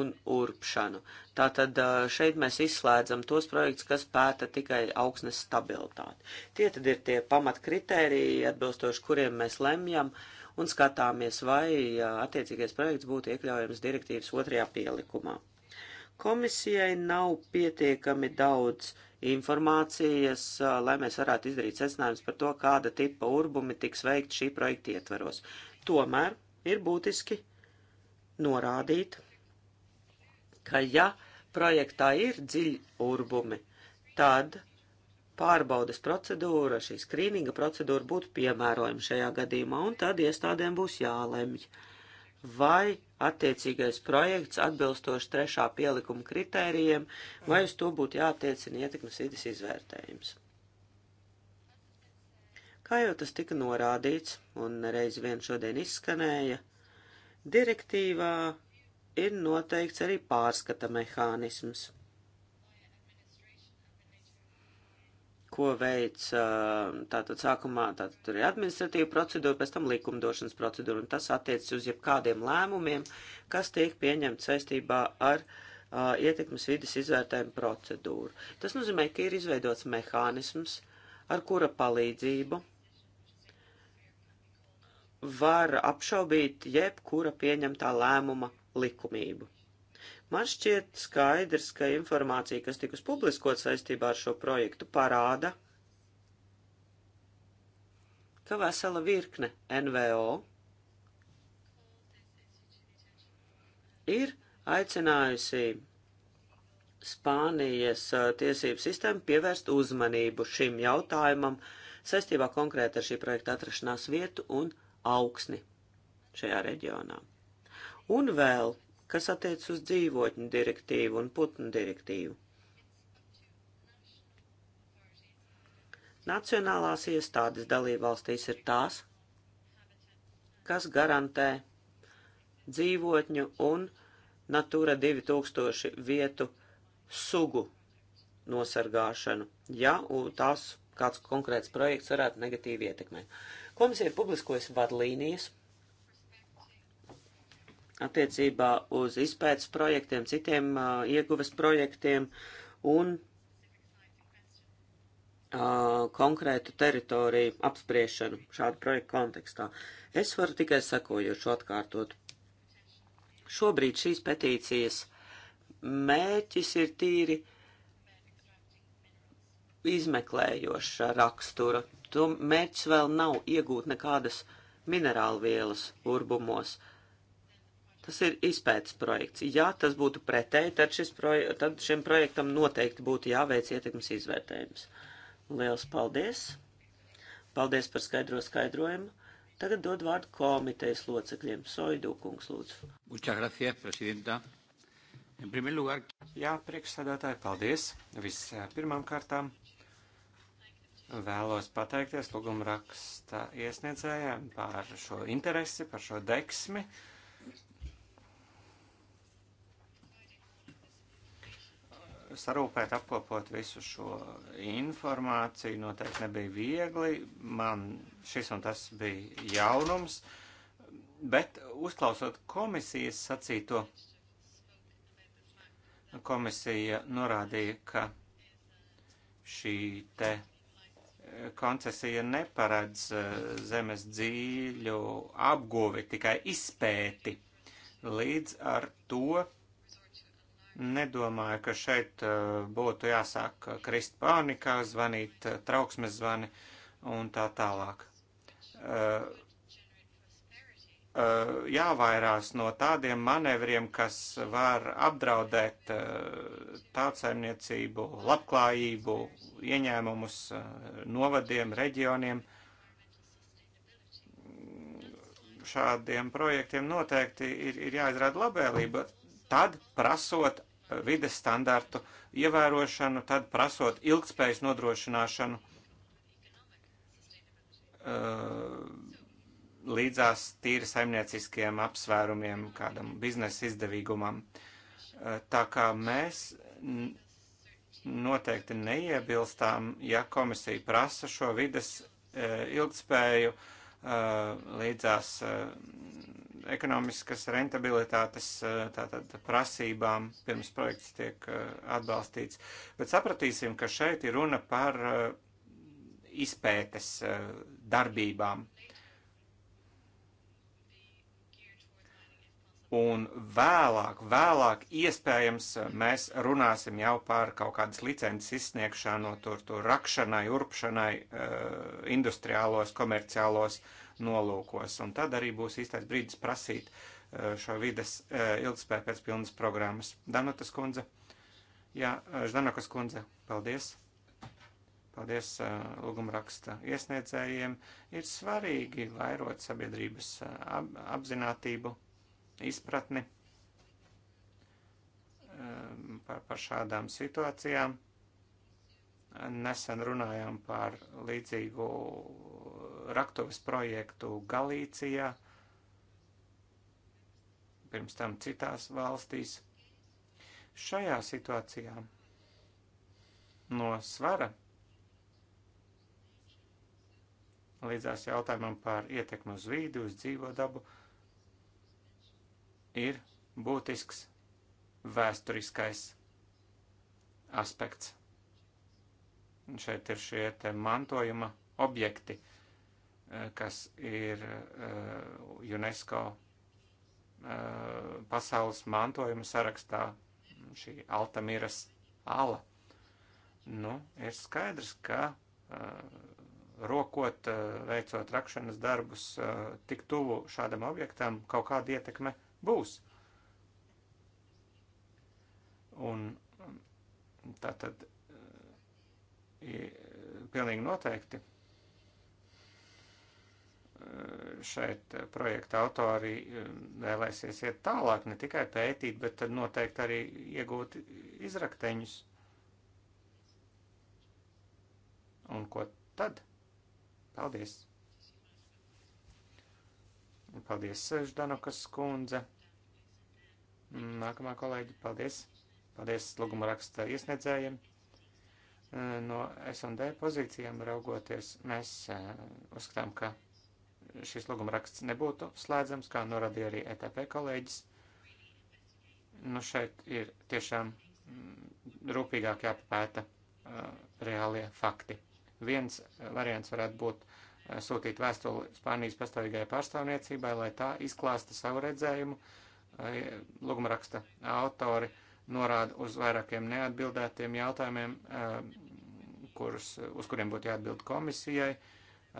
un urpšanu. Tātad uh, šeit mēs izslēdzam tos projektus, kas pēta tikai augsnes stabilitāti. Tie tad ir tie pamatkritēriji, atbilstoši kuriem mēs lemjam un skatāmies, vai uh, attiecīgais projekts būtu iekļaujams direktīvas otrajā pielikumā. Komisijai nav pietiekami daudz informācijas, lai mēs varētu izdarīt secinājumus par to, kāda tipa urbumi tiks veikt šī projekta ietvaros. Tomēr ir būtiski norādīt, ka ja projektā ir dziļi urbumi, tad pārbaudas procedūra, šī skrīninga procedūra būtu piemērojama šajā gadījumā, un tad iestādēm būs jālemj, vai attiecīgais projekts atbilstoši trešā pielikuma kritērijiem, vai uz to būtu jātiecina ietekmes vidas izvērtējums. Kā jau tas tika norādīts, un reiz vien šodien izskanēja, direktīvā ir noteikts arī pārskata mehānisms. ko veic tātad sākumā, tātad tur ir administratīva procedūra, pēc tam likumdošanas procedūra, un tas attiecas uz jebkādiem lēmumiem, kas tiek pieņemts saistībā ar uh, ietekmes vidas izvērtējumu procedūru. Tas nozīmē, ka ir izveidots mehānisms, ar kura palīdzību var apšaubīt jebkura pieņemtā lēmuma likumību. Man šķiet skaidrs, ka informācija, kas tikus publiskot saistībā ar šo projektu, parāda, ka vesela virkne NVO ir aicinājusi Spānijas tiesību sistēmu pievērst uzmanību šim jautājumam saistībā konkrēti ar šī projekta atrašanās vietu un augsni šajā reģionā. Un vēl kas attiec uz dzīvotņu direktīvu un putnu direktīvu. Nacionālās iestādes dalībvalstīs ir tās, kas garantē dzīvotņu un Natūra 2000 vietu sugu nosargāšanu, ja tās kāds konkrēts projekts varētu negatīvi ietekmēt. Komisija ir publiskojusi vadlīnijas attiecībā uz izpētes projektiem, citiem uh, ieguves projektiem un uh, konkrētu teritoriju apspriešanu šādu projektu kontekstā. Es varu tikai sekojošu atkārtot. Šobrīd šīs petīcijas mērķis ir tīri izmeklējoša rakstura. To mērķis vēl nav iegūt nekādas minerālvielas urbumos. Uh, Tas ir izpētes projekts. Ja tas būtu pretēji, tad, proje tad šim projektam noteikti būtu jāveic ietekmes izvērtējums. Liels paldies! Paldies par skaidro skaidrojumu! Tagad dod vārdu komitejas locekļiem. Soidu kungs, lūdzu. Muchas gracias, presidenta. En primer lugar... Jā, priekšsādātāji, paldies. Vispirmām kārtām vēlos pateikties lūguma raksta iesniedzējiem par šo interesi, par šo deksmi. Uh, sarūpēt, apkopot visu šo informāciju noteikti nebija viegli. Man šis un tas bija jaunums, bet uzklausot komisijas sacīto, komisija norādīja, ka šī te koncesija neparedz eh, zemes dzīļu apguvi, tikai izpēti līdz ar to Nedomāju, ka šeit uh, būtu jāsāk uh, krist pārnikā, zvanīt uh, trauksmes zvani un tā tālāk. Jāvairās no tādiem manevriem, kas var apdraudēt tādsaimniecību, labklājību, ieņēmumus novadiem, reģioniem. Šādiem projektiem noteikti ir, ir jāizrāda labēlība, tad prasot vides standartu ievērošanu, tad prasot ilgspējas nodrošināšanu uh, līdzās tīri saimnieciskiem apsvērumiem, kādam biznesa izdevīgumam. Uh, tā kā mēs noteikti neiebilstām, ja komisija prasa šo vides uh, ilgspēju līdzās ekonomiskas rentabilitātes eh, tātad, prasībām pirms projekts tiek eh, atbalstīts. Bet sapratīsim, ka šeit ir runa par eh, izpētes darbībām. Un vēlāk, vēlāk iespējams, mēs runāsim jau par kaut kādas licences izsniegšanu, tur, tur rakšanai, urpšanai, industriālos, komerciālos uh, nolūkos. Un tad arī būs īstais brīdis prasīt eh, šo vides eh, ilgspēju pēc pilnas programmas. Danutas kundze. Jā, eh, Ždanakas kundze, paldies. Paldies lūgumraksta iesniedzējiem. Ir svarīgi vairot sabiedrības apzinātību, izpratni par, par šādām situācijām. Nesen runājām par līdzīgu raktuves projektu Galīcijā, pirms tam citās valstīs. Šajā situācijā no svara līdzās jautājumam par ietekmi uz vīdi, uz dzīvo dabu, ir būtisks vēsturiskais aspekts. Un šeit ir šie te mantojuma objekti, kas ir eh, UNESCO eh, pasaules mantojuma sarakstā, šī Altamīras ala. Nu, ir skaidrs, ka eh, rokot, veicot rakšanas darbus tik tuvu šādam objektam, kaut kāda ietekme būs. Un mm, tā tad pilnīgi noteikti šeit eh, projekta autori eh, vēlēsies iet tālāk, ne tikai pētīt, bet tad noteikti arī iegūt izrakteņus. Un ko tad? Paldies! Paldies, Ždanokas kundze! Nākamā kolēģi, paldies! Paldies lūguma raksta iesniedzējiem! Eh, no S&D pozīcijām raugoties, mēs uzskatām, ka šis lūguma raksts nebūtu slēdzams, kā norādīja arī ETP kolēģis. Nu, šeit ir tiešām mm, rūpīgāk jāpapēta uh, reālie fakti. Viens variants varētu būt uh, sūtīt vēstuli Spānijas pastāvīgajai pārstāvniecībai, lai tā izklāsta savu redzējumu. Uh, lūguma raksta autori norāda uz vairākiem neatbildētiem jautājumiem, kurus, uz kuriem būtu jāatbild komisijai. Uh,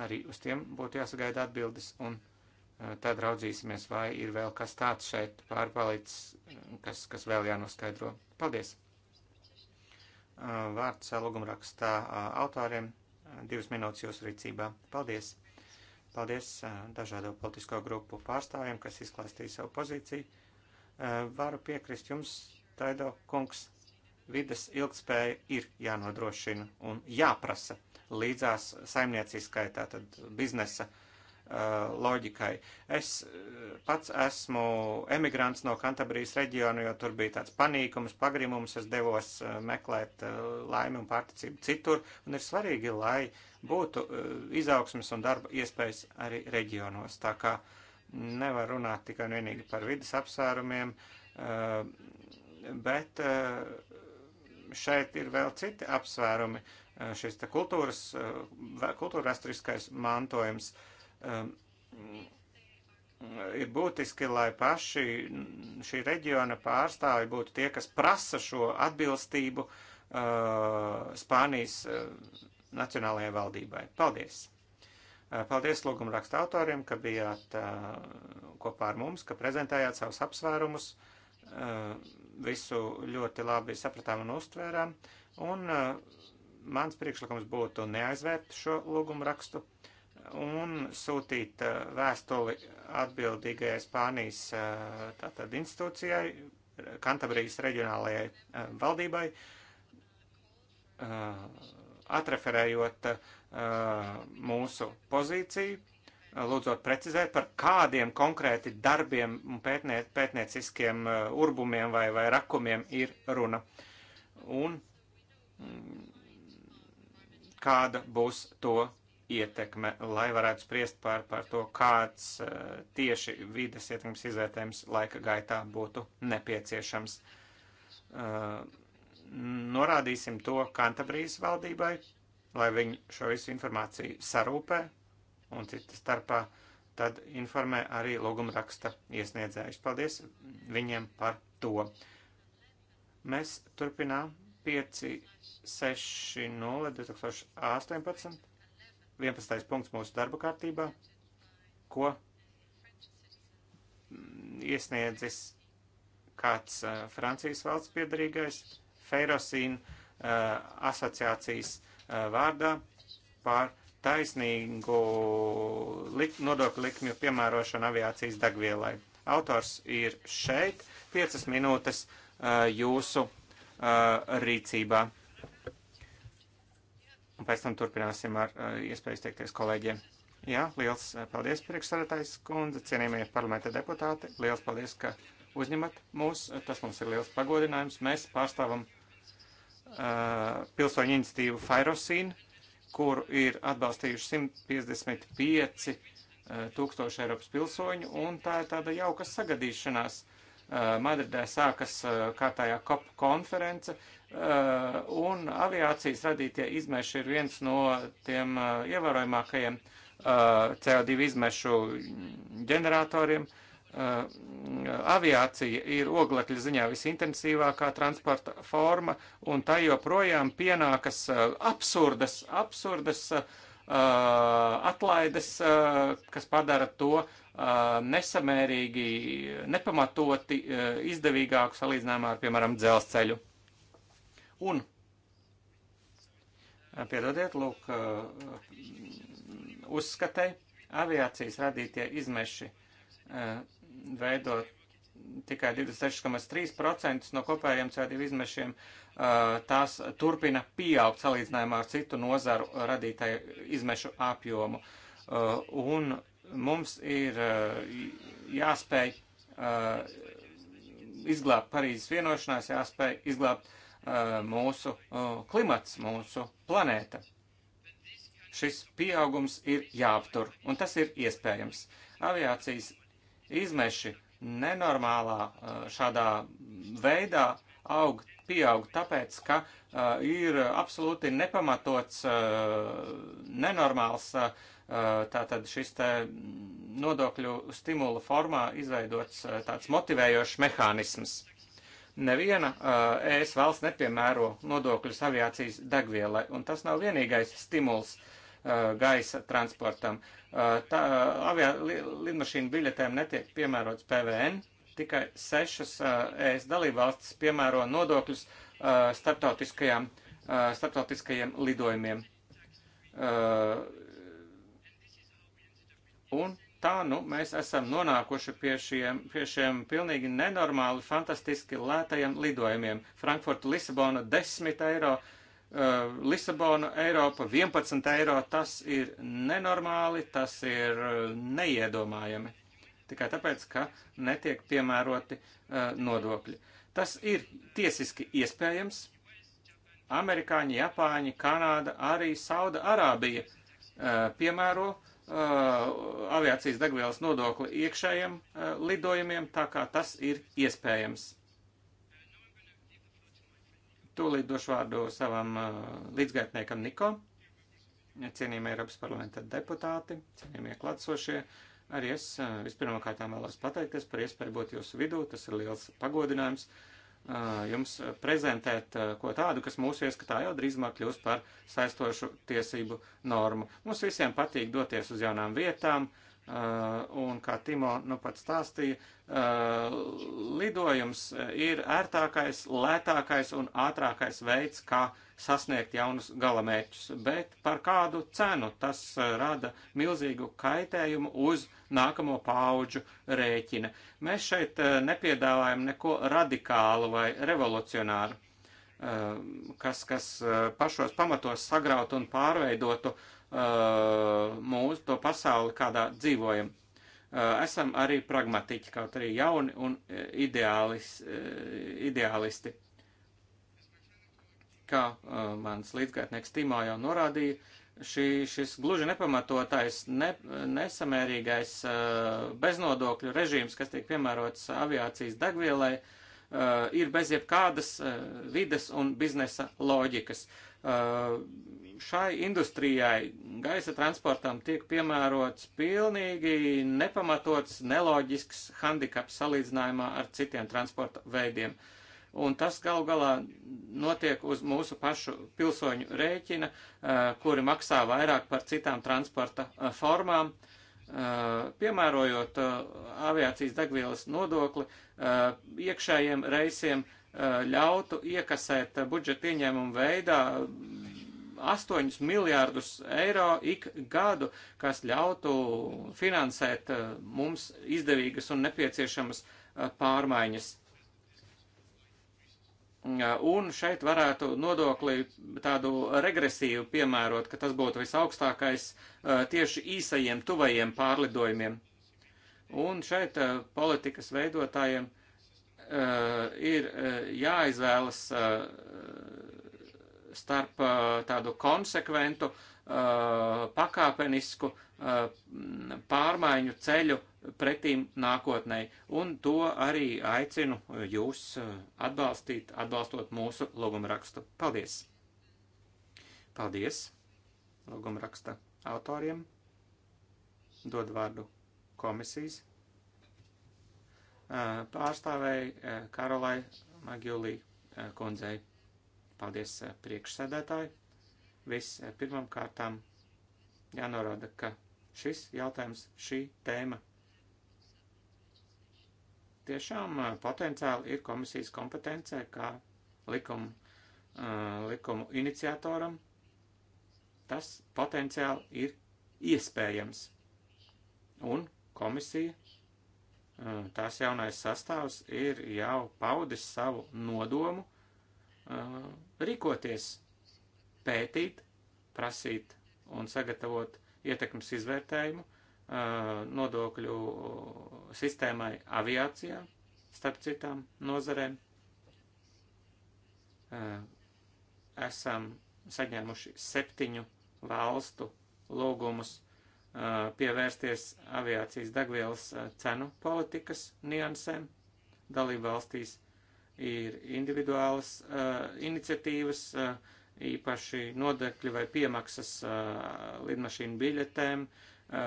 arī uz tiem būtu jāsagaida atbildes, un eh, tad raudzīsimies, vai ir vēl kas tāds šeit pārpalicis, eh, kas, kas vēl jānoskaidro. Paldies! Eh, vārds logumrakstā autoriem divas minūtes jūsu rīcībā. Paldies! Paldies dažādo politisko grupu pārstāvjiem, kas izklāstīja savu pozīciju. Varu piekrist jums, Taido kungs, vides ilgspēja ir jānodrošina un jāprasa līdzās saimnieciskai, tātad biznesa uh, loģikai. Es uh, pats esmu emigrants no Kantabrijas reģiona, jo tur bija tāds panīkums, pagrimums, es devos uh, meklēt laimi un pārticību citur, un ir svarīgi, lai būtu izaugsmes un darba iespējas arī reģionos. Tā kā nevar runāt tikai un vienīgi par vidas apsvērumiem, bet šeit ir vēl citi apsvērumi, Eh, šis te kultūras, eh, kultūra vēsturiskais mantojums eh, ir būtiski, lai paši šī reģiona pārstāvi būtu tie, kas prasa šo atbilstību uh, Spānijas uh, nacionālajai valdībai. Paldies! Uh, paldies lūguma raksta autoriem, ka bijāt kopā ar mums, ka prezentējāt savus apsvērumus. Visu ļoti labi sapratām un uztvērām. Un uh, Mans priekšlikums būtu neaizvērt šo lūgumu rakstu un sūtīt eh, vēstuli atbildīgajai Spānijas eh, tātad institūcijai, Kantabrijas reģionālajai eh, valdībai, atreferējot mūsu pozīciju, lūdzot precizēt, par kādiem konkrēti darbiem un pētnie, pētnieciskiem urbumiem vai, vai rakumiem ir runa. Un mm, kāda būs to ietekme, lai varētu spriest par, par to, kāds eh, tieši vides ietekmes izvērtējums laika gaitā būtu nepieciešams. Eh, norādīsim to Kantabrijas valdībai, lai viņi šo visu informāciju sarūpē un citas starpā tad informē arī lūgumraksta iesniedzējus. Paldies viņiem par to. Mēs turpinām 560-2018, 11. punkts mūsu darba kārtībā, ko iesniedzis kāds uh, Francijas valsts piedarīgais Feirosīna uh, asociācijas uh, vārdā par taisnīgu lik nodokļu likmju piemērošanu aviācijas degvielai. Autors ir šeit, piecas minūtes uh, jūsu rīcībā. Un pēc tam turpināsim ar iespēju izteikties kolēģiem. Jā, liels paldies, priekšsēdētājs kundze, cienījamie parlamenta deputāti. Liels paldies, ka uzņemat mūs. Tas mums ir liels pagodinājums. Mēs pārstāvam uh, pilsoņu iniciatīvu Fairosīnu, kuru ir atbalstījuši 155 uh, tūkstoši Eiropas pilsoņu, un tā ir tāda jauka sagadīšanās. Uh, Eh, Madridē sākas eh, kārtējā COP konference, eh, un aviācijas radītie izmeši ir viens no tiem ievērojamākajiem CO2 izmešu ģeneratoriem. Aviācija ir oglekļa ziņā visintensīvākā transporta forma, un tai joprojām pienākas absurdas, absurdas uh, Uh, atlaides, uh, kas padara to uh, nesamērīgi, nepamatoti izdevīgāku salīdzinājumā ar, piemēram, dzelzceļu. Un, piedodiet, lūk, uzskatēji aviācijas radītie izmeši veidot tikai 26,3% no kopējiem CO2 izmešiem tās turpina pieaugt salīdzinājumā ar citu nozaru radītāju izmešu apjomu. Un mums ir jāspēj izglābt Parīzes vienošanās, jāspēj izglābt mūsu klimats, mūsu planēta. Šis pieaugums ir jāaptur, un tas ir iespējams. Aviācijas izmeši uh, nenormālā eh, šādā veidā aug, pieaug tāpēc, ka uh, ir absolūti nepamatots, uh, nenormāls uh, tātad šis te nodokļu stimula formā izveidots uh, tāds motivējošs mehānisms. Neviena uh, ES valsts nepiemēro nodokļus aviācijas degvielai, un tas nav vienīgais stimuls uh, gaisa transportam. Uh, tā, avia lidmašīnu biļetēm netiek piemērots PVN, tikai sešas ES dalībvalstis piemēro nodokļus starptautiskajām, starptautiskajiem lidojumiem. Un tā, nu, mēs esam nonākuši pie šiem, pie šiem pilnīgi nenormāli, fantastiski lētajiem lidojumiem. Frankfurta, Lisabona 10 eiro, uh, Eh, Lisabona, Eiropa, 11 eiro, tas ir nenormāli, tas ir eh, neiedomājami. Tikai tāpēc, ka netiek piemēroti eh, nodokļi. Tas ir tiesiski iespējams. Amerikāņi, Japāņi, Kanāda, arī Sauda Arābija piemēro aviācijas degvielas nodokli iekšējiem lidojumiem, tā kā tas ir iespējams. Tūlīt došu vārdu savam uh, līdzgaitniekam Niko, cienījamie Eiropas parlamenta deputāti, cienījamie klātsošie. Arī es uh, vispirmkārtām vēlos pateikties par iespēju būt jūsu vidū. Tas ir liels pagodinājums uh, jums prezentēt uh, ko tādu, kas mūsu ieskatā jau drīzumāk kļūs par saistošu tiesību normu. Mums visiem patīk doties uz jaunām vietām. Uh, Uh, un, kā Timo nu pat stāstīja, uh, lidojums ir ērtākais, lētākais un ātrākais veids, kā sasniegt jaunus galamērķus. Bet par kādu cenu tas uh, rada milzīgu kaitējumu uz nākamo pauģu rēķina. Mēs šeit nepiedāvājam neko radikālu vai revolucionāru, kas, kas pašos pamatos sagrautu un pārveidotu uh, Uh, mūsu to pasauli, kādā dzīvojam. Uh, esam arī pragmatiķi, kaut arī jauni un uh, ideālis, ideālisti. Kā mans līdzgaitnieks Timā jau norādīja, šī, šis gluži nepamatotais, ne, nesamērīgais beznodokļu režīms, kas tiek piemērots aviācijas degvielai, ir bez jebkādas vides un biznesa loģikas. Uh, šai industrijai, gaisa transportam, tiek piemērots pilnīgi nepamatots, neloģisks handikaps salīdzinājumā ar citiem transporta veidiem. Un tas gal galā notiek uz mūsu pašu pilsoņu rēķina, uh, kuri maksā vairāk par citām transporta uh, formām. Piemērojot aviācijas degvielas nodokli iekšējiem reisiem, ļautu iekasēt budžeta ieņēmumu veidā 8 miljārdus eiro ik gadu, kas ļautu finansēt eh, mums izdevīgas un nepieciešamas eh, pārmaiņas. Eh, un šeit varētu nodokli tādu regresīvu piemērot, ka tas būtu visaugstākais tieši īsajiem, tuvajiem pārlidojumiem. Un šeit politikas veidotājiem uh, Uh, ir uh, jāizvēlas uh, starp tādu konsekventu, pakāpenisku pārmaiņu ceļu pretīm nākotnē. Un to arī aicinu jūs atbalstīt, atbalstot mūsu logumrakstu. Paldies! Paldies logumraksta autoriem. Dod vārdu komisijas Eh, pārstāvēji eh, Karolai Magjulī eh, kundzei. Paldies priekšsēdētāji. Viss pirmam kārtām jānorāda, ka šis jautājums, šī tēma tiešām potenciāli ir komisijas kompetencē kā likumu, likumu iniciatoram. Tas potenciāli ir iespējams. Un komisija Eh, tās jaunais sastāvs ir jau paudis savu nodomu eh, rīkoties, pētīt, prasīt un sagatavot ietekmes izvērtējumu eh, nodokļu sistēmai aviācijā, starp citām nozarēm. Esam saņēmuši septiņu valstu lūgumus Uh, pievērsties aviācijas degvielas uh, cenu politikas niansēm. Dalība valstīs ir individuālas uh, iniciatīvas, uh, īpaši nodekļi vai piemaksas uh, lidmašīnu biļetēm, uh,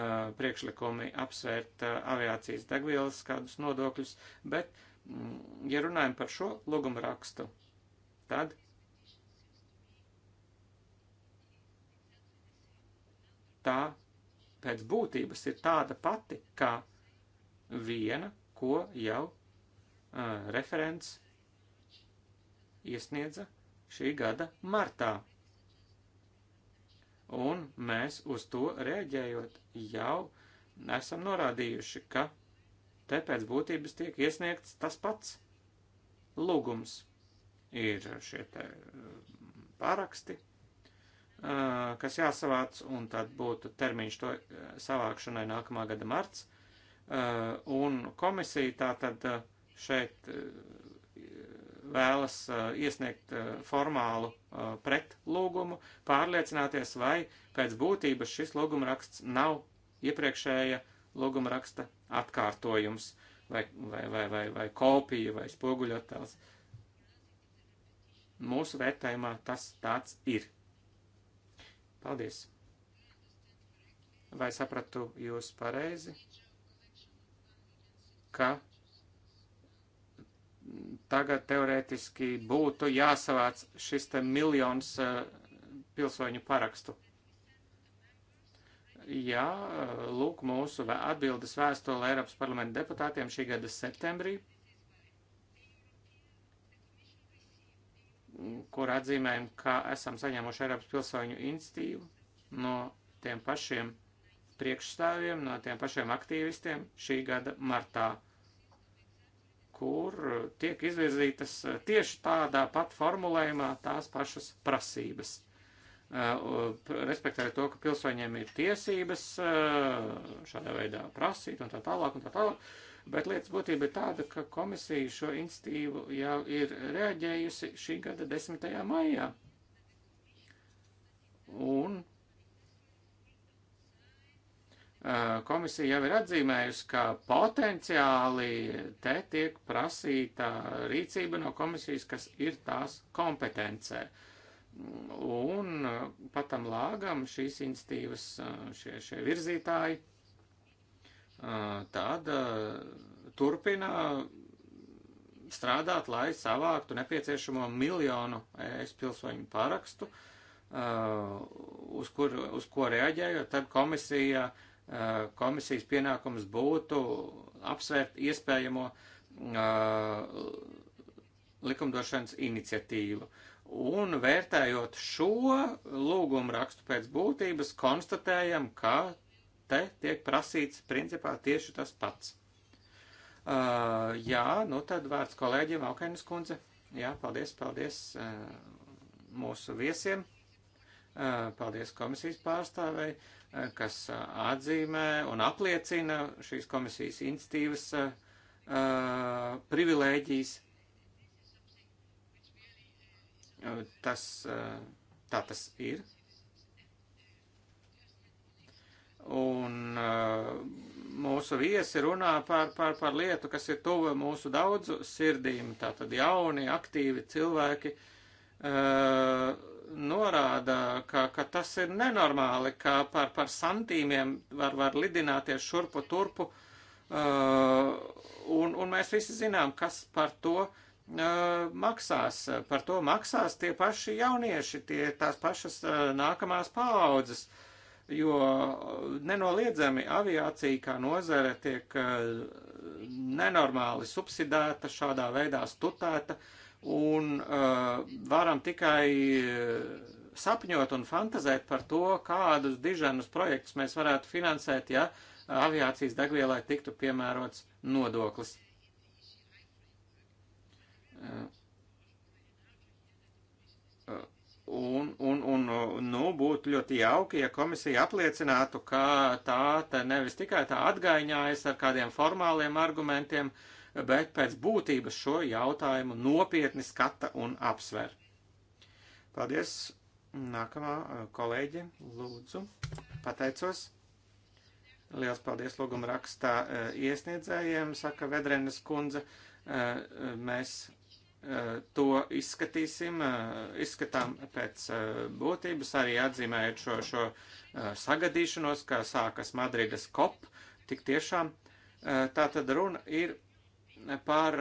priekšlikumi apsvērt uh, aviācijas degvielas kādus nodokļus, bet, mm, ja runājam par šo lūgumu rakstu, tad tā pēc būtības ir tāda pati kā viena, ko jau uh, referents iesniedza šī gada martā. Un mēs uz to rēģējot jau esam norādījuši, ka te pēc būtības tiek iesniegts tas pats lūgums. Ir šie te paraksti, kas jāsavāc, un tad būtu termiņš to savākšanai nākamā gada marts. Un komisija tā tad šeit vēlas iesniegt formālu pretlūgumu, pārliecināties, vai pēc būtības šis lūgumraksts nav iepriekšēja lūgumraksta atkārtojums vai, vai, vai, vai, vai kopija vai spoguļotēls. Mūsu vērtējumā tas tāds ir. Paldies! Vai sapratu jūs pareizi, ka tagad teorētiski būtu jāsavāc šis te miljons uh, pilsoņu parakstu? Jā, eh, lūk mūsu atbildes vēstule Eiropas parlamenta deputātiem šī gada septembrī. kur atzīmējam, ka esam saņēmuši Eiropas pilsoņu institīvu no tiem pašiem priekšstāvjiem, no tiem pašiem aktīvistiem šī gada martā, kur tiek izvirzītas tieši tādā pat formulējumā tās pašas prasības. Eh, respektēt to, ka pilsoņiem ir tiesības eh, šādā veidā prasīt un tā tālāk un tā tālāk. Bet lietas būtība ir tāda, ka komisija šo institīvu jau ir reaģējusi šī gada 10. maijā. Un eh, komisija jau ir atzīmējusi, ka potenciāli te tiek prasīta rīcība no komisijas, kas ir tās kompetencē. Uh, un uh, patam lāgam šīs institīvas uh, šie, šie virzītāji uh, tad turpina strādāt, lai savāktu nepieciešamo miljonu ES pilsoņu parakstu, uz, kur, uz ko reaģējot, tad komisija, komisijas pienākums būtu apsvērt iespējamo likumdošanas iniciatīvu. Un vērtējot šo lūgumu rakstu pēc būtības, konstatējam, ka te tiek prasīts principā tieši tas pats. Uh, jā, nu tad vārds kolēģiem Aukainas kundze. Jā, paldies, paldies uh, mūsu viesiem. Uh, paldies komisijas pārstāvei, uh, kas uh, atzīmē un apliecina šīs komisijas institīvas uh, uh privilēģijas Tas, tā tas ir. Un mūsu viesi runā par, par, par lietu, kas ir tuva mūsu daudzu sirdīm. Tātad jauni, aktīvi cilvēki norāda, ka, ka tas ir nenormāli, ka par, par santīmiem var, var lidināties šurpu turpu, uh, un, un mēs visi zinām, kas par to maksās. Par to maksās tie paši jaunieši, tie tās pašas nākamās paaudzes, jo nenoliedzami aviācija kā nozare tiek nenormāli subsidēta, šādā veidā stutēta, un varam tikai sapņot un fantazēt par to, kādus diženus projektus mēs varētu finansēt, ja aviācijas degvielai tiktu piemērots nodoklis. Un, un, un nu, būtu ļoti jauki, ja komisija apliecinātu, ka tā te nevis tikai tā atgaiņājas ar kādiem formāliem argumentiem, bet pēc būtības šo jautājumu nopietni skata un apsver. Paldies! Nākamā eh, kolēģi, lūdzu, pateicos. Liels paldies lūguma rakstā eh, iesniedzējiem, saka Vedrenes kundze. Eh, mēs Eh, to izskatīsim, eh, izskatām pēc eh, būtības, arī atzīmējot šo, šo sagadīšanos, kā sākas Madrides kop, tik tiešām. Tā tad runa ir par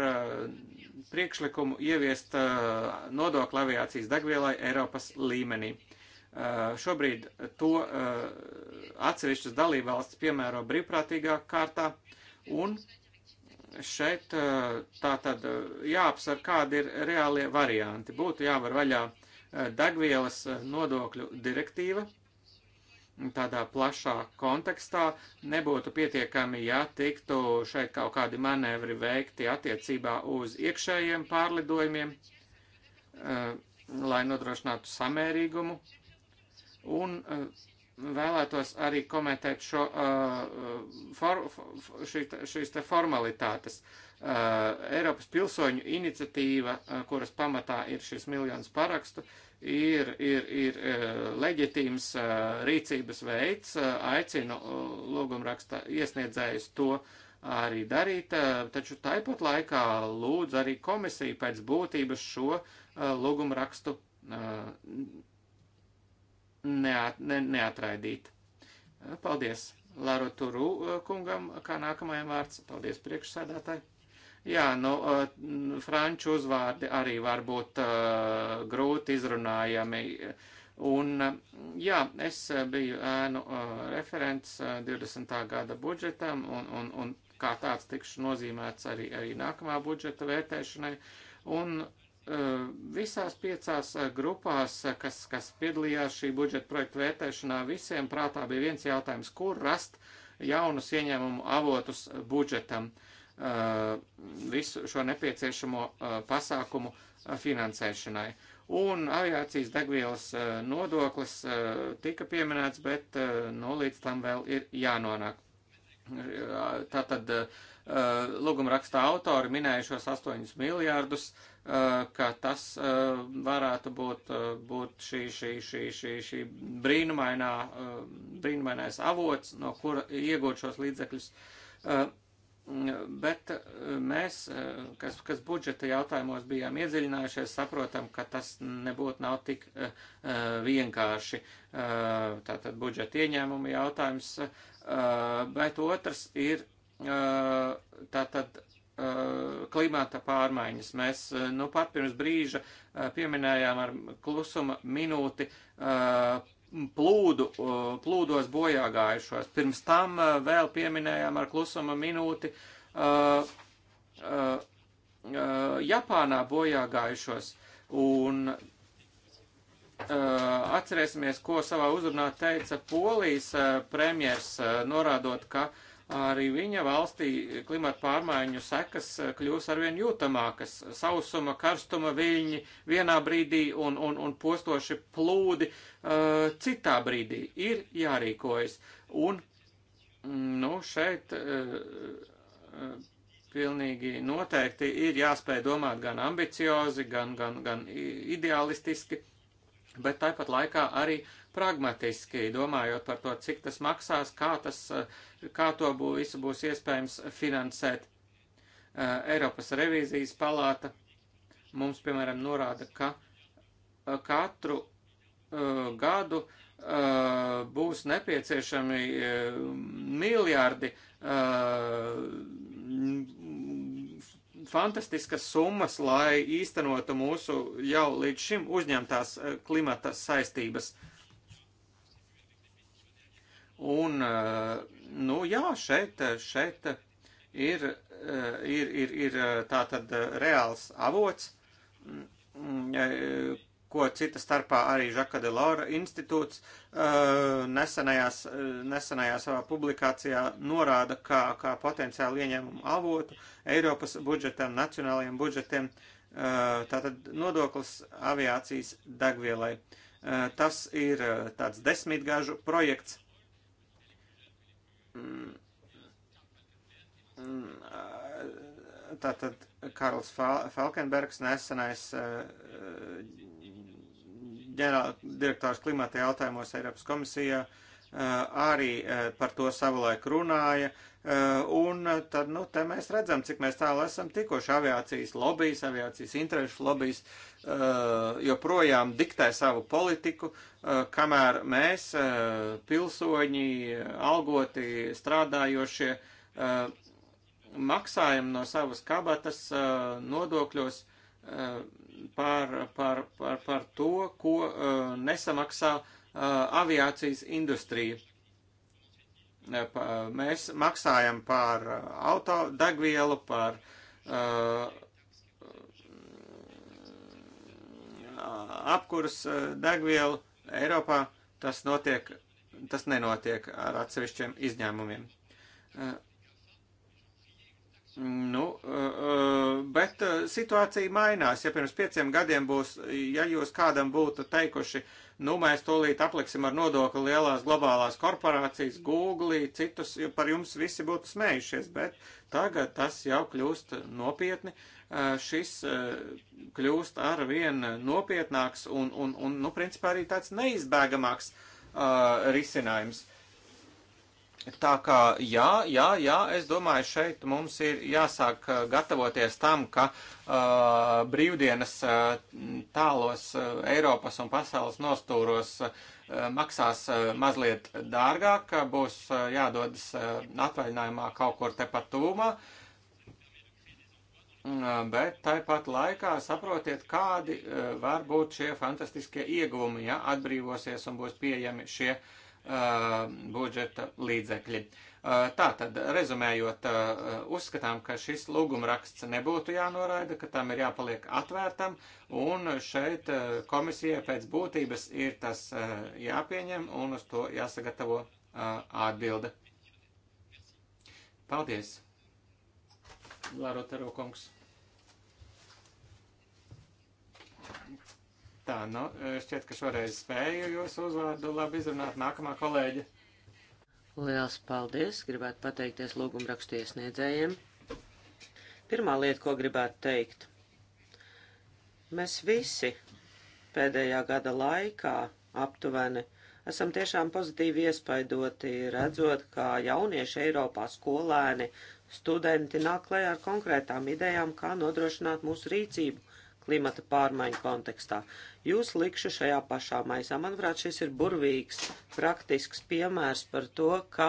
priekšlikumu ieviest nodokļu aviācijas degvielai Eiropas līmenī. Šobrīd to atsevišķas dalībvalstis piemēro brīvprātīgā kārtā un uh, šeit eh, tā tad eh, jāapsver, kādi ir reālie varianti. Būtu jāvar vaļā eh, degvielas nodokļu direktīva tādā plašā kontekstā. Nebūtu pietiekami, ja tiktu šeit kaut kādi manevri veikti attiecībā uz iekšējiem pārlidojumiem, lai nodrošinātu samērīgumu. Un vēlētos arī komentēt šo, uh, for, for, šī, šīs te formalitātes. Uh, Eiropas pilsoņu iniciatīva, uh, kuras pamatā ir šis miljons parakstu, ir, ir, ir uh, leģitīms uh, rīcības veids. Uh, aicinu uh, lūgumraksta iesniedzējus to arī darīt, uh, taču taipat laikā lūdzu arī komisiju pēc būtības šo uh, lūgumrakstu. Uh, neat, ne, neatraidīt. Paldies Lāro Turu uh, kungam, kā nākamajam vārds. Paldies priekšsēdētāji. Jā, nu, uh, franču uzvārdi arī var būt uh, grūti izrunājami. Un, uh, jā, es biju ēnu uh, referents 20. gada budžetam un, un, un kā tāds tikšu nozīmēts arī, arī nākamā budžeta vērtēšanai. Un Eh, visās piecās eh, grupās, eh, kas, kas piedalījās šī budžeta projekta vērtēšanā, visiem prātā bija viens jautājums, kur rast jaunus ieņēmumu avotus budžetam visu šo nepieciešamo pasākumu finansēšanai. Un aviācijas degvielas nodoklis tika pieminēts, bet nu, līdz tam vēl ir jānonāk. Tātad lūguma raksta autori minēja šos 8 miljārdus, uh, Eh, ka tas eh, varētu būt, eh, būt šī, šī, šī, šī, šī brīnumainā, brīnumainais avots, no kura iegūt šos līdzekļus. Bet mēs, kas, kas budžeta jautājumos bijām iedziļinājušies, saprotam, ka tas nebūtu nav tik vienkārši. Tātad budžeta ieņēmuma jautājums, bet otrs ir tātad Eh, klimata pārmaiņas. Mēs eh, nu pat pirms brīža eh, pieminējām ar klusuma minūti plūdu, plūdos bojā gājušos. Pirms tam vēl pieminējām ar klusuma minūti Japānā bojā gājušos. Un atcerēsimies, ko savā uzrunā teica Polijas premjers, norādot, ka uh, arī viņa valstī klimata pārmaiņu sekas eh, kļūs arvien jūtamākas. Sausuma, karstuma viļņi vienā brīdī un, un, un postoši plūdi uh, citā brīdī ir jārīkojas. Un, mm, nu, šeit uh, uh, pilnīgi noteikti ir jāspēj domāt gan ambiciozi, gan, gan, gan ideālistiski, bet tāpat laikā arī pragmatiski, domājot par to, cik tas maksās, kā tas uh, kā to bū, visu būs iespējams finansēt. Eiropas revīzijas palāta mums, piemēram, norāda, ka katru uh, gadu uh, būs nepieciešami uh, miljardi fantastiskas summas, lai īstenotu mūsu jau līdz šim uzņemtās klimata saistības. Uh, Un, eh, nu jā, šeit, šeit ir, eh, ir, ir, ir eh, tā tad reāls avots, mm, mm, ko cita starpā arī Žaka de Laura institūts nesenajās, nesenajā savā publikācijā norāda kā, kā potenciāli ieņēmumu avotu Eiropas budžetam, nacionālajiem budžetiem, tātad nodoklis aviācijas degvielai. Tas ir tāds desmitgažu projekts Mm, mm, tātad Karls Falkenbergs, nesenais eh, ģenerāldirektors klimata jautājumos Eiropas komisijā, eh, arī eh, par to savulaik runāja Eh, un eh, tad, nu, te mēs redzam, cik mēs tālu esam tikuši. Aviācijas lobijas, aviācijas interešu lobijas eh, joprojām diktē savu politiku, kamēr mēs, pilsoņi, algoti, strādājošie, maksājam no savas kabatas nodokļos par, par, par, par to, ko nesamaksā aviācijas industrija. Eh, mēs maksājam par eh, auto degvielu, par uh, eh, apkurus degvielu Eiropā. Tas, notiek, tas nenotiek ar atsevišķiem izņēmumiem. Uh, nu, uh, bet situācija mainās. Ja pirms pieciem gadiem būs, ja jūs kādam būtu teikuši, uh, nu mēs tūlīt apliksim ar nodokli lielās globālās korporācijas, Google, citus, jo par jums visi būtu smējušies, bet tagad tas jau kļūst nopietni, šis kļūst ar vien nopietnāks un, un, un nu, principā arī tāds neizbēgamāks uh, risinājums. Uh, Tā kā jā, jā, jā, es domāju, šeit mums ir jāsāk uh, gatavoties tam, ka uh, brīvdienas uh, tālos uh, Eiropas un pasaules nostūros uh, maksās uh, mazliet dārgāk, būs uh, jādodas uh, atvaļinājumā kaut kur tepat tūmā. Mm, uh, Bet tāpat laikā saprotiet, kādi uh, var būt šie fantastiskie ieguvumi, ja atbrīvosies un būs pieejami šie uh, Uh, budžeta līdzekļi. Uh, Tātad, rezumējot, uh, uzskatām, ka šis lūgumraksts nebūtu jānoraida, ka tam ir jāpaliek atvērtam, un šeit komisijai pēc būtības ir tas jāpieņem un uz to jāsagatavo atbilde. Paldies, Lārotero kungs. Tā, nu, šķiet, ka šoreiz spēju jūsu uzvārdu labi izrunāt nākamā kolēģa. Liels paldies! Gribētu pateikties lūgumrakstu iesniedzējiem. Pirmā lieta, ko gribētu teikt. Mēs visi pēdējā gada laikā aptuveni esam tiešām pozitīvi iespaidoti, redzot, kā jaunieši Eiropā skolēni, studenti nāk klajā ar konkrētām idejām, kā nodrošināt mūsu rīcību klimata pārmaiņu kontekstā. Jūs likšu šajā pašā maisā. Manuprāt, šis ir burvīgs, praktisks piemērs par to, kā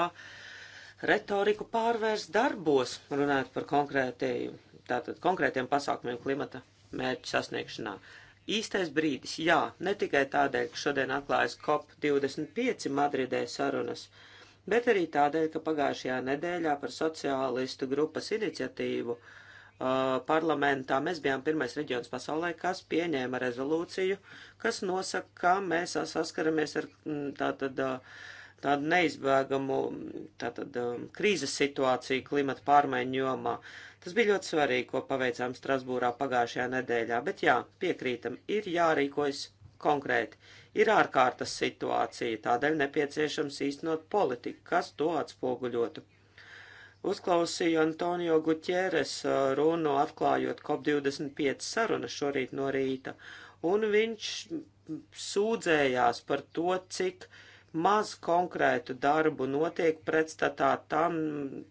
retoriku pārvērst darbos, runājot par konkrētiem, tātad konkrētiem pasākumiem klimata mērķu sasniegšanā. Īstais brīdis, jā, ne tikai tādēļ, ka šodien atklājas COP25 Madridē sarunas, bet arī tādēļ, ka pagājušajā nedēļā par sociālistu grupas iniciatīvu uh, Uh, parlamentā mēs bijām pirmais reģions pasaulē, kas pieņēma rezolūciju, kas nosaka, ka mēs saskaramies ar mm, tātad uh, tādu neizbēgamu tātad, um, krīzes situāciju klimata pārmaiņu jomā. Tas bija ļoti svarīgi, ko paveicām Strasbūrā pagājušajā nedēļā, bet jā, piekrītam, ir jārīkojas konkrēti. Ir ārkārtas situācija, tādēļ nepieciešams īstenot politiku, kas to atspoguļotu. Uzklausīju Antonio Guķeres uh, runu atklājot COP25 sarunas šorīt no rīta, un viņš sūdzējās par to, cik maz konkrētu darbu notiek pretstatā tam,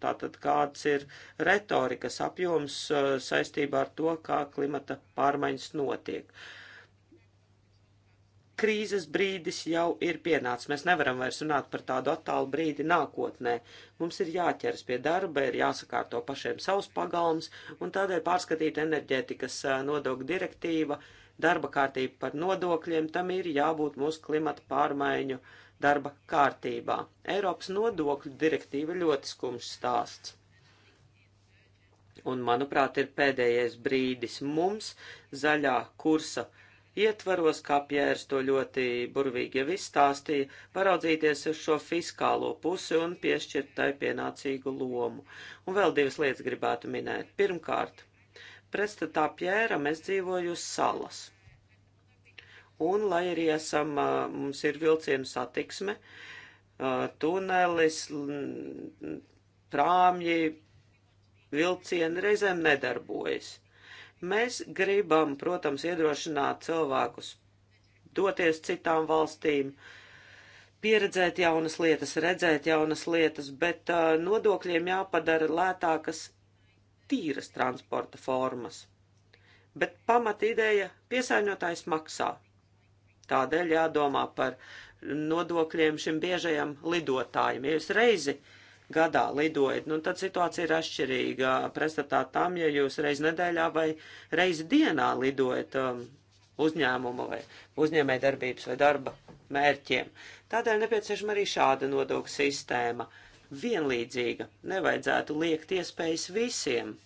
tātad kāds ir retorikas apjoms uh, saistībā ar to, kā klimata pārmaiņas notiek. Uh, krīzes brīdis jau ir pienācis. Mēs nevaram vairs runāt par tādu attālu brīdi nākotnē. Mums ir jāķeras pie darba, ir jāsakārto pašiem savus pagalms, un tādēļ pārskatīt enerģētikas nodokļu direktīva, darba kārtība par nodokļiem, tam ir jābūt mūsu klimata pārmaiņu darba kārtībā. Eiropas nodokļu direktīva ļoti skumjš stāsts. Un, manuprāt, ir pēdējais brīdis mums zaļā kursa uh, ietvaros, kā Pjērs to ļoti burvīgi jau izstāstīja, paraudzīties uz šo fiskālo pusi un piešķirt tai pienācīgu lomu. Un vēl divas lietas gribētu minēt. Pirmkārt, pretstatā Pjēram es dzīvoju uz salas. Un, lai arī esam, mums ir vilcienu satiksme, tunelis, prāmji, vilcieni reizēm nedarbojas. Mēs gribam, protams, iedrošināt cilvēkus doties citām valstīm, pieredzēt jaunas lietas, redzēt jaunas lietas, bet uh, nodokļiem jāpadara lētākas tīras transporta formas. Bet pamat ideja - piesāņotājs maksā. Tādēļ jādomā par nodokļiem šim biežajam lidotājiem. Ja jūs reizi uh, gadā lidojat, nu tad situācija ir atšķirīga pretstatā tam, ja jūs reiz nedēļā vai reiz dienā lidojat um, uzņēmuma vai uzņēmē darbības vai darba mērķiem. Tādēļ nepieciešama arī šāda nodokļu sistēma. Vienlīdzīga. Nevajadzētu liekt iespējas visiem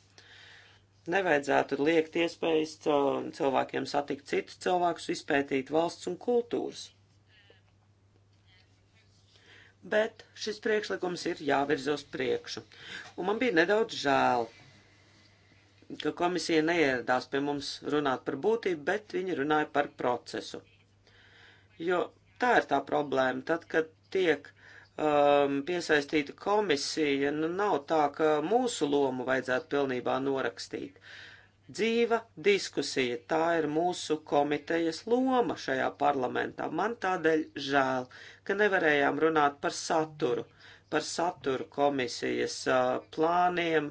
nevajadzētu liekt iespējas cilvēkiem satikt citus cilvēkus, izpētīt valsts un kultūras bet šis priekšlikums ir jāvirza uz priekšu. Un man bija nedaudz žēl, ka komisija neieradās pie mums runāt par būtību, bet viņi runāja par procesu. Jo tā ir tā problēma, tad, kad tiek um, piesaistīta komisija, nu nav tā, ka mūsu lomu vajadzētu pilnībā norakstīt. Uh, dzīva diskusija. Tā ir mūsu komitejas loma šajā parlamentā. Man tādēļ žēl, ka nevarējām runāt par saturu, par saturu komisijas plāniem,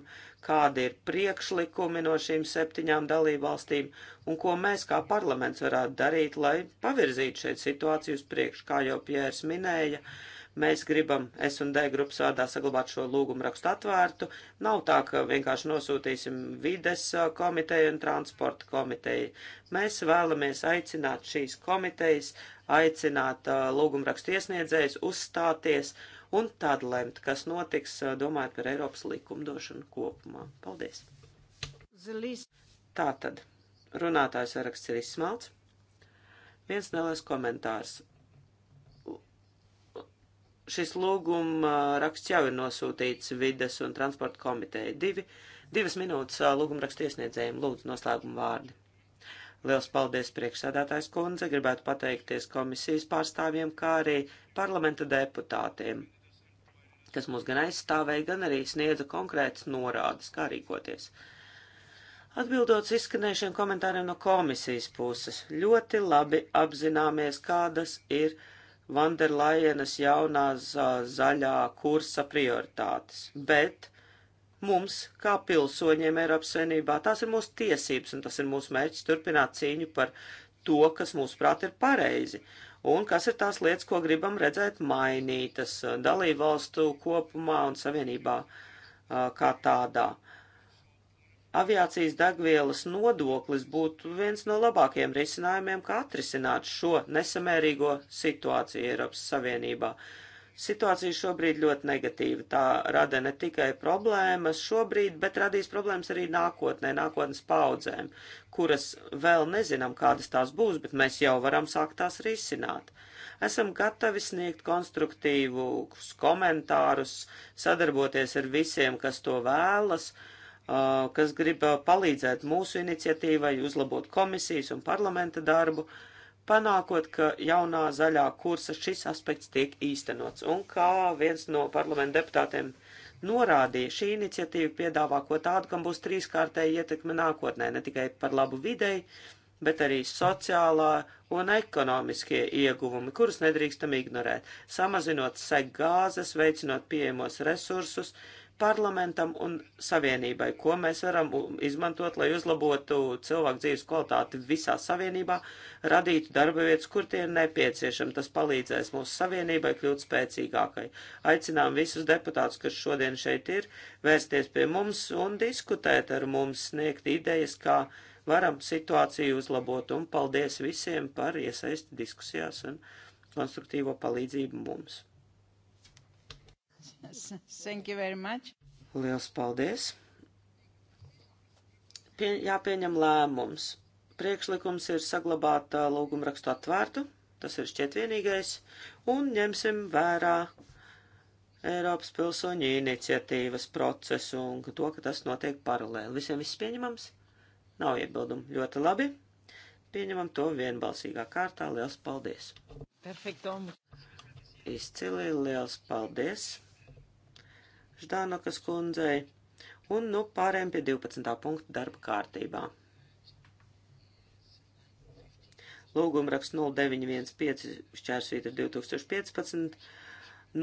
kādi ir priekšlikumi no šīm septiņām dalībvalstīm un ko mēs kā parlaments varētu darīt, lai pavirzītu šeit situāciju uz priekšu, kā jau Pjērs minēja. Uh, Mēs gribam S&D grupas vārdā saglabāt šo lūgumu rakstu atvērtu. Nav tā, ka vienkārši nosūtīsim vides komiteju un transporta komiteju. Mēs vēlamies aicināt šīs komitejas, aicināt uh, lūgumu rakstu iesniedzējus uzstāties un tad lemt, kas notiks, uh, domājot par Eiropas likumdošanu kopumā. Paldies! Tātad, runātājs saraksts ir izsmalts. Viens neliels komentārs šis lūguma raksts jau ir nosūtīts vides un transporta komiteja. Divi, divas minūtes lūguma rakstu iesniedzējiem lūdzu noslēguma vārdi. Liels paldies priekšsēdētājs kundze, gribētu pateikties komisijas pārstāvjiem, kā arī parlamenta deputātiem, kas mūs gan aizstāvēja, gan arī sniedza konkrētas norādes, kā rīkoties. Atbildot izskanējušiem komentāriem no komisijas puses, ļoti labi apzināmies, kādas ir uh, Vanderlajenas jaunās zaļā kursa prioritātes, bet mums, kā pilsoņiem Eiropas Savienībā, tās ir mūsu tiesības un tas ir mūsu mērķis turpināt cīņu par to, kas mūsuprāt ir pareizi un kas ir tās lietas, ko gribam redzēt mainītas dalību valstu kopumā un savienībā kā tādā. Uh, aviācijas degvielas nodoklis būtu viens no labākajiem risinājumiem, kā atrisināt šo nesamērīgo situāciju Eiropas Savienībā. Situācija šobrīd ļoti negatīva. Tā rada ne tikai problēmas šobrīd, bet radīs problēmas arī nākotnē, nākotnes paudzēm, kuras vēl nezinām, kādas tās būs, bet mēs jau varam sākt tās risināt. Esam gatavi sniegt konstruktīvus komentārus, sadarboties ar visiem, kas to vēlas, uh, kas grib palīdzēt mūsu iniciatīvai, uzlabot komisijas un parlamenta darbu, panākot, ka jaunā zaļā kursa šis aspekts tiek īstenots. Un kā viens no parlamenta deputātiem norādīja, šī iniciatīva piedāvā ko tādu, kam būs trīskārtēja ietekme nākotnē, ne tikai par labu videi, bet arī sociālā un ekonomiskie ieguvumi, kurus nedrīkstam ignorēt, samazinot seg gāzes, veicinot pieejamos resursus, uh, parlamentam un savienībai, ko mēs varam izmantot, lai uzlabotu cilvēku dzīves kvalitāti visā savienībā, radītu darba vietas, kur tie ir nepieciešami. Tas palīdzēs mūsu savienībai kļūt spēcīgākai. Aicinām visus deputātus, kas šodien šeit ir, vērsties pie mums un diskutēt ar mums, sniegt idejas, kā varam situāciju uzlabot. Un paldies visiem par iesaisti diskusijās un konstruktīvo palīdzību mums. Thank you very much. Liels paldies. Pie, jāpieņem lēmums. Priekšlikums ir saglabāt uh, lūgumrakstu atvērtu, tas ir šķiet vienīgais, un ņemsim vērā Eiropas pilsoņu iniciatīvas procesu un to, ka tas notiek paralēli. Visiem viss pieņemams? Nav iebildumu. Ļoti labi. Pieņemam to vienbalsīgā kārtā. Liels paldies! Perfekto! Izcili, liels paldies! Ždānokas kundzei. Un nu pārējām pie 12. punkta darba kārtībā. Lūgumraksts 0915 šķērsvīta 2015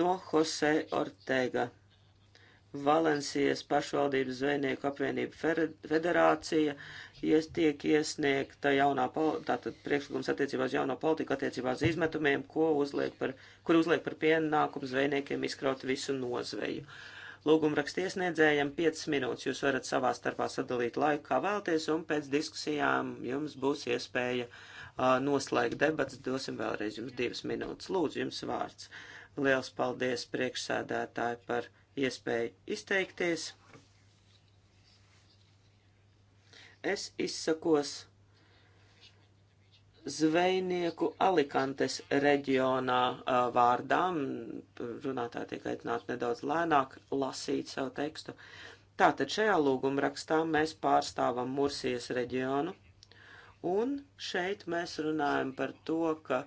no Jose Ortega. Valencijas pašvaldības zvejnieku apvienība federācija ies tiek iesniegta jaunā, tātad priekšlikums attiecībā uz jauno politiku attiecībā uz izmetumiem, ko uzliek par, kur uzliek par pienākumu zvejniekiem izkraut visu nozveju. Uh, Lūguma rakstiesniedzējiem 5 minūtes jūs varat savā starpā sadalīt laiku, kā vēlties, un pēc diskusijām jums būs iespēja uh, noslēgt debats. Dosim vēlreiz jums 2 minūtes. Lūdzu, jums vārds. Liels paldies priekšsēdētāji par iespēju izteikties. Es izsakos zvejnieku Alikantes reģionā vārdām. Runātāji tiek aicināti nedaudz lēnāk lasīt savu tekstu. Tātad šajā lūgumrakstā mēs pārstāvam Mursijas reģionu, un šeit mēs runājam par to, ka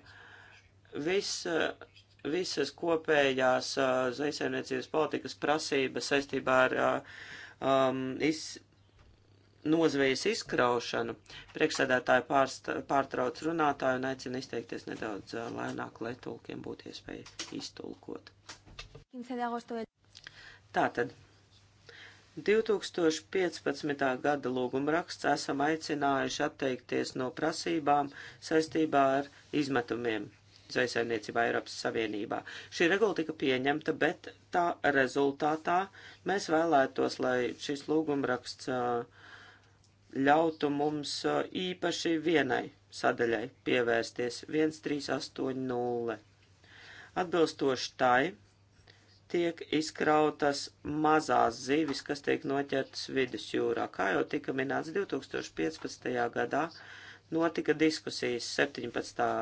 viss visas kopējās uh, zaisaimniecības politikas prasības saistībā ar uh, um, iz, nozvejas izkraušanu. Priekšsēdētāji pārtrauc runātāju un aicina izteikties nedaudz uh, lēnāk, lai tulkiem būtu iespēja iztulkot. Tātad 2015. gada lūgumraksts esam aicinājuši atteikties no prasībām saistībā ar izmetumiem zvejsaimniecībā Eiropas Savienībā. Šī regula tika pieņemta, bet tā rezultātā mēs vēlētos, lai šis lūgumraksts uh, ļautu mums īpaši vienai sadaļai pievērsties 1380. Atbilstoši tai tiek izkrautas mazās zivis, kas tiek noķertas vidusjūrā. Kā jau tika minēts, 2015. gadā notika diskusijas 17.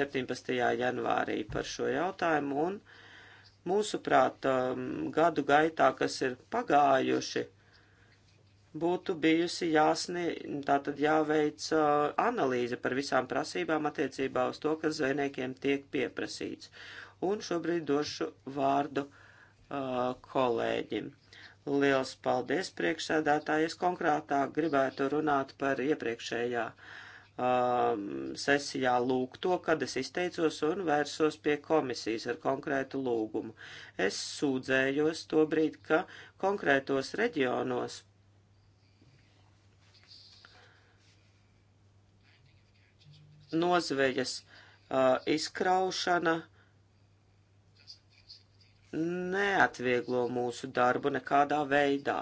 17. janvārī par šo jautājumu, un mūsuprāt, gadu gaitā, kas ir pagājuši, būtu bijusi jāsniedz, tātad jāveic uh, analīze par visām prasībām attiecībā uz to, kas zvejniekiem tiek pieprasīts. Un šobrīd došu vārdu uh, kolēģim. Liels paldies priekšsēdētāji. Es konkrētāk gribētu runāt par iepriekšējā um, sesijā lūgto, kad es izteicos un vērsos pie komisijas ar konkrētu lūgumu. Es sūdzējos to brīdi, ka konkrētos reģionos nozvejas uh, izkraušana neatvieglo mūsu darbu nekādā veidā.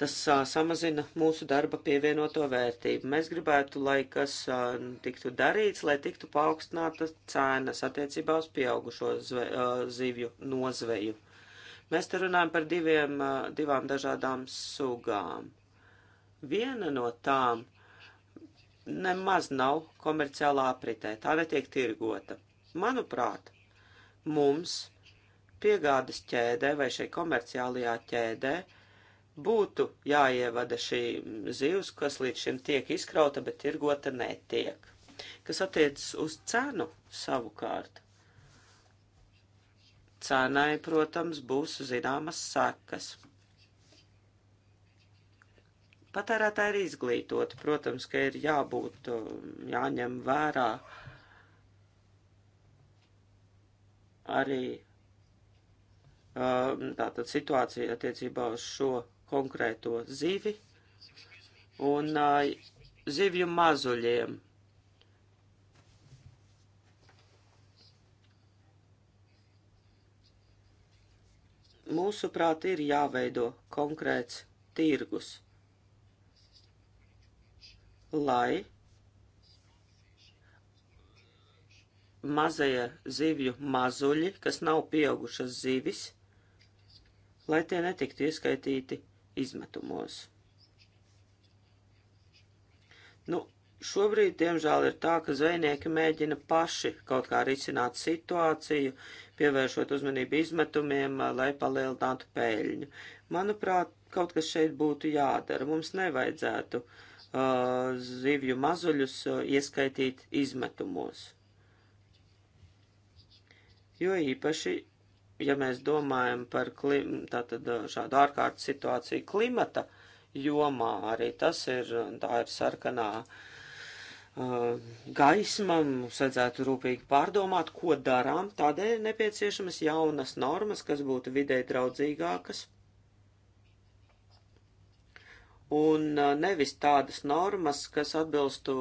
Tas a, samazina mūsu darba pievienoto vērtību. Mēs gribētu, lai kas a, tiktu darīts, lai tiktu paaugstināta cenas attiecībā uz pieaugušo zve, a, zivju nozveju. Mēs te runājam par diviem, a, divām dažādām sugām. Viena no tām nemaz nav komerciālā apritē, tā netiek tirgota. Manuprāt, mums piegādes ķēdē vai šai komerciālajā ķēdē būtu jāievada šī zivs, kas līdz šim tiek izkrauta, bet tirgota netiek. Kas attiecas uz cenu savukārt. Cenai, protams, būs zināmas sekas. Patērētāji ir izglītoti, protams, ka ir jābūt, um, jāņem vērā arī um, tātad situācija attiecībā uz šo konkrēto zivi un uh, zivju mazuļiem. Mūsuprāt, ir jāveido konkrēts tirgus lai mazie zivju mazuļi, kas nav pieaugušas zivis, lai tie netiktu ieskaitīti izmetumos. Nu, šobrīd, diemžēl, ir tā, ka zvejnieki mēģina paši kaut kā risināt situāciju, pievēršot uzmanību izmetumiem, eh, lai palielinātu peļņu. Manuprāt, kaut kas šeit būtu jādara. Mums nevajadzētu uh, zivju mazuļus ieskaitīt izmetumos. Jo īpaši, ja mēs domājam par klim, tātad, šādu ārkārtas situāciju klimata jomā, arī tas ir, tā ir sarkanā uh, gaisma, mums vajadzētu rūpīgi pārdomāt, ko darām, tādēļ nepieciešamas jaunas normas, kas būtu vidē draudzīgākas un nevis tādas normas, kas atbilstu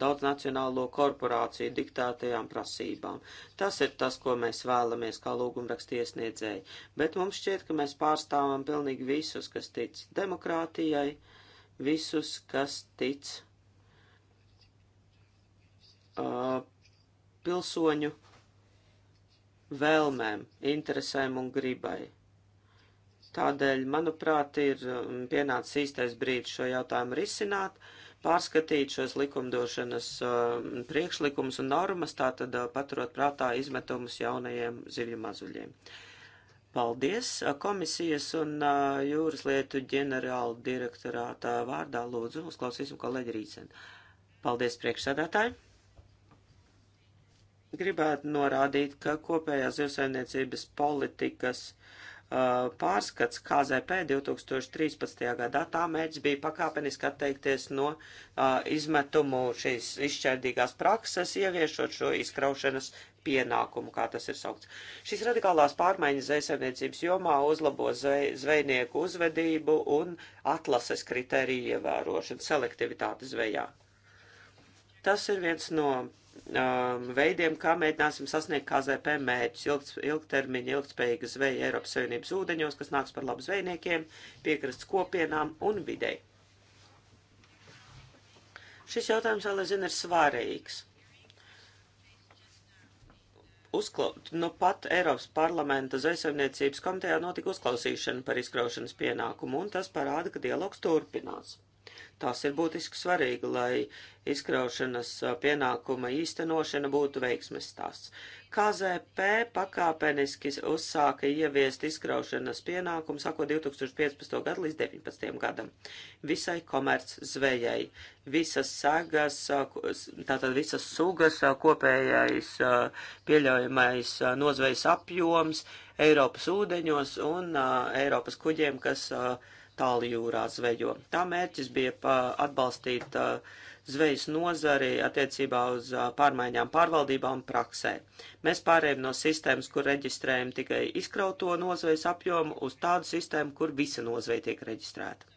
daudznacionālo korporāciju diktētajām prasībām. Tas ir tas, ko mēs vēlamies kā lūgumrakstiesniedzēji, bet mums šķiet, ka mēs pārstāvam pilnīgi visus, kas tic demokrātijai, visus, kas tic uh, pilsoņu vēlmēm, interesēm un gribai. Tādēļ, manuprāt, ir um, pienācis īstais brīdis šo jautājumu risināt, pārskatīt šos likumdošanas um, priekšlikumus un normas, tātad uh, paturot prātā izmetumus jaunajiem zivju mazuļiem. Paldies! Uh, komisijas un uh, jūras lietu ģenerāla direktorāta vārdā lūdzu uzklausīsim kolēģi Rīceni. Paldies priekšsēdētāji! Gribētu norādīt, ka kopējā zivsaimniecības politikas Uh, pārskats KZP 2013. gadā. Tā mērķis bija pakāpeniski atteikties no uh, izmetumu šīs izšķērdīgās prakses, ieviešot šo izkraušanas pienākumu, kā tas ir saukts. Šīs radikālās pārmaiņas zvejsaimniecības jomā uzlabo zvej, zvejnieku uzvedību un atlases kritēriju ievērošanu, selektivitāti zvejā. Tas ir viens no um, veidiem, kā mēģināsim sasniegt KZP mērķus ilg, ilgtermiņa, ilgspējīga zveja Eiropas Savienības ūdeņos, kas nāks par labu zvejniekiem, piekrasts kopienām un videi. Šis jautājums, vēl es zinu, ir svarīgs. Uzklaut, nu pat Eiropas parlamenta zvejasemniecības komitejā notika uzklausīšana par izkraušanas pienākumu, un tas parāda, ka dialogs turpinās. Tas ir būtiski svarīgi, lai izkraušanas pienākuma īstenošana būtu veiksmes stāsts. KZP pakāpeniski uzsāka ieviest izkraušanas pienākumu, sako 2015. gadu līdz 19. gadam, visai komerc zvejai, visas sagas, tātad visas sugas kopējais pieļaujamais nozvejas apjoms Eiropas ūdeņos un Eiropas kuģiem, kas uh, tālu jūrā zvejo. Tā mērķis bija atbalstīt zvejas nozari attiecībā uz pārmaiņām pārvaldībā un praksē. Mēs pārējām no sistēmas, kur reģistrējam tikai izkrauto nozvejas apjomu, uz tādu sistēmu, kur visa nozveja tiek reģistrēta.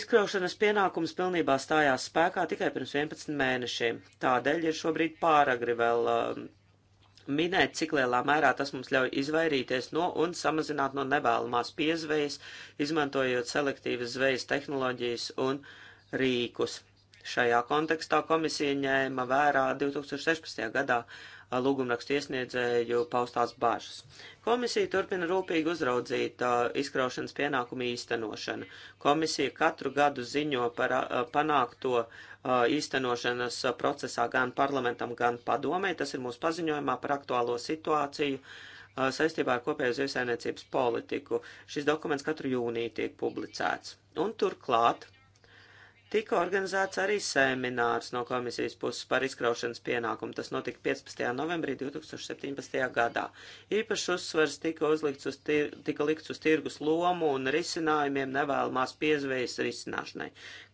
Izkraušanas pienākums pilnībā stājās spēkā tikai pirms 11 mēnešiem, tādēļ ir šobrīd pāragri vēl uh, minēt, cik lielā mērā tas mums ļauj izvairīties no un samazināt no nevēlamās piezvejas, izmantojot selektīvas zvejas tehnoloģijas un rīkus. Šajā kontekstā komisija ņēma vērā 2016. gadā lūgumrakstu iesniedzēju paustās bažas. Komisija turpina rūpīgi uzraudzīt izkraušanas pienākumu īstenošanu. Komisija katru gadu ziņo par panākto īstenošanas procesā gan parlamentam, gan padomē. Tas ir mūsu paziņojumā par aktuālo situāciju saistībā ar kopējo zivsainiecības politiku. Šis dokuments katru jūniju tiek publicēts. Un turklāt Tika organizēts arī seminārs no komisijas puses par izkraušanas pienākumu. Tas notika 15. novembrī 2017. gadā. Īpašs uzsvars tika, uz tir, tika likts uz tirgus lomu un risinājumiem nevēlamās piezvejas risināšanai,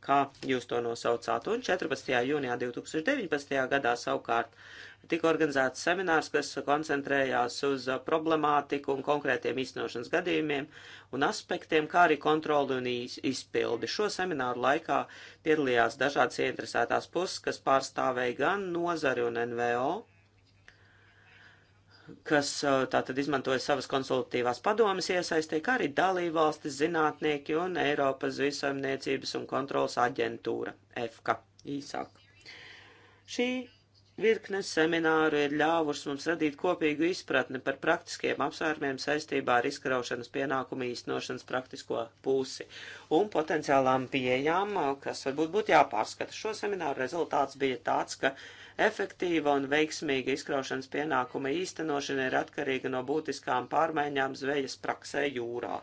kā jūs to nosaucāt. Un 14. jūnijā 2019. gadā savukārt tika organizēts seminārs, kas koncentrējās uz uh, problemātiku un konkrētiem īstenošanas gadījumiem un aspektiem, kā arī kontroli un izpildi. Šo semināru laikā piedalījās dažādas ieinteresētās puses, kas pārstāvēja gan nozari un NVO kas uh, tātad izmantoja savas konsultatīvās padomas iesaistē, kā arī dalībvalstis, zinātnieki un Eiropas visaimniecības un kontrolas aģentūra EFKA īsāk. Šī Virknes semināru ir ļāvuši mums radīt kopīgu izpratni par praktiskiem apsvērumiem saistībā ar izkraušanas pienākumu īstenošanas praktisko pusi un potenciālām pieejām, kas varbūt būtu jāpārskata. Šo semināru rezultāts bija tāds, ka efektīva un veiksmīga izkraušanas pienākuma īstenošana ir atkarīga no būtiskām pārmaiņām zvejas praksē jūrā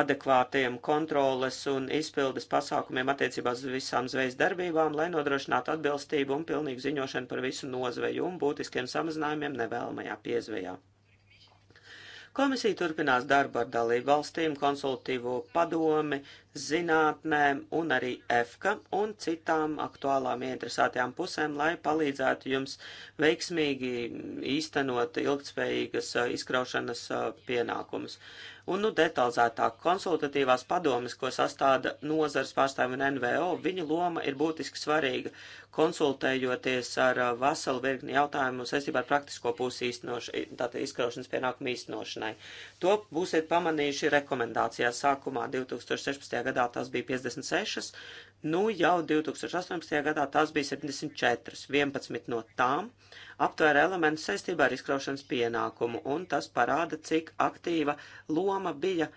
adekvātiem kontroles un izpildes pasākumiem attiecībā uz visām zvejas darbībām, lai nodrošinātu atbilstību un pilnīgu ziņošanu par visu nozveju un būtiskiem samazinājumiem nevēlamajā piezvejā. Komisija turpinās darbu ar dalību valstīm, konsultīvo padomi, zinātnēm un arī EFKA un citām aktuālām ieinteresētajām pusēm, lai palīdzētu jums veiksmīgi īstenot ilgtspējīgas izkraušanas pienākumus. Un, nu, detalizētāk, konsultatīvās padomas, ko sastāda nozars pārstāvi un NVO, viņa loma ir būtiski svarīga, konsultējoties ar veselu virkni jautājumu saistībā ar praktisko pusi tātad izkraušanas pienākumu īstenošanai. To būsiet pamanījuši rekomendācijā sākumā 2016 gadā tas bija 56, nu jau 2018. gadā tas bija 74, 11 no tām aptvēra elementu saistībā ar izkraušanas pienākumu, un tas parāda, cik aktīva loma bija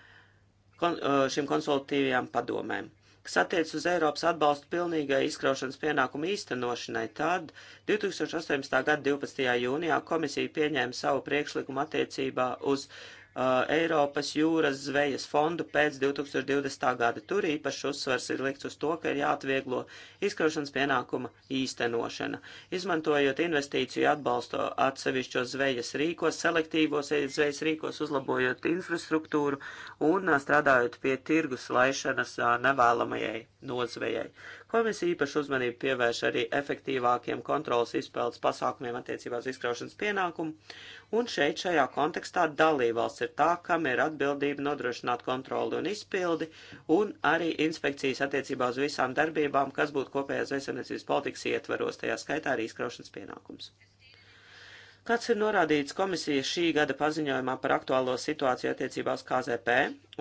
kon, uh, šim konsultīvajām padomēm kas attiec uz Eiropas atbalstu pilnīgai izkraušanas pienākumu īstenošanai, tad 2018. gada 12. jūnijā komisija pieņēma savu priekšlikumu attiecībā uz Uh, Eiropas jūras zvejas fondu pēc 2020. gada. Tur īpaši uzsvers ir likts uz to, ka ir jāatvieglo izkraušanas pienākuma īstenošana, izmantojot investīciju atbalstu atsevišķos zvejas rīkos, selektīvos zvejas rīkos, uzlabojot infrastruktūru un uh, strādājot pie tirgus laišanas uh, nevēlamajai nozvejai. Komisija īpašu uzmanību pievērš arī efektīvākiem kontrolas izpeldes pasākumiem attiecībā uz izkraušanas pienākumu, un šeit šajā kontekstā dalībvalsts ir tā, kam ir atbildība nodrošināt kontroli un izpildi, un arī inspekcijas attiecībā uz visām darbībām, kas būtu kopējās veselniecības politikas ietveros, tajā skaitā arī izkraušanas pienākums kāds ir norādīts komisijas šī gada paziņojumā par aktuālo situāciju attiecībās KZP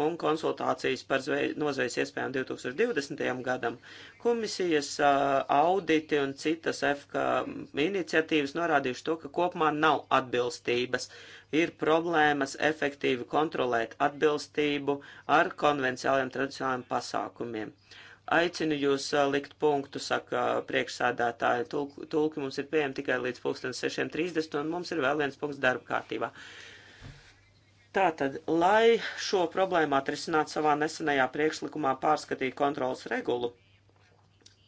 un konsultācijas par zvej, nozvejas iespējām 2020. gadam. Komisijas auditi un citas FK iniciatīvas norādījuši to, ka kopumā nav atbilstības. Ir problēmas efektīvi kontrolēt atbilstību ar konvenciāliem tradicionāliem pasākumiem. Uh, Aicinu jūs likt punktu, saka priekšsādātāja. Tulki, tulki mums ir pieejami tikai līdz 6.30 un mums ir vēl viens punkts darba kārtībā. Tātad, lai šo problēmu atrisinātu savā nesenajā priekšlikumā pārskatīt kontrolas regulu,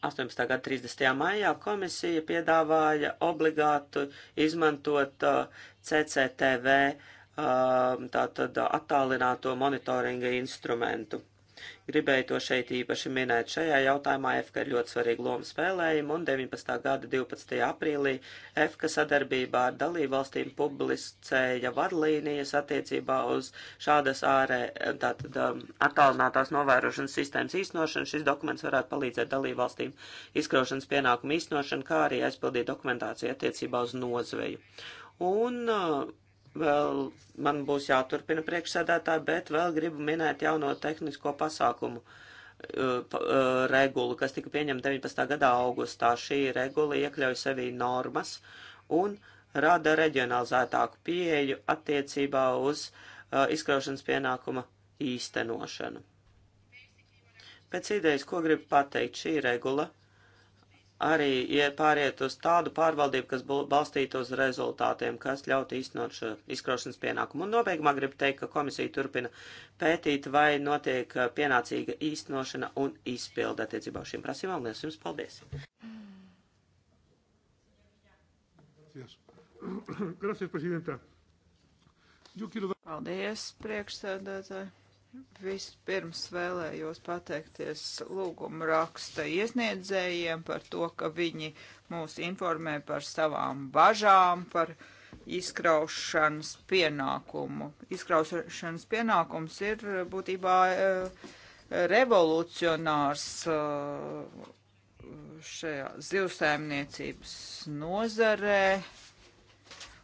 18. gada 30. maijā komisija piedāvāja obligātu izmantot CCTV tātad attālināto monitoringa instrumentu. Gribēju to šeit īpaši minēt. Šajā jautājumā EFKA ir ļoti svarīga loma spēlējuma, un 19. gada 12. aprīlī EFKA sadarbībā ar dalībvalstīm publicēja vadlīnijas attiecībā uz šādas ārē, tātad um, attālinātās novērošanas sistēmas īstenošanu. Šis dokuments varētu palīdzēt dalībvalstīm izkraušanas pienākumu īstenošanu, kā arī aizpildīt dokumentāciju attiecībā uz nozveju. Un uh, Vēl man būs jāturpina priekšsēdētāji, bet vēl gribu minēt jauno tehnisko pasākumu uh, uh, regulu, kas tika pieņemta 19. gadā augustā. Šī regula iekļauj sevī normas un rada reģionalizētāku pieeju attiecībā uz uh, izkraušanas pienākuma īstenošanu. Pēc idejas, ko gribu pateikt, šī regula arī pāriet uz tādu pārvaldību, kas balstītu uz rezultātiem, kas ļautu īstenot šo izkrošanas pienākumu. Un nobeigumā gribu teikt, ka komisija turpina pētīt, vai notiek uh, pienācīga īstenošana un izpilda attiecībā uz šīm prasībām. Lielas jums paldies! *coughs* Paldies, priekšsēdētāji! Vispirms vēlējos pateikties lūguma raksta iesniedzējiem par to, ka viņi mūs informē par savām bažām, par izkraušanas pienākumu. Izkraušanas pienākums ir būtībā eh, revolucionārs eh, šajā zivsēmniecības nozarē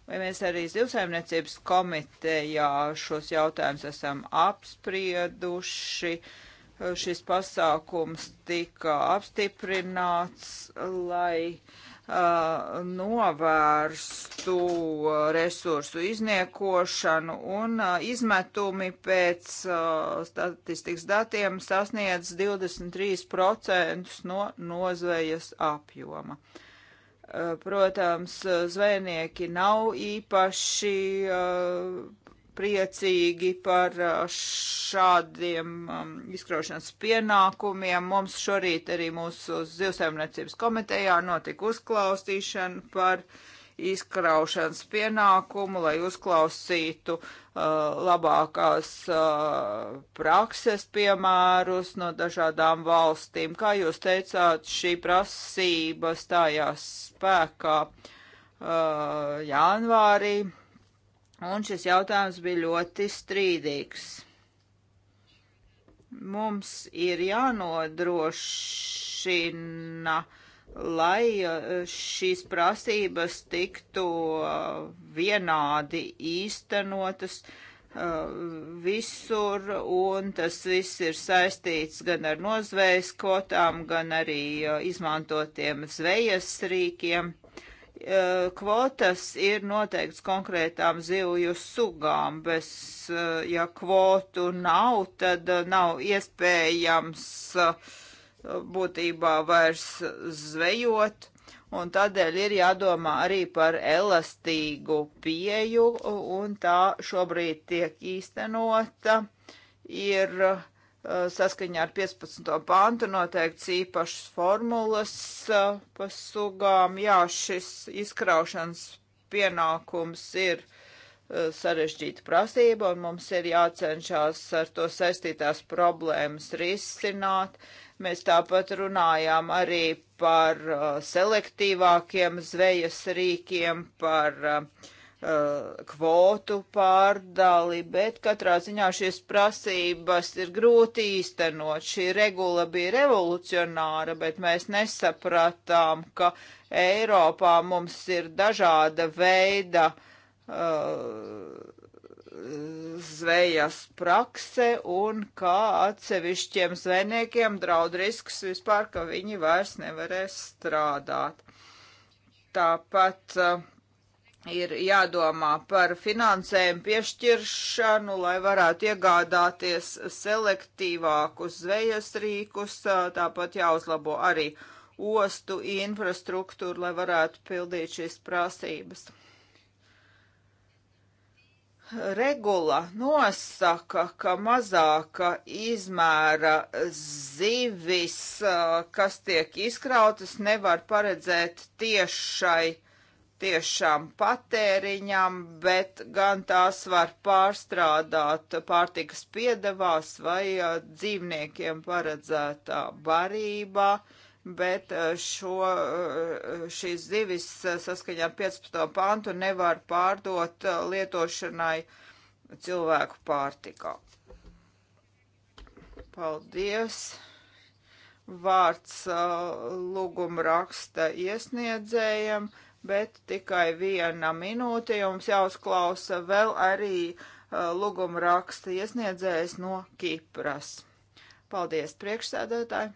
Vai mēs arī zivsaimniecības komitejā šos jautājumus esam apsprieduši? Šis pasākums tika apstiprināts, lai uh, novērstu resursu izniekošanu un uh, izmetumi pēc uh, statistikas datiem sasniedz 23% no nozvejas apjoma. Uh, Eh, protams, zvejnieki nav īpaši eh, priecīgi par eh, šādiem um, izkraušanas pienākumiem. Mums šorīt arī mūsu zivsaimniecības komitejā notika uzklausīšana par uh, izkraušanas pienākumu, lai uzklausītu uh, labākās uh, prakses piemērus no dažādām valstīm. Kā jūs teicāt, šī prasība stājās spēkā uh, janvārī, un šis jautājums bija ļoti strīdīgs. Mums ir jānodrošina, uh, lai uh, šīs prasības tiktu uh, vienādi īstenotas uh, visur, un tas viss ir saistīts gan ar nozvejas kvotām, gan arī izmantotiem zvejas rīkiem. Kvotas ir noteikts konkrētām zivju sugām, bet ja kvotu nav, tad nav iespējams uh, būtībā vairs zvejot, un tādēļ ir jādomā arī par elastīgu pieju, un tā šobrīd tiek īstenota. Ir uh, saskaņā ar 15. pantu noteikts īpašas formulas uh, pa sugām. Jā, šis izkraušanas pienākums ir uh, sarežģīta prasība, un mums ir jācenšas ar to saistītās problēmas risināt. Mēs tāpat runājām arī par uh, selektīvākiem zvejas rīkiem, par uh, uh, kvotu pārdali, bet katrā ziņā šīs prasības ir grūti īstenot. Šī regula bija revolucionāra, bet mēs nesapratām, ka Eiropā mums ir dažāda veida uh, Uh, zvejas prakse un kā atsevišķiem zvejniekiem draud risks vispār, ka viņi vairs nevarēs strādāt. Tāpat uh, ir jādomā par finansējumu piešķiršanu, lai varētu iegādāties selektīvākus zvejas rīkus, uh, tāpat jāuzlabo arī ostu infrastruktūru, lai varētu pildīt šīs prasības regula nosaka, ka mazāka izmēra zivis, uh, kas tiek izkrautas, nevar paredzēt tiešai, tiešām patēriņam, bet gan tās var pārstrādāt pārtikas piedevās vai uh, dzīvniekiem paredzētā barībā. Uh, bet eh, šo, eh, šīs zivis eh, saskaņā 15. pantu nevar pārdot lietošanai cilvēku pārtikā. Paldies! Vārds lūguma raksta iesniedzējiem, bet tikai viena minūte jums jāuzklausa vēl arī lūguma raksta iesniedzējs no Kipras. Paldies, priekšsēdētāji!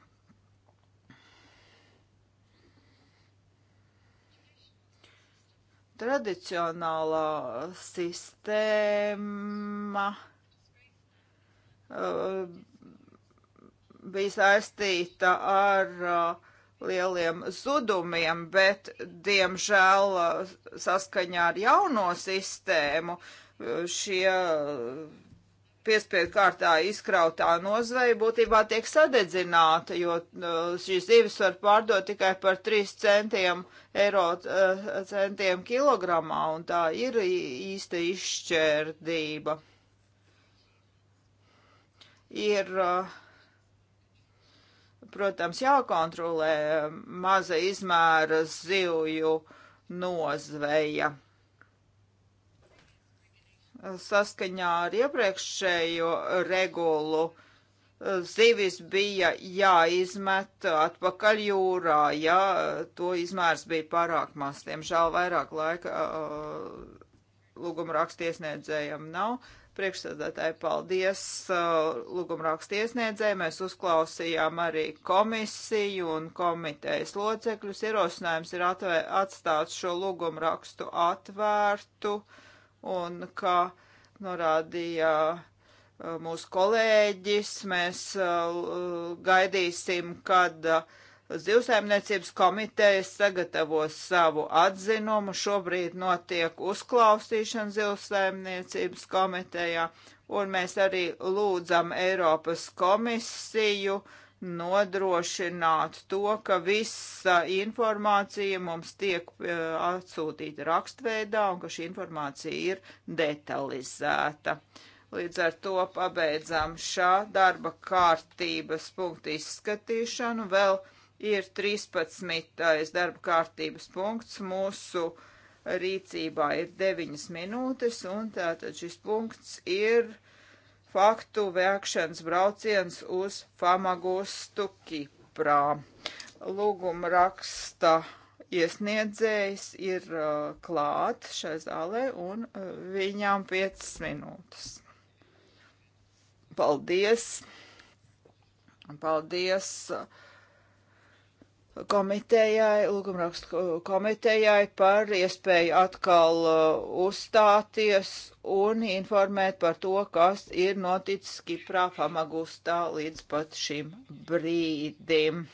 Tradicionālā sistēma uh, bija saistīta ar uh, lieliem zudumiem, bet, diemžēl, eh, saskaņā ar jauno sistēmu šie piespiedu kārtā izkrautā nozvei būtībā tiek sadedzināta, jo nu, šīs zivis var pārdot tikai par 3 centiem eiro eh, centiem kilogramā, un tā ir īsta izšķērdība. Ir, eh, protams, jākontrolē eh, maza izmēra zivju nozveja saskaņā ar iepriekšējo regulu zivis bija jāizmet atpakaļ jūrā, ja to izmērs bija pārāk maz. Diemžēl vairāk laika uh, lūguma rakstiesniedzējiem nav. Priekšsēdētāji, paldies uh, lūguma rakstiesniedzēji. Mēs uzklausījām arī komisiju un komitejas locekļus. Ierosinājums ir atstāt šo lūguma rakstu atvērtu. Uh, un kā norādīja uh, mūsu kolēģis, mēs uh, gaidīsim, kad uh, Zivsaimniecības komiteja sagatavos savu atzinumu. Šobrīd notiek uzklausīšana Zivsaimniecības komitejā, un mēs arī lūdzam Eiropas komisiju uh, nodrošināt to, ka visa informācija mums tiek e, atsūtīta rakstveidā un ka šī informācija ir detalizēta. Līdz ar to pabeidzām šā darba kārtības punktu izskatīšanu. Vēl ir 13. darba kārtības punkts. Mūsu rīcībā ir 9 minūtes, un tātad šis punkts ir faktu vēkšanas brauciens uz Famagustu Kiprā. Lūguma raksta iesniedzējs ir uh, klāt šai zālē un uh, viņām 5 minūtes. Paldies! Paldies! Uh, komitejai, lūgumrakstu komitejai par iespēju atkal uh, uzstāties un informēt par to, kas ir noticis Kiprā Famagustā līdz pat šim brīdim.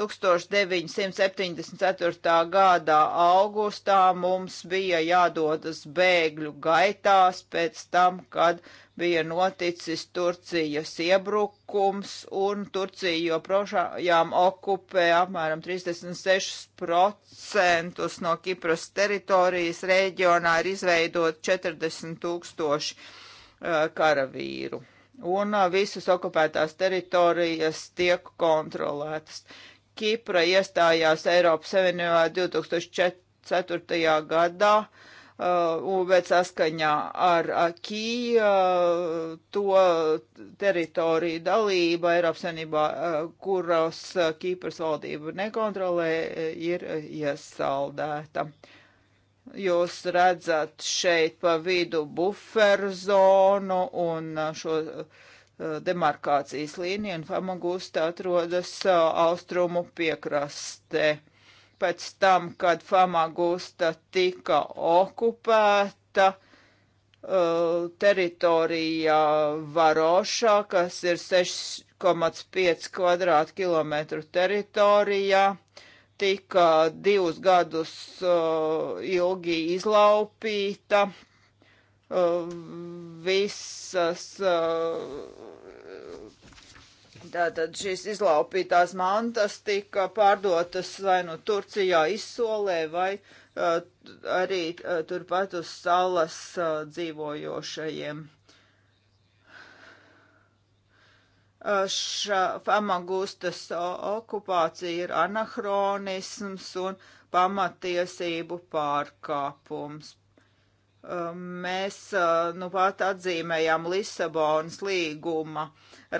1974. gadā augustā mums bija jādodas bēgļu gaitās pēc tam, kad bija noticis Turcijas iebrukums, un Turcija joprojām okupē apmēram 36% no Kipras teritorijas reģionā ir izveidot 40 tūkstoši uh, karavīru. Un uh, visas okupētās teritorijas tiek kontrolētas. Uh, Kipra iestājās Eiropas Savienībā 2004. gadā, uh, bet saskaņā ar Akī uh, to teritoriju dalība Eiropas Savienībā, uh, kuras uh, Kipras valdība nekontrolē, uh, ir iesaldēta. Jūs redzat šeit pa vidu buferu zonu un uh, šo uh, Eh, demarkācijas līnija, un Famagusta atrodas eh, austrumu piekrastē. Pēc tam, kad Famagusta tika okupēta, eh, teritorija Varošā, kas ir 6,5 kvadrātkilometru teritorijā, tika divus gadus ilgi izlaupīta Uh, visas uh, Tātad šīs izlaupītās mantas tika pārdotas vai nu Turcijā izsolē, vai uh, arī uh, turpat uz salas uh, dzīvojošajiem. Uh, Šā famagustas okupācija ir anahronisms un pamatiesību pārkāpums. Um, mēs uh, nu pat atzīmējam Lisabonas līguma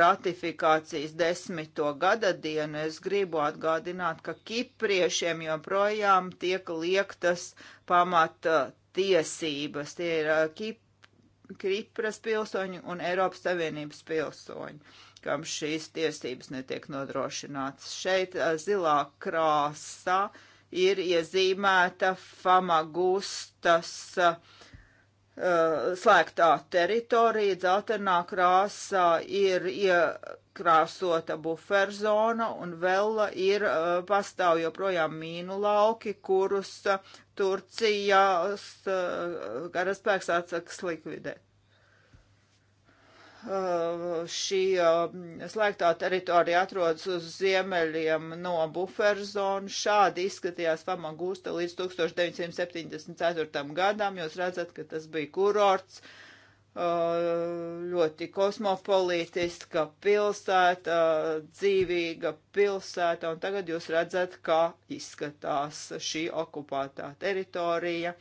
ratifikācijas desmito gada dienu. Es gribu atgādināt, ka kipriešiem joprojām tiek liektas pamata tiesības. Tie ir uh, Kip Kipras pilsoņi un Eiropas Savienības pilsoņi kam šīs tiesības netiek nodrošinātas. Šeit uh, zilā krāsā ir iezīmēta Famagustas uh, Uh, slēgtā teritorija, dzeltenā krāsā ir iekrāsota buferzona un vēl ir uh, pastāv joprojām mīnu lauki, kurus uh, Turcijas karaspēks atsaks likvidēt šī um, slēgtā teritorija atrodas uz ziemeļiem no buferzonas. Šādi izskatījās Famagusta līdz 1974. gadam. Jūs redzat, ka tas bija kurorts, uh, ļoti kosmopolītiska pilsēta, dzīvīga pilsēta, un tagad jūs redzat, kā izskatās šī okupētā teritorija.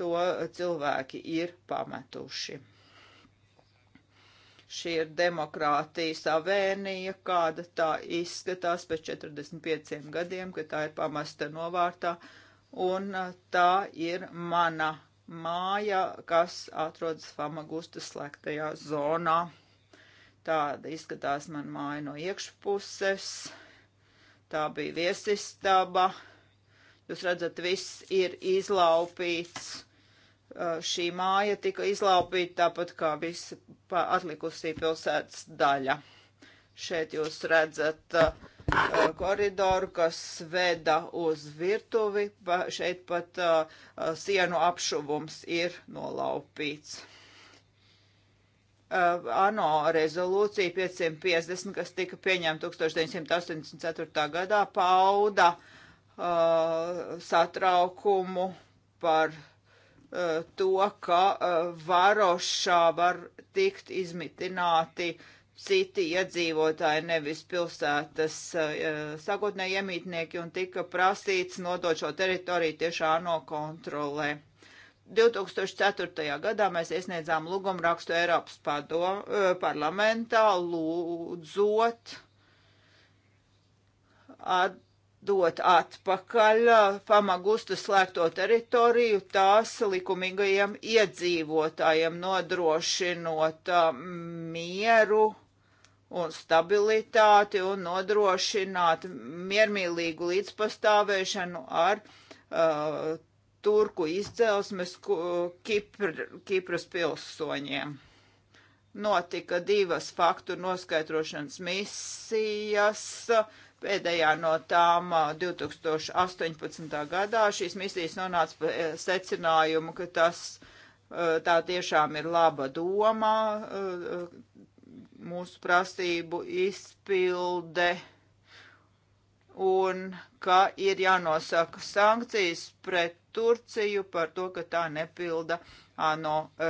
To cilvēki ir pametuši. Šī ir demokrātijas avēnija, kāda tā izskatās pēc 45 gadiem, ka tā ir pamesta novārtā. Un tā ir mana māja, kas atrodas Famagustas slēgtajā zonā. Tāda izskatās man māja no iekšpuses. Tā bija viesistaba. Jūs redzat, viss ir izlaupīts šī māja tika izlaupīta tāpat kā visa atlikusī pilsētas daļa. Šeit jūs redzat uh, koridoru, kas veda uz virtuvi. Pa, šeit pat uh, sienu apšuvums ir nolaupīts. Uh, ANO rezolūcija 550, kas tika pieņemta 1984. gadā, pauda satraukumu par Eh, to, ka eh, varošā var tikt izmitināti citi iedzīvotāji, nevis pilsētas eh, sakotnēji iemītnieki, un tika prasīts nodot šo teritoriju tiešā no kontrolē. 2004. gadā mēs iesniedzām lūgumrakstu Eiropas padom, parlamentā, lūdzot at, dot atpakaļ pamagustu slēgto teritoriju tās likumīgajiem iedzīvotājiem, nodrošinot mieru un stabilitāti un nodrošināt miermīlīgu līdzpastāvēšanu ar uh, turku izcelsmes Kipr, Kipras pilsoņiem notika divas faktu noskaidrošanas misijas Pēdējā no tām 2018. gadā šīs misijas nonāca pie secinājumu, ka tas tā tiešām ir laba doma, mūsu prasību izpilde un ka ir jānosaka sankcijas pret Turciju par to, ka tā nepilda ANO e,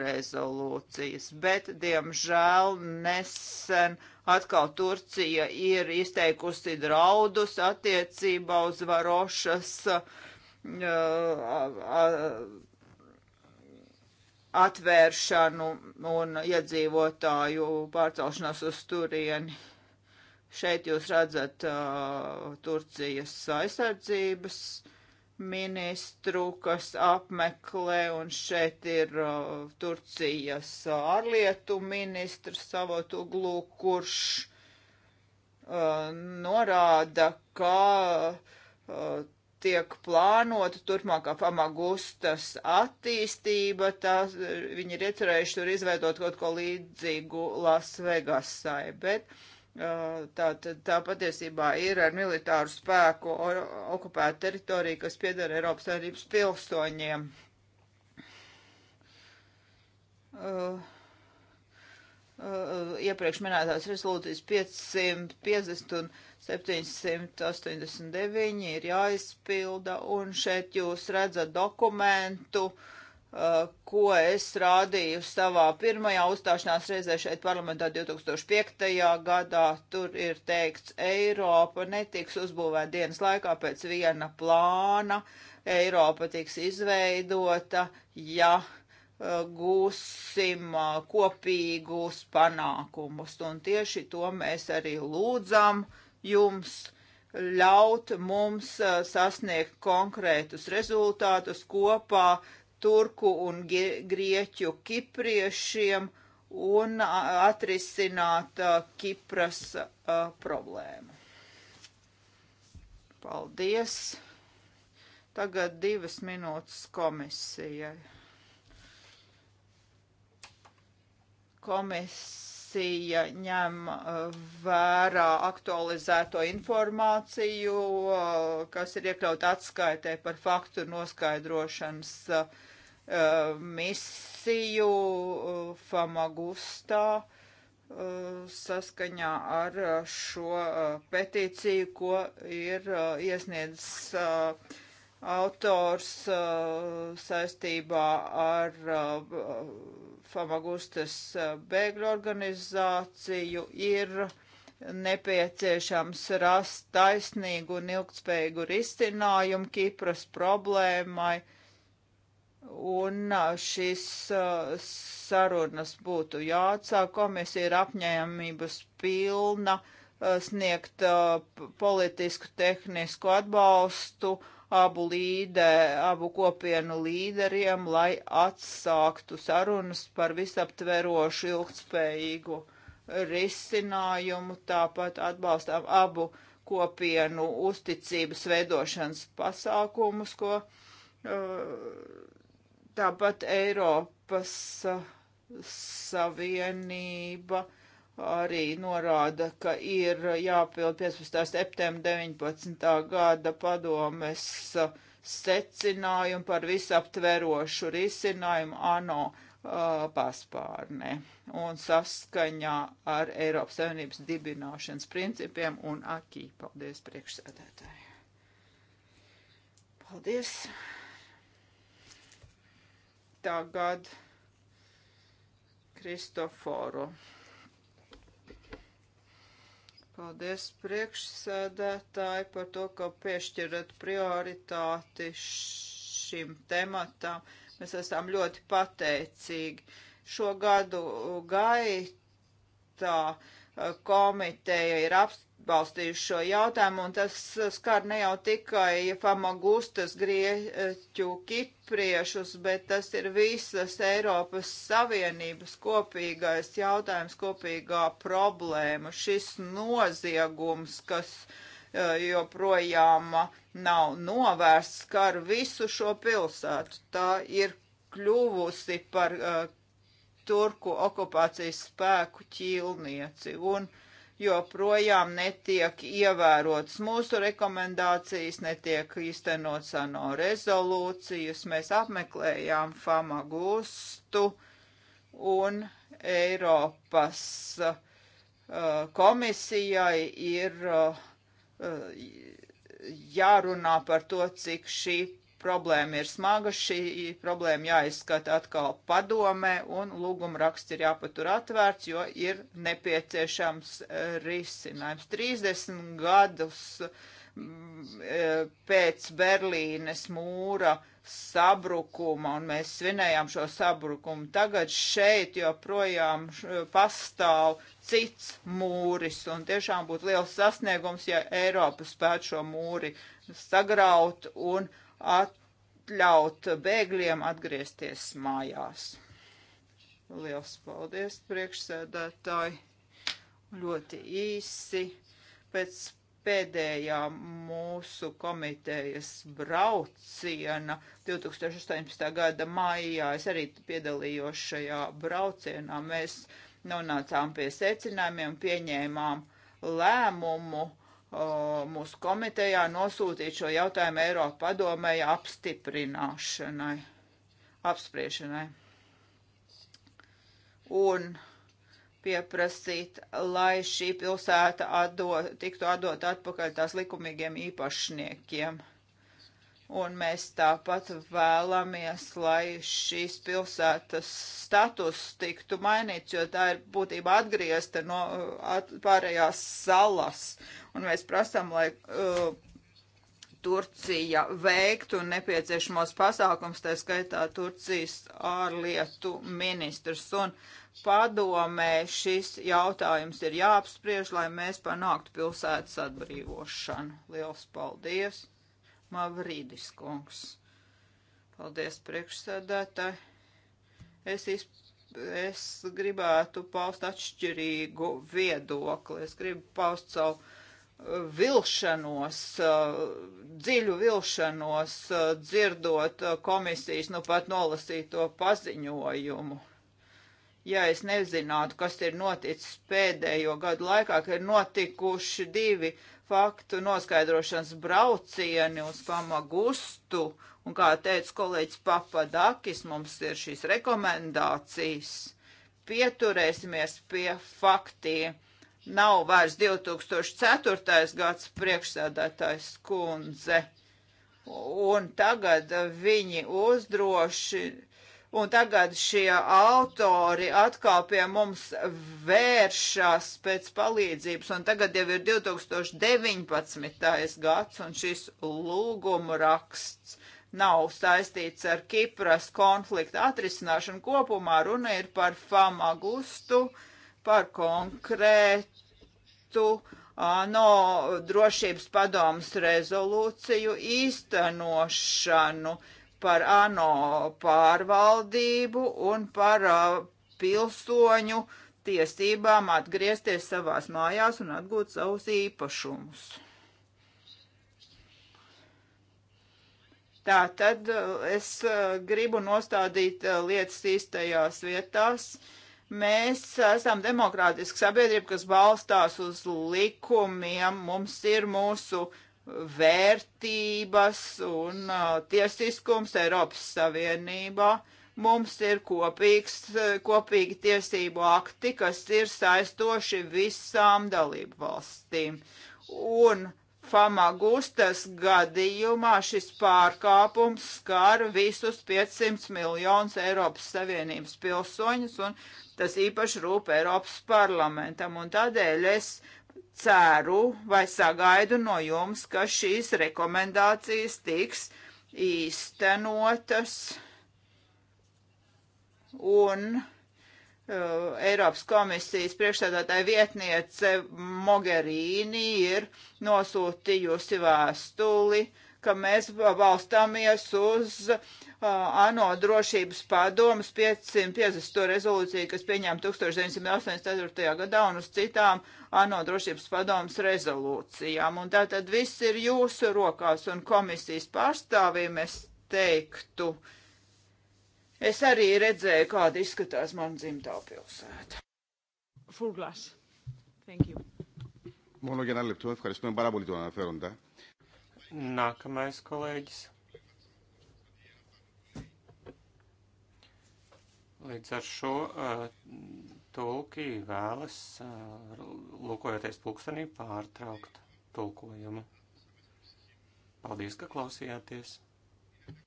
rezolūcijas. Bet, diemžēl, nesen Atkal Turcija ir izteikusi draudus attiecībā uz varošas uh, atvēršanu un iedzīvotāju pārcelšanos uz turieni. Šeit jūs redzat uh, Turcijas aizsardzības uh, ministru, kas apmeklē, un šeit ir uh, Turcijas ārlietu ministrs Savotuglu, kurš uh, norāda, ka uh, tiek plānota turpmākā pamagustas attīstība, tās, viņi ir iecerējuši tur izveidot kaut ko līdzīgu Lasvegasai, bet uh, Tātad tā patiesībā ir ar militāru spēku okupēta teritorija, kas piedara Eiropas Savienības pilsoņiem. Uh, uh, iepriekš minētās rezolūcijas 550 un 789 ir jāizpilda, un šeit jūs redzat dokumentu, uh, Uh, ko es rādīju savā pirmajā uzstāšanās reizē šeit parlamentā 2005. gadā. Tur ir teikts, Eiropa netiks uzbūvēta dienas laikā pēc viena plāna, Eiropa tiks izveidota, ja uh, gūsim uh, kopīgus panākumus. Un tieši to mēs arī lūdzam jums ļaut mums sasniegt konkrētus rezultātus kopā turku un grieķu kipriešiem un atrisināt uh, Kipras uh, problēmu. Paldies! Tagad divas minūtes komisijai. Komisija ņem vērā aktualizēto informāciju, kas ir iekļaut atskaitē par faktu noskaidrošanas uh, misiju eh, Famagustā eh, saskaņā ar eh, šo petīciju, ko ir iesniedzis autors saistībā ar Famagustas bēgļu organizāciju ir nepieciešams rast taisnīgu un ilgtspējīgu risinājumu Kipras problēmai Un šis sarunas būtu jāatsāk. Komisija ir apņēmības pilna sniegt politisku, tehnisku atbalstu abu, līde, abu kopienu līderiem, lai atsāktu sarunas par visaptverošu ilgspējīgu risinājumu. Tāpat atbalstām abu kopienu uzticības veidošanas pasākumus, ko uh, Tāpat Eiropas eh, Savienība arī norāda, ka ir jāpild 15. septembra 19. gada padomes eh, secinājumu par visaptverošu risinājumu ANO eh, paspārnē un saskaņā ar Eiropas Savienības dibināšanas principiem un akī. Paldies priekšsēdētāji. Paldies tagad Kristoforu. Paldies priekšsēdētāji par to, ka piešķirat prioritāti šim tematam. Mēs esam ļoti pateicīgi. Šo gadu gaitā uh, komiteja ir apbalstījuši šo jautājumu, un tas skar ne jau tikai famagustas grieķu kipriešus, bet tas ir visas Eiropas Savienības kopīgais jautājums, kopīgā problēma, šis noziegums, kas e, joprojām nav novērsts, skar visu šo pilsētu. Tā ir kļuvusi par uh, turku okupācijas spēku ķīlnieci. Un joprojām netiek ievērotas mūsu rekomendācijas, netiek īstenot sano rezolūcijas. Mēs apmeklējām Famagustu un Eiropas uh, komisijai ir uh, uh jārunā par to, cik šī problēma ir smaga, šī problēma jāizskata atkal padomē un lūguma raksts ir jāpatur atvērts, jo ir nepieciešams e, risinājums. 30 gadus mm, e, pēc Berlīnes mūra sabrukuma, un mēs svinējām šo sabrukumu, tagad šeit joprojām pastāv cits mūris, un tiešām būtu liels sasniegums, ja Eiropa spētu šo mūri sagraut un attīstīt atļaut bēgļiem atgriezties mājās. Liels paldies, priekšsēdētāji! Ļoti īsi pēc pēdējā mūsu komitejas brauciena 2018. gada maijā. Es arī piedalījos šajā braucienā. Mēs nonācām pie secinājumiem, pieņēmām lēmumu mūsu komitejā nosūtīt šo jautājumu Eiropa padomēja apstiprināšanai, apspriešanai. Un pieprasīt, lai šī pilsēta atdo, tiktu atdot atpakaļ tās likumīgiem īpašniekiem. Uh, Un mēs tāpat vēlamies, lai šīs pilsētas status tiktu mainīts, jo tā ir būtībā atgriezta no at, pārējās salas. Un mēs prasam, lai uh, Turcija veiktu nepieciešamos pasākums, tā skaitā Turcijas ārlietu ministrs. Un padomē šis jautājums ir jāapspriež, lai mēs panāktu pilsētas atbrīvošanu. Liels paldies! Mavrīdis kungs. Paldies priekšsēdētāji. Es, izp... es gribētu paust atšķirīgu viedokli. Es gribu paust savu uh, vilšanos, uh, dziļu vilšanos, uh, dzirdot komisijas, nu pat nolasīto paziņojumu. Ja es nezinātu, kas ir noticis pēdējo gadu laikā, ka ir notikuši divi faktu noskaidrošanas braucieni uz pamagustu, un kā teica kolēģis Papadakis, mums ir šīs rekomendācijas. Pieturēsimies pie faktiem. Nav vairs 2004. gads priekšsēdētājs kundze, un tagad viņi uzdrošina Un tagad šie autori atkal pie mums vēršas pēc palīdzības, un tagad jau ir 2019. gads, un šis lūguma raksts nav saistīts ar Kipras konflikta atrisināšanu kopumā. Runa ir par Famagustu, par konkrētu ANO drošības padomas rezolūciju īstenošanu. Uh, par ANO pārvaldību un par uh, pilsoņu tiesībām atgriezties savās mājās un atgūt savus īpašumus. Tā tad uh, es uh, gribu nostādīt uh, lietas īstajās vietās. Mēs esam demokrātiska sabiedrība, kas balstās uz likumiem. Mums ir mūsu uh, vērtības un uh, tiesiskums Eiropas Savienībā. Mums ir kopīgs, uh, kopīgi tiesību akti, kas ir saistoši visām dalību valstīm. Un Famagustas gadījumā šis pārkāpums skar visus 500 miljonus Eiropas Savienības pilsoņus, un tas īpaši rūp Eiropas parlamentam. Un tādēļ es uh, ceru vai sagaidu no jums, ka šīs rekomendācijas tiks īstenotas un uh, Eiropas komisijas priekšstādātāja vietniece Mogherīni ir nosūtījusi vēstuli uh, ka mēs balstāmies uz uh, ANO drošības padomas 550. rezolūciju, kas pieņēma 1984. gadā un uz citām ANO drošības padomas rezolūcijām. Un tātad viss ir jūsu rokās un komisijas pārstāvīm es teiktu. Es arī redzēju, kāda izskatās man dzimtā pilsēta. Full glass. Thank you. Μόνο για ένα λεπτό. Ευχαριστούμε πάρα πολύ τον αναφέροντα. Nākamais kolēģis. Līdz ar šo uh, tulki vēlas, uh, lūkojoties pulkstenī, pārtraukt tulkojumu. Paldies, ka klausījāties.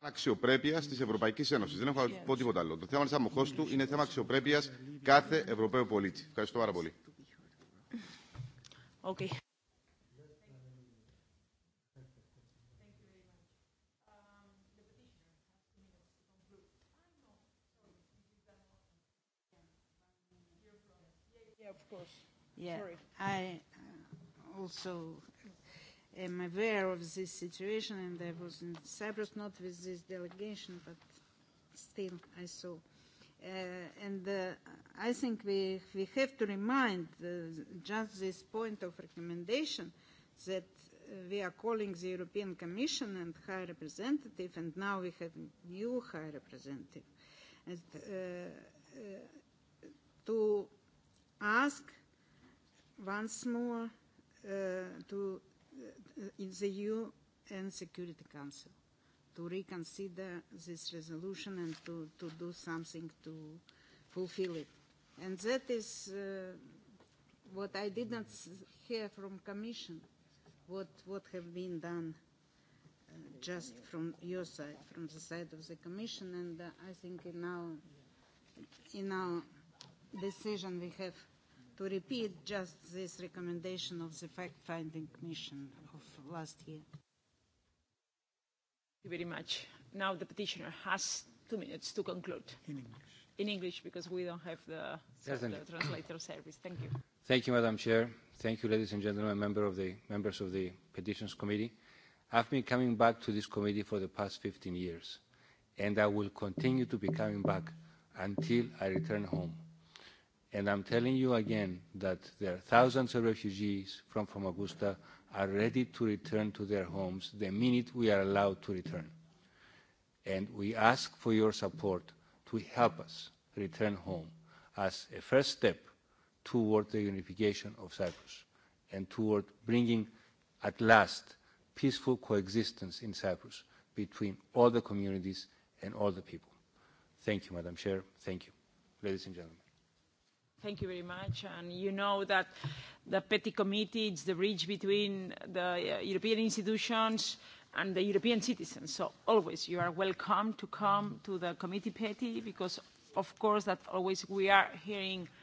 Αξιοπρέπεια τη Ευρωπαϊκή Ένωση. Δεν έχω να πω τίποτα άλλο. Το θέμα τη αμοχώστου είναι θέμα αξιοπρέπεια κάθε Ευρωπαίου πολίτη. Ευχαριστώ πάρα πολύ. Okay. Yeah, of course. Yeah. Sorry. I uh, also am aware of this situation, and I was in Cyprus, not with this delegation, but still I saw. Uh, and uh, I think we, we have to remind uh, just this point of recommendation that uh, we are calling the European Commission and High Representative, and now we have new High Representative, and, uh, uh, to ask once more uh, to uh, in the EU and Security Council to reconsider this resolution and to, to do something to fulfill it. And that is uh, what I didn't hear from Commission, what, what have been done uh, just from your side, from the side of the Commission, and uh, I think in our, in our decision we have to repeat just this recommendation of the fact-finding mission of last year. Thank you very much. Now the petitioner has two minutes to conclude. In English. In English, because we don't have the, the translator service. Thank you. Thank you, Madam Chair. Thank you, ladies and gentlemen, member of the, members of the Petitions Committee. I've been coming back to this committee for the past 15 years, and I will continue to be coming back until I return home And I'm telling you again that there are thousands of refugees from Famagusta are ready to return to their homes the minute we are allowed to return. And we ask for your support to help us return home as a first step toward the unification of Cyprus and toward bringing at last peaceful coexistence in Cyprus between all the communities and all the people. Thank you, Madam Chair. Thank you, ladies and gentlemen. Thank you very much. And you know that the PETI committee is the bridge between the uh, European institutions and the European citizens. So always you are welcome to come to the committee PETI because of course that always we are hearing uh,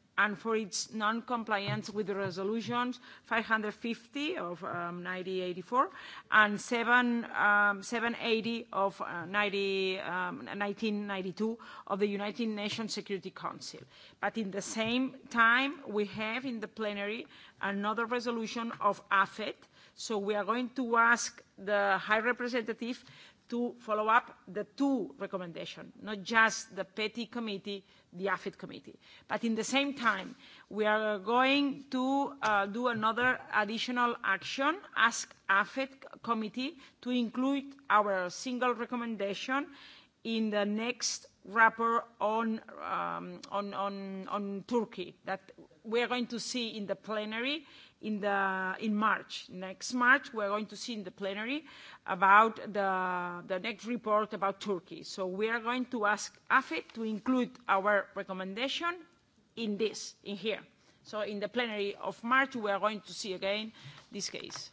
and for its non-compliance with the resolutions 550 of um, 1984 and 7, um, 780 of uh, 90, um, 1992 of the United Nations Security Council. But in the same time, we have in the plenary another resolution of AFET, so we are going to ask the High Representative to follow up the two recommendations, not just the PETI committee, the AFID committee. But in the same time, we are going to uh, do another additional action, ask AFID committee to include our single recommendation in the next wrapper on, um, on, on, on Turkey that we are going to see in the plenary in, the, in March. Next March, we're going to see in the plenary about the, the next report about Turkey. So we are going to ask AFIT to include our recommendation in this, in here. So in the plenary of March, we are going to see again this case.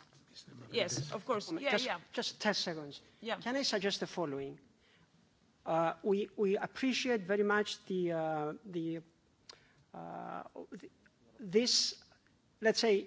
Yes, of course. Yeah, just, yeah. Just 10 seconds. Yeah. Can I suggest the following? Uh, we, we appreciate very much the, uh, the, uh, the, this, let's say,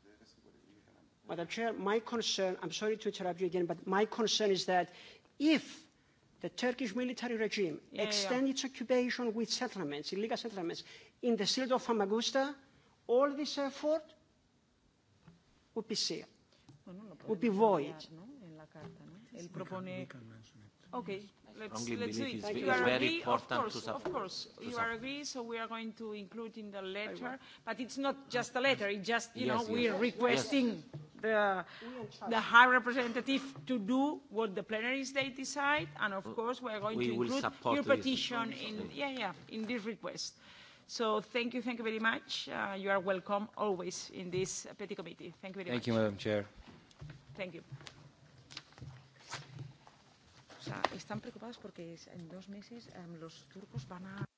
Madam Chair, my concern, I'm sorry to interrupt you again, but my concern is that if the Turkish military regime yeah, extend yeah. its occupation with settlements, illegal settlements, in the Strait of Famagusta, all this effort would be sealed, bueno, no would be void. Cambiar, ¿no? En la carta, ¿no? Él propone... Okay, let's, Only let's do it. It's, you it's are very agree, important of course, to support. Of course, to you support. are agree, so we are going to include in the letter, but it's not just a letter, it's just, you yes, know, yes. we're requesting... Yes the, the High Representative to do what the plenaries they decide, and of course we are going we to include your petition in, yeah, yeah, in this request. So thank you, thank you very much. Uh, you are welcome always in this petty committee. Thank you very thank much. Thank you, Madam Chair. Thank you. O sea, están preocupados porque en dos meses um, los turcos van a...